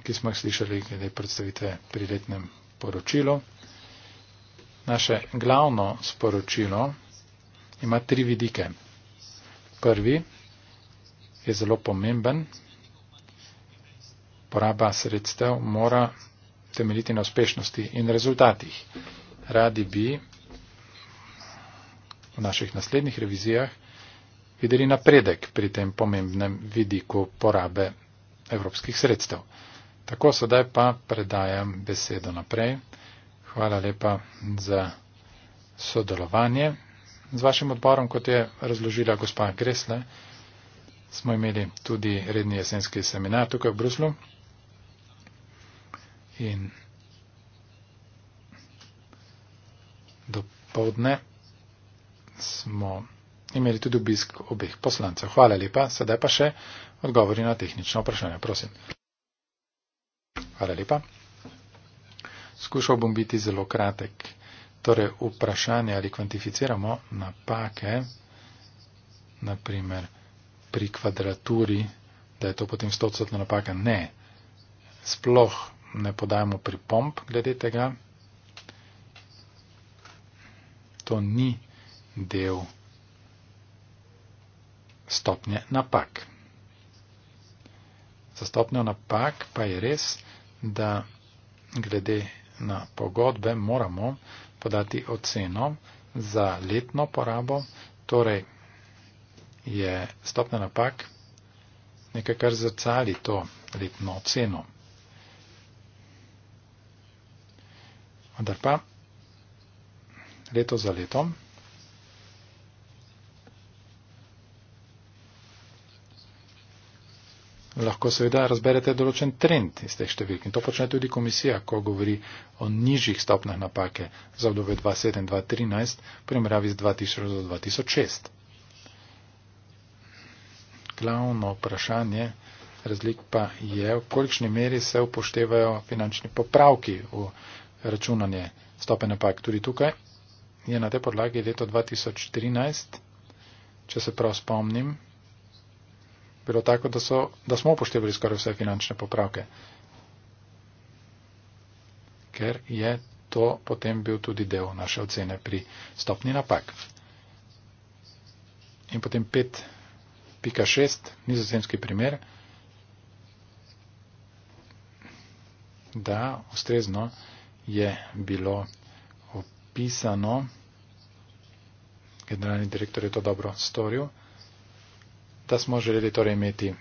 ki smo jih slišali glede predstavitve pri letnem poročilu. Naše glavno sporočilo ima tri vidike. Prvi je zelo pomemben. Poraba sredstev mora temeljiti na uspešnosti in rezultatih. Radi bi v naših naslednjih revizijah videli napredek pri tem pomembnem vidiku porabe evropskih sredstev. Tako sedaj pa predajam besedo naprej. Hvala lepa za sodelovanje. Z vašim odborom, kot je razložila gospa Gresle, smo imeli tudi redni jesenski seminar tukaj v Bruslu. In do povdne smo imeli tudi obisk obeh poslancev. Hvala lepa, sedaj pa še odgovori na tehnično vprašanje, prosim. Hvala lepa. Skušal bom biti zelo kratek. Torej, vprašanje ali kvantificiramo napake, naprimer pri kvadraturi, da je to potem 100% napaka. Ne, sploh ne podajamo pripomp glede tega. To ni del stopnje napak. Za stopnjo napak pa je res, da glede na pogodbe moramo podati oceno za letno porabo, torej je stopnja napak nekaj, kar zrcali to letno oceno. Vendar pa leto za letom lahko seveda razberete določen trend iz teh številk. In to počne tudi komisija, ko govori o nižjih stopnah napake za obdobje 2007-2013 v primerjavi z 2000-2006. Glavno vprašanje razlik pa je, v kolikšni meri se upoštevajo finančni popravki v računanje stope napak. Tudi tukaj je na tej podlagi leto 2013, če se prav spomnim, bilo tako, da, so, da smo upoštevali skoraj vse finančne popravke. Ker je to potem bil tudi del naše ocene pri stopni napak. In potem 5.6, nizozemski primer, da ustrezno je bilo opisano, generalni direktor je to dobro storil, da smo želeli torej imeti,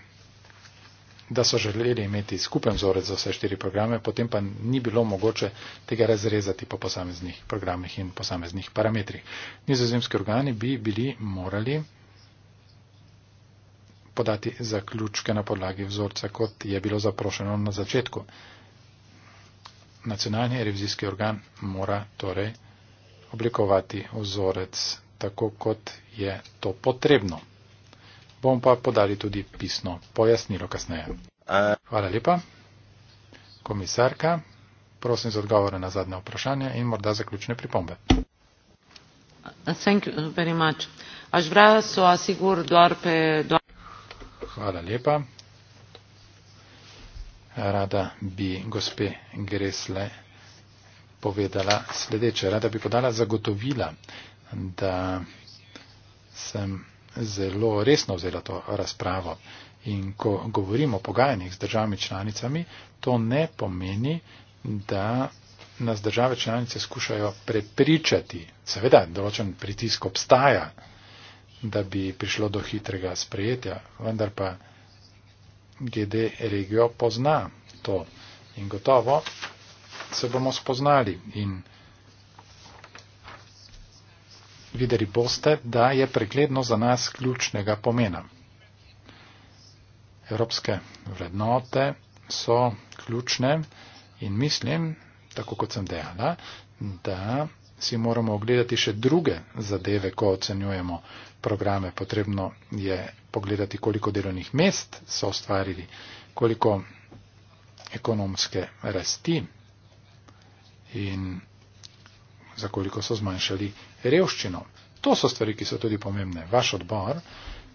da so želeli imeti skupen vzorec za vse štiri programe, potem pa ni bilo mogoče tega razrezati po posameznih programih in posameznih parametrih. Nizozemski organi bi bili morali podati zaključke na podlagi vzorca, kot je bilo zaprošeno na začetku. Nacionalni revizijski organ mora torej oblikovati vzorec tako, kot je to potrebno bomo pa podali tudi pisno pojasnilo kasneje. Hvala lepa. Komisarka, prosim za odgovore na zadnje vprašanje in morda zaključne pripombe. Hvala lepa. Rada bi gospe Gresle povedala sledeče. Rada bi podala zagotovila, da sem zelo resno vzela to razpravo. In ko govorimo o pogajanjih z državami članicami, to ne pomeni, da nas države članice skušajo prepričati. Seveda, določen pritisk obstaja, da bi prišlo do hitrega sprejetja, vendar pa GD regijo pozna to. In gotovo se bomo spoznali. In Videli boste, da je pregledno za nas ključnega pomena. Evropske vrednote so ključne in mislim, tako kot sem dejala, da si moramo ogledati še druge zadeve, ko ocenjujemo programe. Potrebno je pogledati, koliko delovnih mest so ustvarili, koliko ekonomske rasti in za koliko so zmanjšali revščino. To so stvari, ki so tudi pomembne. Vaš odbor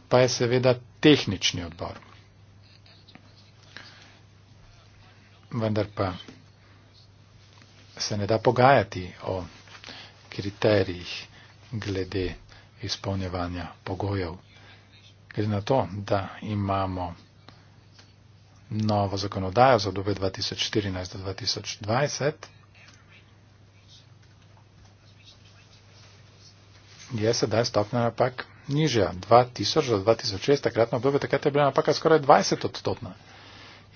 pa je seveda tehnični odbor. Vendar pa se ne da pogajati o kriterijih glede izpolnjevanja pogojev. Glede na to, da imamo novo zakonodajo za dobe 2014-2020, je sedaj stopna napak nižja. 2000 do 2006, takratno obdobje, takrat je bila napaka skoraj 20 odstotna.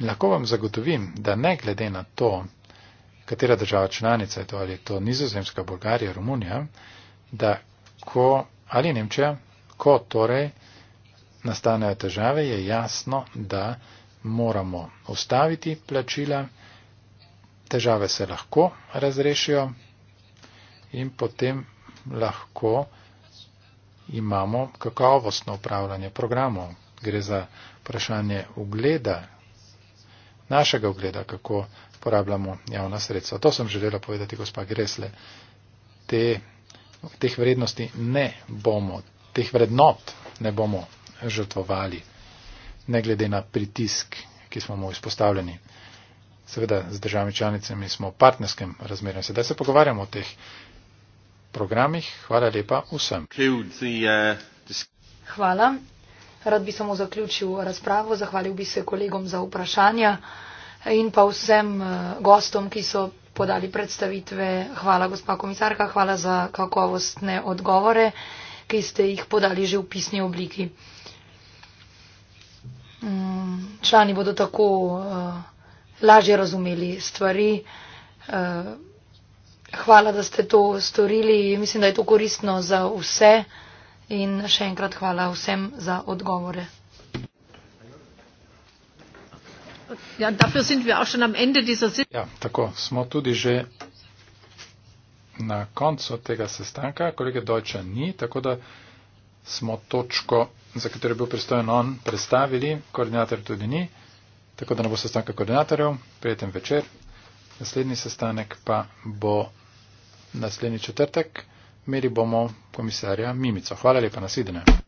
In lahko vam zagotovim, da ne glede na to, katera država članica je to, ali je to nizozemska, Bolgarija, Romunija, da ko ali Nemčija, ko torej nastanejo težave, je jasno, da moramo ustaviti plačila, težave se lahko razrešijo in potem lahko imamo kakovostno upravljanje programov. Gre za vprašanje ugleda, našega ugleda, kako porabljamo javna sredstva. To sem želela povedati, gospa Gresle. Te, teh vrednosti ne bomo, teh vrednot ne bomo žrtvovali, ne glede na pritisk, ki smo mu izpostavljeni. Seveda z državami članicami smo v partnerskem razmerju. Sedaj se pogovarjamo o teh programih. Hvala lepa vsem. Hvala. Rad bi samo zaključil razpravo. Zahvalil bi se kolegom za vprašanja in pa vsem eh, gostom, ki so podali predstavitve. Hvala, gospa komisarka, hvala za kakovostne odgovore, ki ste jih podali že v pisni obliki. Mm, člani bodo tako eh, lažje razumeli stvari. Eh, Hvala, da ste to storili. Mislim, da je to koristno za vse. In še enkrat hvala vsem za odgovore. Ja, ja tako smo tudi že na koncu tega sestanka. Kolega Dojča ni, tako da smo točko, za katero je bil pristojen on, predstavili. Koordinator tudi ni. Tako da ne bo sestanka koordinatorjev. Prijeten večer. Naslednji sestanek pa bo naslednji četrtek. Meri bomo komisarja Mimico. Hvala lepa, nasvidenje.